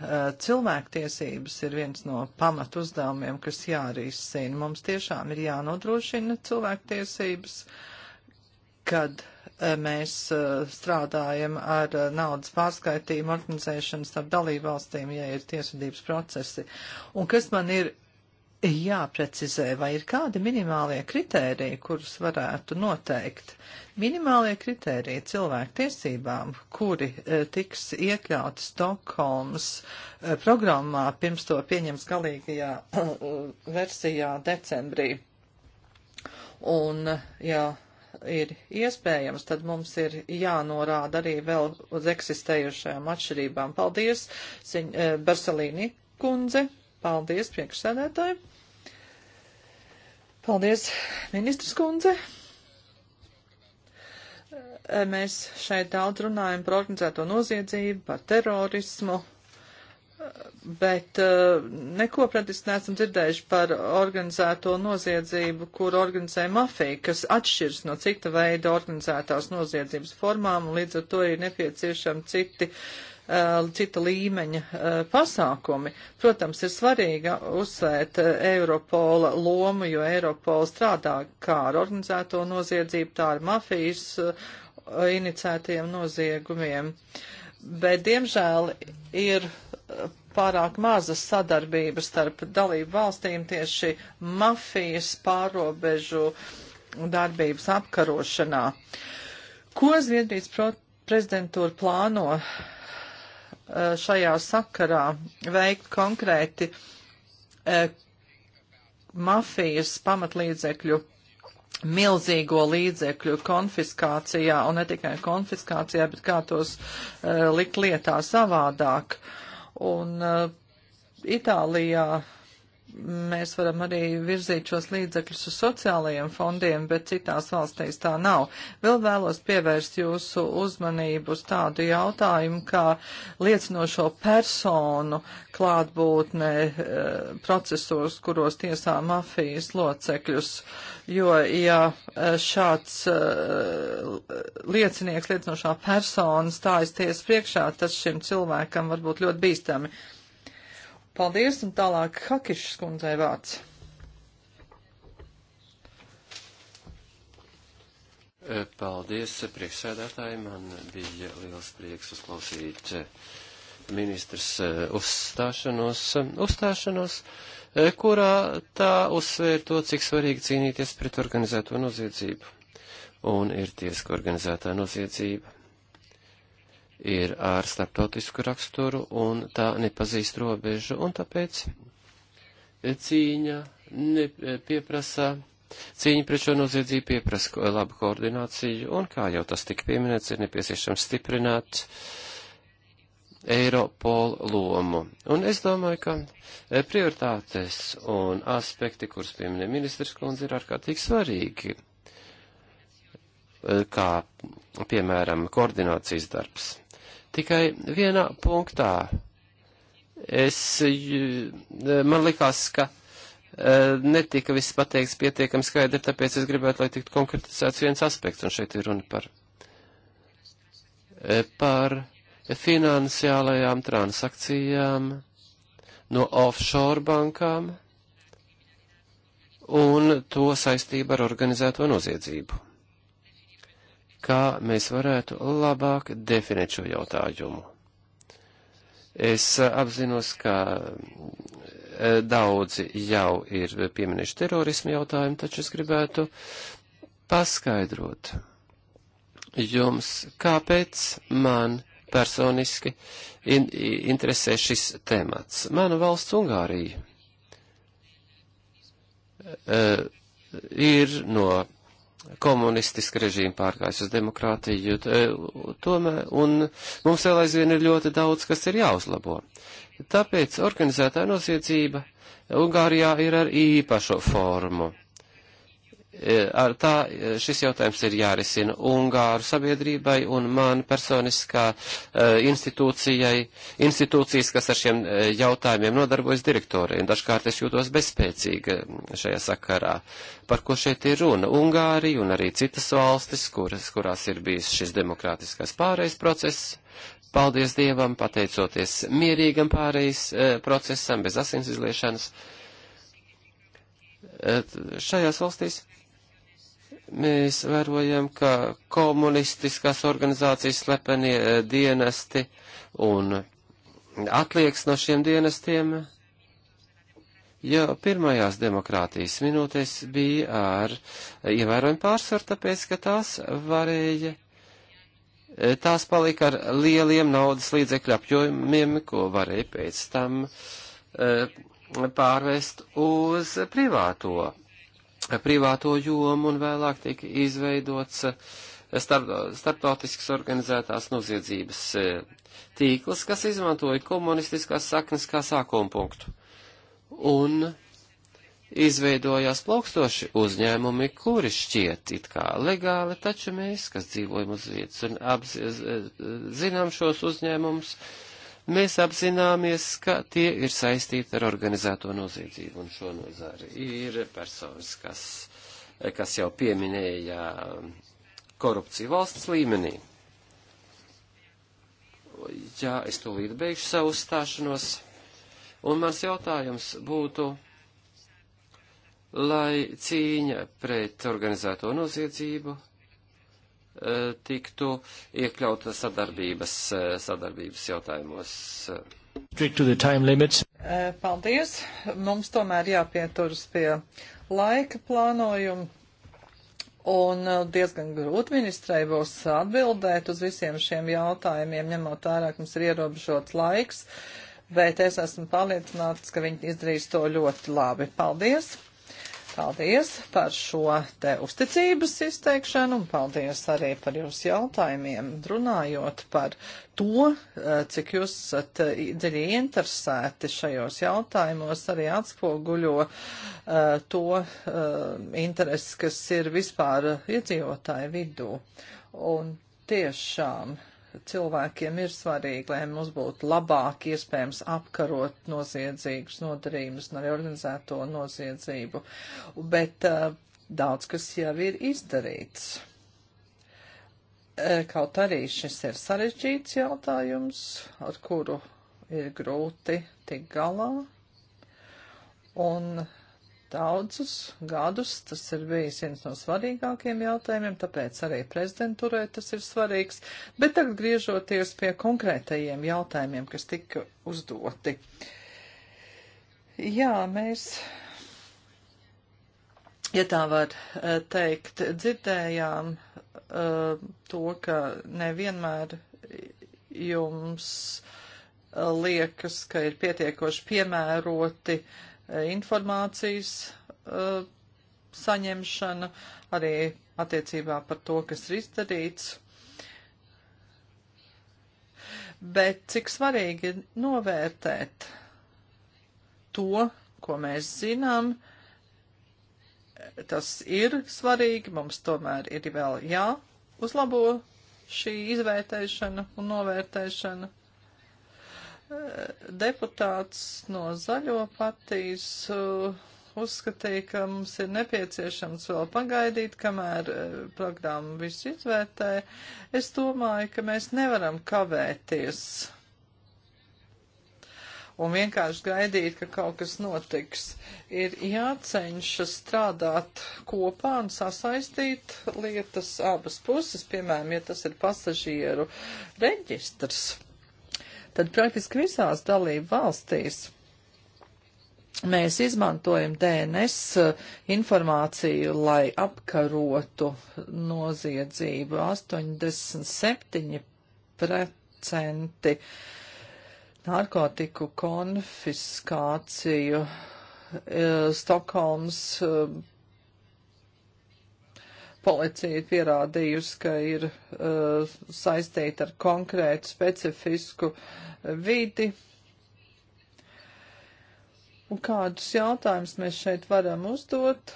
Eh, cilvēktiesības ir viens no pamat uzdevumiem, kas jārisina. Mums tiešām ir jānodrošina cilvēktiesības, kad eh, mēs eh, strādājam ar naudas pārskaitījumu organizēšanu starp dalībvalstīm, ja ir tiesvedības procesi. Un kas man ir jāprecizē, vai ir kādi minimālie kritēriji, kurus varētu noteikt. Minimālie kritēriji cilvēktiesībām, kuri e, tiks iekļauti Stokholmas e, programmā pirms to pieņems galīgajā e, versijā decembrī. Un, jā, ir iespējams, tad mums ir jānorāda arī vēl uz eksistējušajām atšķirībām. Paldies, e, Barcelīni kundze! Paldies, priekšsēdētāji! Paldies, ministrs kundze! Mēs šeit daudz runājam par organizēto noziedzību, par terorismu, Bet uh, neko praktiski neesam dzirdējuši par organizēto noziedzību, kur organizē mafija, kas atšķirs no cita veida organizētās noziedzības formām, un līdz ar to ir nepieciešami citi Eh, cita līmeņa eh, pasākumi. Protams, ir svarīgi uzsvērt eh, Eiropola lomu, jo Eiropola strādā kā ar organizēto noziedzību, tā ar mafijas inicētajiem noziegumiem. Bet, diemžēl, ir pārāk maza sadarbība starp dalību valstīm tieši mafijas pārobežu darbības apkarošanā. Ko Zviedrijas prezidentūra plāno Eh, šajā sakarā veikt konkrēti eh, mafijas pamatlīdzekļu milzīgo līdzekļu konfiskācijā, un ne tikai konfiskācijā, bet kā tos uh, likt lietā savādāk. Un uh, Itālijā uh, mēs varam arī virzīt šos līdzekļus uz sociālajiem fondiem, bet citās valstīs tā nav. Vēl vēlos pievērst jūsu uzmanību uz tādu jautājumu, kā liecinošo personu klātbūtne eh, procesos, kuros tiesā mafijas locekļus, jo, ja eh, šāds eh, liecinieks, liecinošā persona stājas tiesas priekšā, tas šim cilvēkam var būt ļoti bīstami. Paldies, un tālāk Hakišs kundzei vārds. E, paldies, priekšsēdētāji. Man bija liels prieks uzklausīt e, ministrs e, uzstāšanos, uzstāšanos kurā tā uzsvēra to, cik svarīgi cīnīties pret organizēto noziedzību. Un ir tieska organizētā noziedzība ir ar starptautisku raksturu un tā nepazīst robežu, un tāpēc cīņa nepieprasa. Cīņa pret šo noziedzību pieprasa labu koordināciju, un, kā jau tas tika pieminēts, ir nepieciešams stiprināt Eiropolu lomu. Un es domāju, ka eh, prioritātes un aspekti, kurus pieminē ministrs kundze, ir ārkārtīgi svarīgi, eh, kā, piemēram, koordinācijas darbs. Tikai vienā punktā es, man likās, ka e, netika viss pateikts pietiekami skaidri, tāpēc es gribētu, lai tiktu konkretizēts viens aspekts, un šeit ir runa par, e, par finansiālajām transakcijām no offshore bankām un to saistību ar organizēto noziedzību kā mēs varētu labāk definēt šo jautājumu. Es apzinos, ka e, daudzi jau ir pieminējuši terorismu jautājumu, taču es gribētu paskaidrot jums, kāpēc man personiski in, interesē šis temats. Mana valsts Ungārija uh, ir no komunistiska režīma pārgājis uz demokrātiju, e, tomēr, un mums vēl aizvien ir ļoti daudz, kas ir jāuzlabo. Tāpēc organizētā nosiedzība Ungārijā ir ar īpašu formu. E, ar tā e, šis jautājums ir jārisina Ungāru sabiedrībai un man personiskā e, institūcijai, institūcijas, kas ar šiem jautājumiem nodarbojas direktoriem. Dažkārt es jūtos bezspēcīga šajā sakarā. Par ko šeit ir runa? Ungārija un arī citas valstis, kuras, kurās ir bijis šis demokrātiskais pārējais process. Paldies Dievam, pateicoties mierīgam pārējais procesam, bez asins izliešanas. Šajās valstīs mēs vērojam, ka komunistiskās organizācijas slepenie eh, dienesti un atlieks no šiem dienestiem jau pirmajās demokrātijas minūtēs bija ar ievērojumu pārsvaru, tāpēc, ka tās varēja, eh, tās palika ar lieliem naudas līdzekļu apjomiem, ko varēja pēc tam eh, pārvest uz privāto privāto jomu un vēlāk tika izveidots eh, starp, starptautisks organizētās noziedzības eh, tīkls, kas izmantoja komunistiskās saknes kā sākuma punktu. Un izveidojās plaukstoši uzņēmumi, kuri šķiet it kā legāli, taču mēs, kas dzīvojam uz vietas un apzinām šos uzņēmumus, uh, Mēs apzināmies, ka tie ir saistīti ar organizēto noziedzību, un šo nozari ir personas, kas, kas jau pieminēja korupciju valsts līmenī. Jā, es tūlīt beigšu savu stāšanos, un mans jautājums būtu lai cīņa pret organizēto noziedzību E, tiktu iekļauta sadarbības, e, sadarbības jautājumos. E, paldies! Mums tomēr jāpieturas pie laika plānojuma. Un diezgan grūti ministrai būs atbildēt uz visiem šiem jautājumiem, ņemot vērā, ka mums ir ierobežots laiks, bet es esmu pārliecināts, ka viņi izdarīs to ļoti labi. Paldies! Paldies par šo te uzticības izteikšanu un paldies arī par jūsu jautājumiem, runājot par to, eh, cik jūs esat eh, dziļi interesēti šajos jautājumos, arī atspoguļo uh, to uh, interesi, kas ir vispār iedzīvotāju vidū. Un tiešām cilvēkiem ir svarīgi, lai mums būtu labāk iespējams apkarot noziedzīgus nodarījumus un arī organizēto noziedzību, bet uh, daudz kas jau ir izdarīts. Eh, kaut arī šis ir sarežģīts jautājums, ar kuru ir grūti tik galā, un daudzus gadus. Tas ir bijis viens no svarīgākiem jautājumiem, tāpēc arī prezidentūrai tas ir svarīgs. Bet tagad griežoties pie konkrētajiem jautājumiem, kas tika uzdoti. Jā, mēs ja tā var eh, teikt, dzirdējām uh, to, ka nevienmēr jums eh, liekas, ka ir pietiekoši piemēroti informācijas uh, saņemšana, arī attiecībā par to, kas ir izdarīts. Bet cik svarīgi ir novērtēt to, ko mēs zinām, tas ir svarīgi, mums tomēr ir vēl jāuzlabo šī izvērtēšana un novērtēšana deputāts no Zaļo partijas uh, uzskatīja, ka mums ir nepieciešams vēl pagaidīt, kamēr uh, programmu visu izvērtē. Es domāju, ka mēs nevaram kavēties un vienkārši gaidīt, ka kaut kas notiks. Ir jāceņšas strādāt kopā un sasaistīt lietas abas puses, piemēram, ja tas ir pasažieru reģistrs tad praktiski visās dalību valstīs mēs izmantojam DNS eh, informāciju, lai apkarotu noziedzību. 87% narkotiku konfiskāciju eh, Stokholmas eh, policija ir pierādījusi, ka ir uh, saistīta ar konkrētu specifisku vidi. Un kādus jautājumus mēs šeit varam uzdot?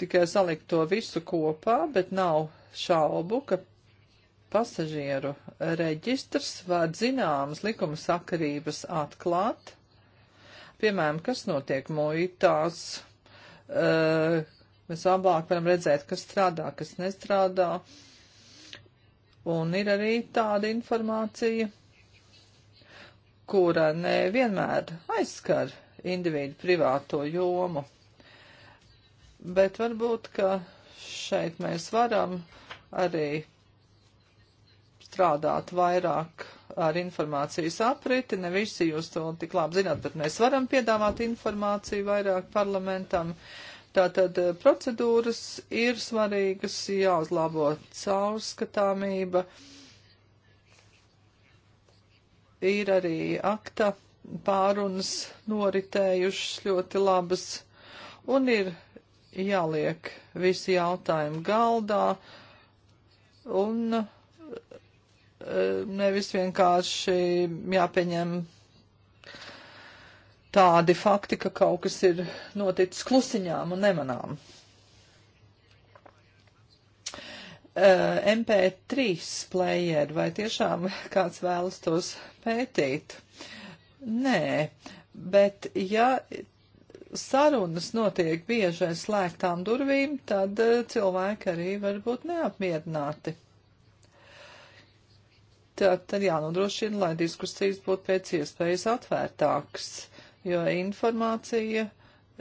Tikai salikt to visu kopā, bet nav šaubu, ka pasažieru reģistrs var zināmas likuma sakarības atklāt. Piemēram, kas notiek muitās, uh, Mēs labāk varam redzēt, kas strādā, kas nestrādā. Un ir arī tāda informācija, kura nevienmēr aizskar individu privāto jomu. Bet varbūt, ka šeit mēs varam arī strādāt vairāk ar informācijas apriti. Ne visi jūs to tik labi zināt, bet mēs varam piedāvāt informāciju vairāk parlamentam. Uh, Tātad eh, procedūras ir svarīgas, jāuzlabo caurskatāmība. Ir arī akta pārunas noritējušas ļoti labas un ir jāliek visi jautājumi galdā un eh, nevis vienkārši jāpieņem tādi fakti, ka kaut kas ir noticis klusiņām un nemanām. Uh, MP3 player, vai tiešām kāds vēlas tos pētīt? Nē, bet ja sarunas notiek bieži aiz slēgtām durvīm, tad uh, cilvēki arī var būt neapmierināti. Tad, tad jānodrošina, lai diskusijas būtu pēc iespējas atvērtākas jo informācija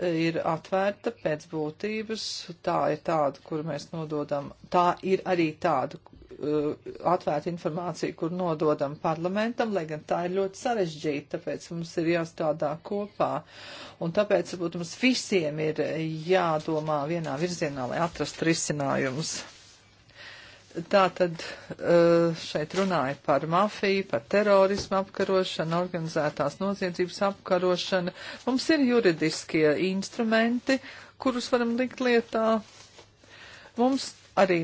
e, ir atvērta pēc būtības, tā ir tāda, kur mēs nododam, tā ir arī tāda uh, atvērta informācija, kur nododam parlamentam, lai gan tā ir ļoti sarežģīta, tāpēc mums ir jāstrādā kopā. Un tāpēc, varbūt, mums visiem ir e, jādomā vienā virzienā, lai atrastu risinājumus. Tā tad eh, šeit runāja par mafiju, par terorismu apkarošanu, organizētās noziedzības apkarošanu. Mums ir juridiskie instrumenti, kurus varam likt lietā. Mums arī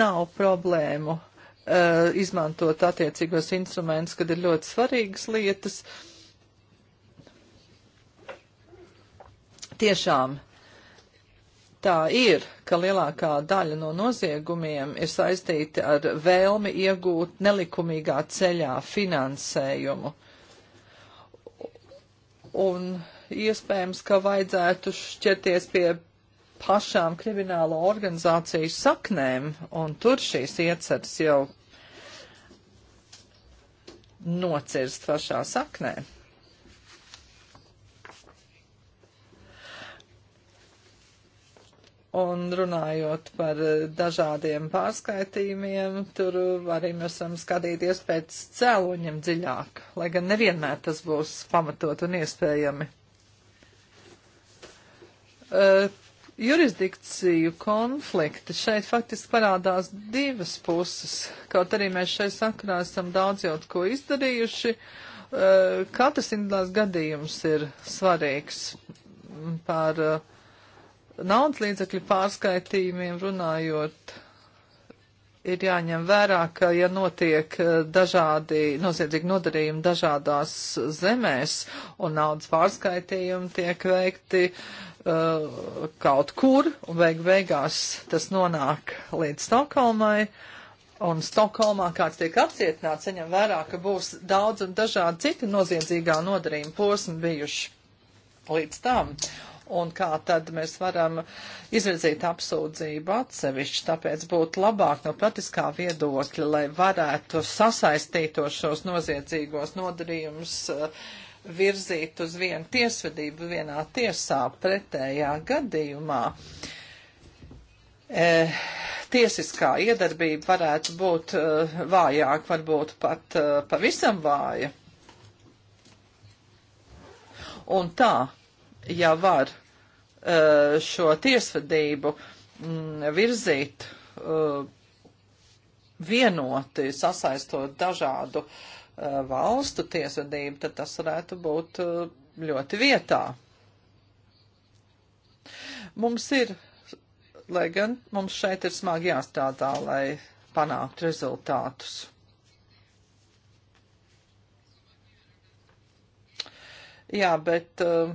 nav problēmu eh, izmantot attiecīgos instrumentus, kad ir ļoti svarīgas lietas. Tiešām Tā ir, ka lielākā daļa no noziegumiem ir saistīti ar vēlmi iegūt nelikumīgā ceļā finansējumu. Un iespējams, ka vajadzētu šķirties pie pašām kriminālo organizāciju saknēm, un tur šīs ieceras jau nocirst pašā saknē. Un runājot par dažādiem pārskaitījumiem, tur arī mēs varam skatīties pēc cēloņiem dziļāk, lai gan nevienmēr tas būs pamatot un iespējami. Uh, jurisdikciju konflikti šeit faktiski parādās divas puses, kaut arī mēs šeit sakarā esam daudz jau ko izdarījuši. Uh, katrs individuāls gadījums ir svarīgs par uh, naudas līdzekļu pārskaitījumiem runājot, ir jāņem vērā, ka ja notiek eh, dažādi noziedzīgi nodarījumi dažādās zemēs un naudas pārskaitījumi tiek veikti uh, kaut kur un beig beigās tas nonāk līdz Stokholmai. Un Stokholmā kāds tiek apcietināts, saņem vērā, ka būs daudz un dažādi citi noziedzīgā nodarījuma posmi bijuši līdz tam. Uh, un kā tad mēs varam izvirzīt apsūdzību atsevišķi. Tāpēc būtu labāk no pratiskā viedokļa, lai varētu sasaistītos šos noziedzīgos nodarījumus eh, virzīt uz vienu tiesvedību vienā tiesā pretējā gadījumā. E, tiesiskā iedarbība varētu būt e, eh, vājāk, varbūt pat e, pavisam vāja. Un tā, ja var Eh, šo tiesvedību mm, virzīt eh, vienoti, sasaistot dažādu eh, valstu tiesvedību, tad tas varētu būt ļoti vietā. Mums ir, lai gan mums šeit ir smagi jāstrādā, lai panāktu rezultātus. Jā, bet uh,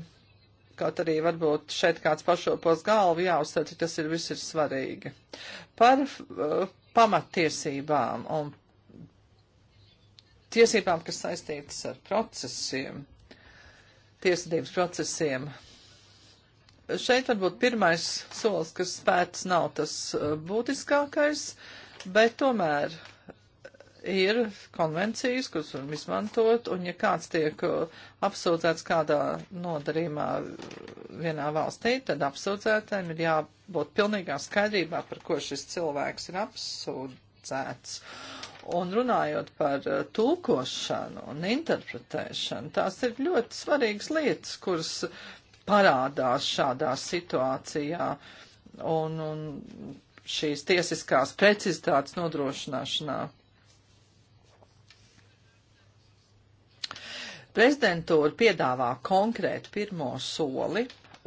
Kaut arī varbūt šeit kāds pašopos galvu jāuzsver, tas ir viss ir svarīgi. Par uh, pamattiesībām un tiesībām, kas saistītas ar procesiem, tiesvedības procesiem. Šeit varbūt pirmais solis, kas pēc nav tas uh, būtiskākais, bet tomēr ir konvencijas, kuras varam izmantot, un ja kāds tiek uh, apsūdzēts kādā nodarījumā vienā valstī, tad apsūdzētājiem ir jābūt pilnīgā skaidrībā, par ko šis cilvēks ir apsūdzēts. Un runājot par uh, tulkošanu un interpretēšanu, tās ir ļoti svarīgas lietas, kuras parādās šādā situācijā. Un, un šīs tiesiskās precizitātes nodrošināšanā Prezidentūra piedāvā konkrētu pirmo soli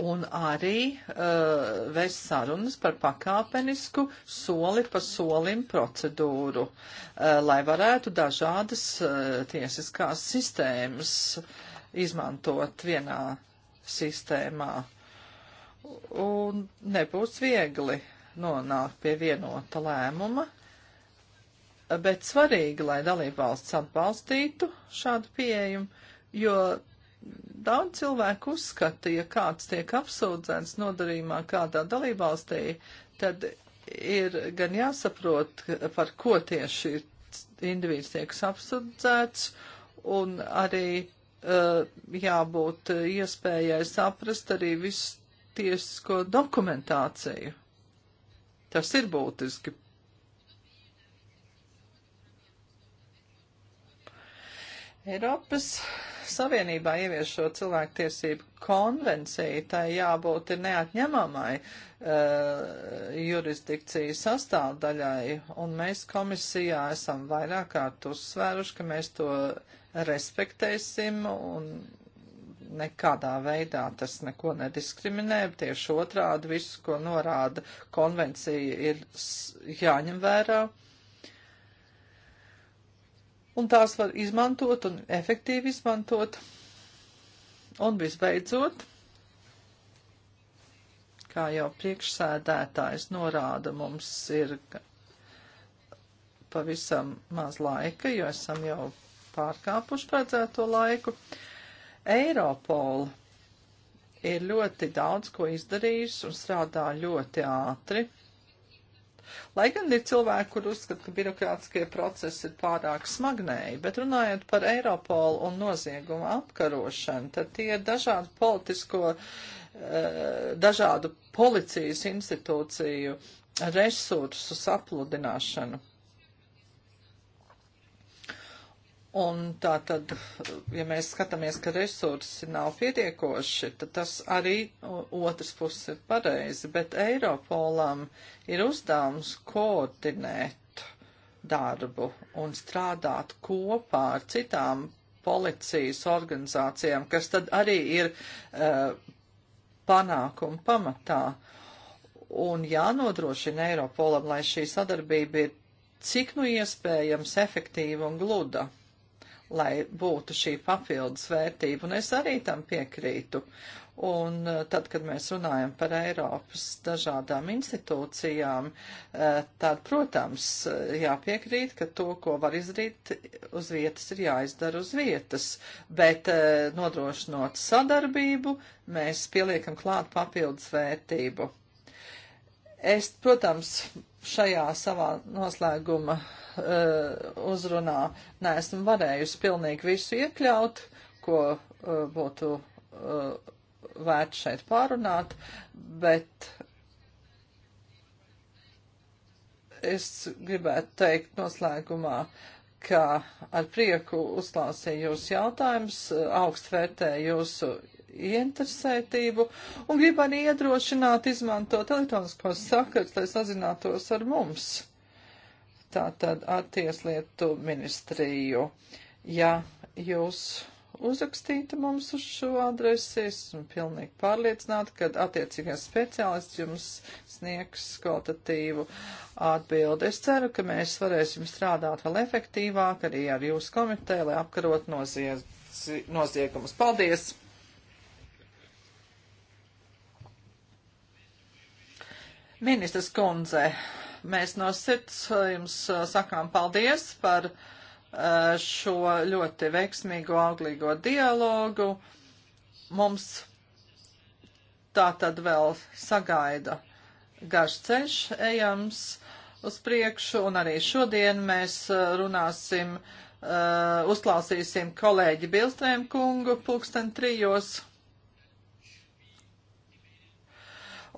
un arī uh, vēs sarunas par pakāpenisku soli pa solim procedūru, uh, lai varētu dažādas uh, tiesiskās sistēmas izmantot vienā sistēmā. Un nebūs viegli nonākt pie vienota lēmuma, bet svarīgi, lai dalībvalsts atbalstītu šādu pieejumu jo daudz cilvēku uzskata, ja kāds tiek apsūdzēts nodarījumā kādā dalībvalstī, tad ir gan jāsaprot, par ko tieši individs tiek apsūdzēts, un arī uh, jābūt iespējai saprast arī visu tiesisko dokumentāciju. Tas ir būtiski. Eiropas Savienībā ieviešo cilvēktiesību konvenciju, tai jābūt ir neatņemamai uh, jurisdikcijas sastāvdaļai, un mēs komisijā esam vairāk kārt uzsvēruši, ka mēs to respektēsim un nekādā veidā tas neko nediskriminē, tieši otrādi viss, ko norāda konvencija, ir jāņem vērā. Uh, un tās var izmantot un efektīvi izmantot. Un visbeidzot, kā jau priekšsēdētājs norāda, mums ir pavisam maz laika, jo esam jau pārkāpuši paredzēto laiku. Eiropola ir ļoti daudz ko izdarījusi un strādā ļoti ātri Lai gan ir cilvēki, kur uzskata, ka birokrātiskie procesi ir pārāk smagnēji, bet runājot par Eiropolu un noziegumu apkarošanu, tad tie ir dažādu politisko, eh, dažādu policijas institūciju resursu sapludināšanu. Un tā tad, ja mēs skatāmies, ka resursi nav pietiekoši, tad tas arī otrs puses ir pareizi, bet Eiropolam ir uzdevums koordinēt darbu un strādāt kopā ar citām policijas organizācijām, kas tad arī ir uh, panākuma pamatā. Un jānodrošina Eiropolam, lai šī sadarbība ir cik nu iespējams efektīva un gluda lai būtu šī papildus vērtība, un es arī tam piekrītu. Un eh, tad, kad mēs runājam par Eiropas dažādām institūcijām, eh, tad, protams, jāpiekrīt, ka to, ko var izdarīt uz vietas, ir jāizdara uz vietas. Bet eh, nodrošinot sadarbību, mēs pieliekam klāt papildus vērtību. Es, protams, šajā savā noslēguma uh, uzrunā neesmu varējusi pilnīgi visu iekļaut, ko uh, būtu uh, eh, vērts šeit pārunāt, bet es gribētu teikt noslēgumā, ka ar prieku uzklausīju jūsu jautājumus, augst vērtēju jūsu ieinteresētību un grib arī iedrošināt izmantot elektroniskos sakars, lai sazinātos ar mums. Tātad ar Tieslietu ministriju. Ja jūs uzrakstītu mums uz šo adresi, esmu pilnīgi pārliecināta, ka attiecīgais speciālists jums sniegs kvalitatīvu atbildi. Es ceru, ka mēs varēsim strādāt vēl efektīvāk arī ar jūsu komiteju, lai apkarot noziedz, noziegumus. Paldies! Ministrs kundze, mēs no sirds jums sakām paldies par šo ļoti veiksmīgo auglīgo dialogu. Mums tā tad vēl sagaida garš ceļš ejams uz priekšu, un arī šodien mēs runāsim, uzklausīsim kolēģi Bilstrēm kungu pulksten trijos.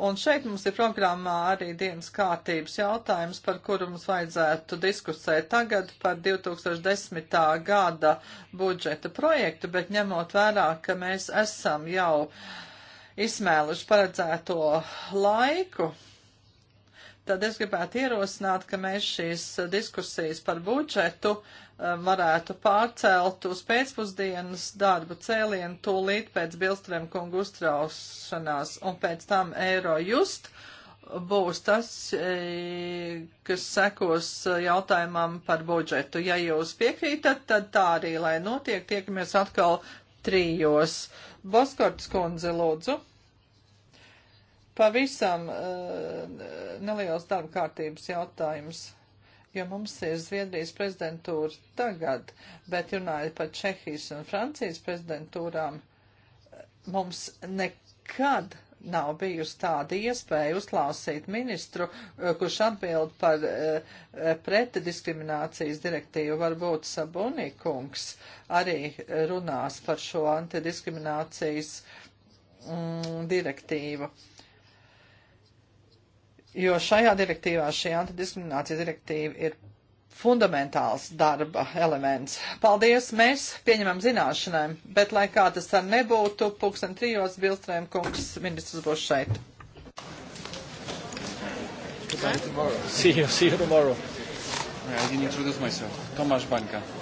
Un šeit mums ir programmā arī dienas kārtības jautājums, par kuru mums vajadzētu diskusēt tagad par 2010. gada budžeta projektu, bet ņemot vērā, ka mēs esam jau izsmēluši paredzēto laiku, tad es gribētu ierosināt, ka mēs šīs diskusijas par budžetu eh, varētu pārcelt uz pēcpusdienas darbu cēlienu tūlīt pēc Bilstrēm kungu uztraušanās un pēc tam eiro just būs tas, eh, kas sekos jautājumam par budžetu. Ja jūs piekrītat, tad tā arī, lai notiek, tiekamies atkal trijos. Boskorts kundze, lūdzu. Pavisam eh, neliels darba kārtības jautājums, jo mums ir Zviedrijas prezidentūra tagad, bet runājot par Čehijas un Francijas prezidentūrām, mums nekad nav bijusi tāda iespēja uzklausīt ministru, eh, kurš atbild par eh, pretdiskriminācijas direktīvu. Varbūt Sabunikungs arī runās par šo antidiskriminācijas mm, direktīvu jo šajā direktīvā šī antidiskriminācija direktīva ir fundamentāls darba elements. Paldies, mēs pieņemam zināšanai, bet lai kā tas ar nebūtu, pulksten trijos Bilstrēm kungs ministrs būs šeit. Goodbye tomorrow. See you, see you tomorrow. Yeah, I didn't introduce myself. Tomasz Bańka.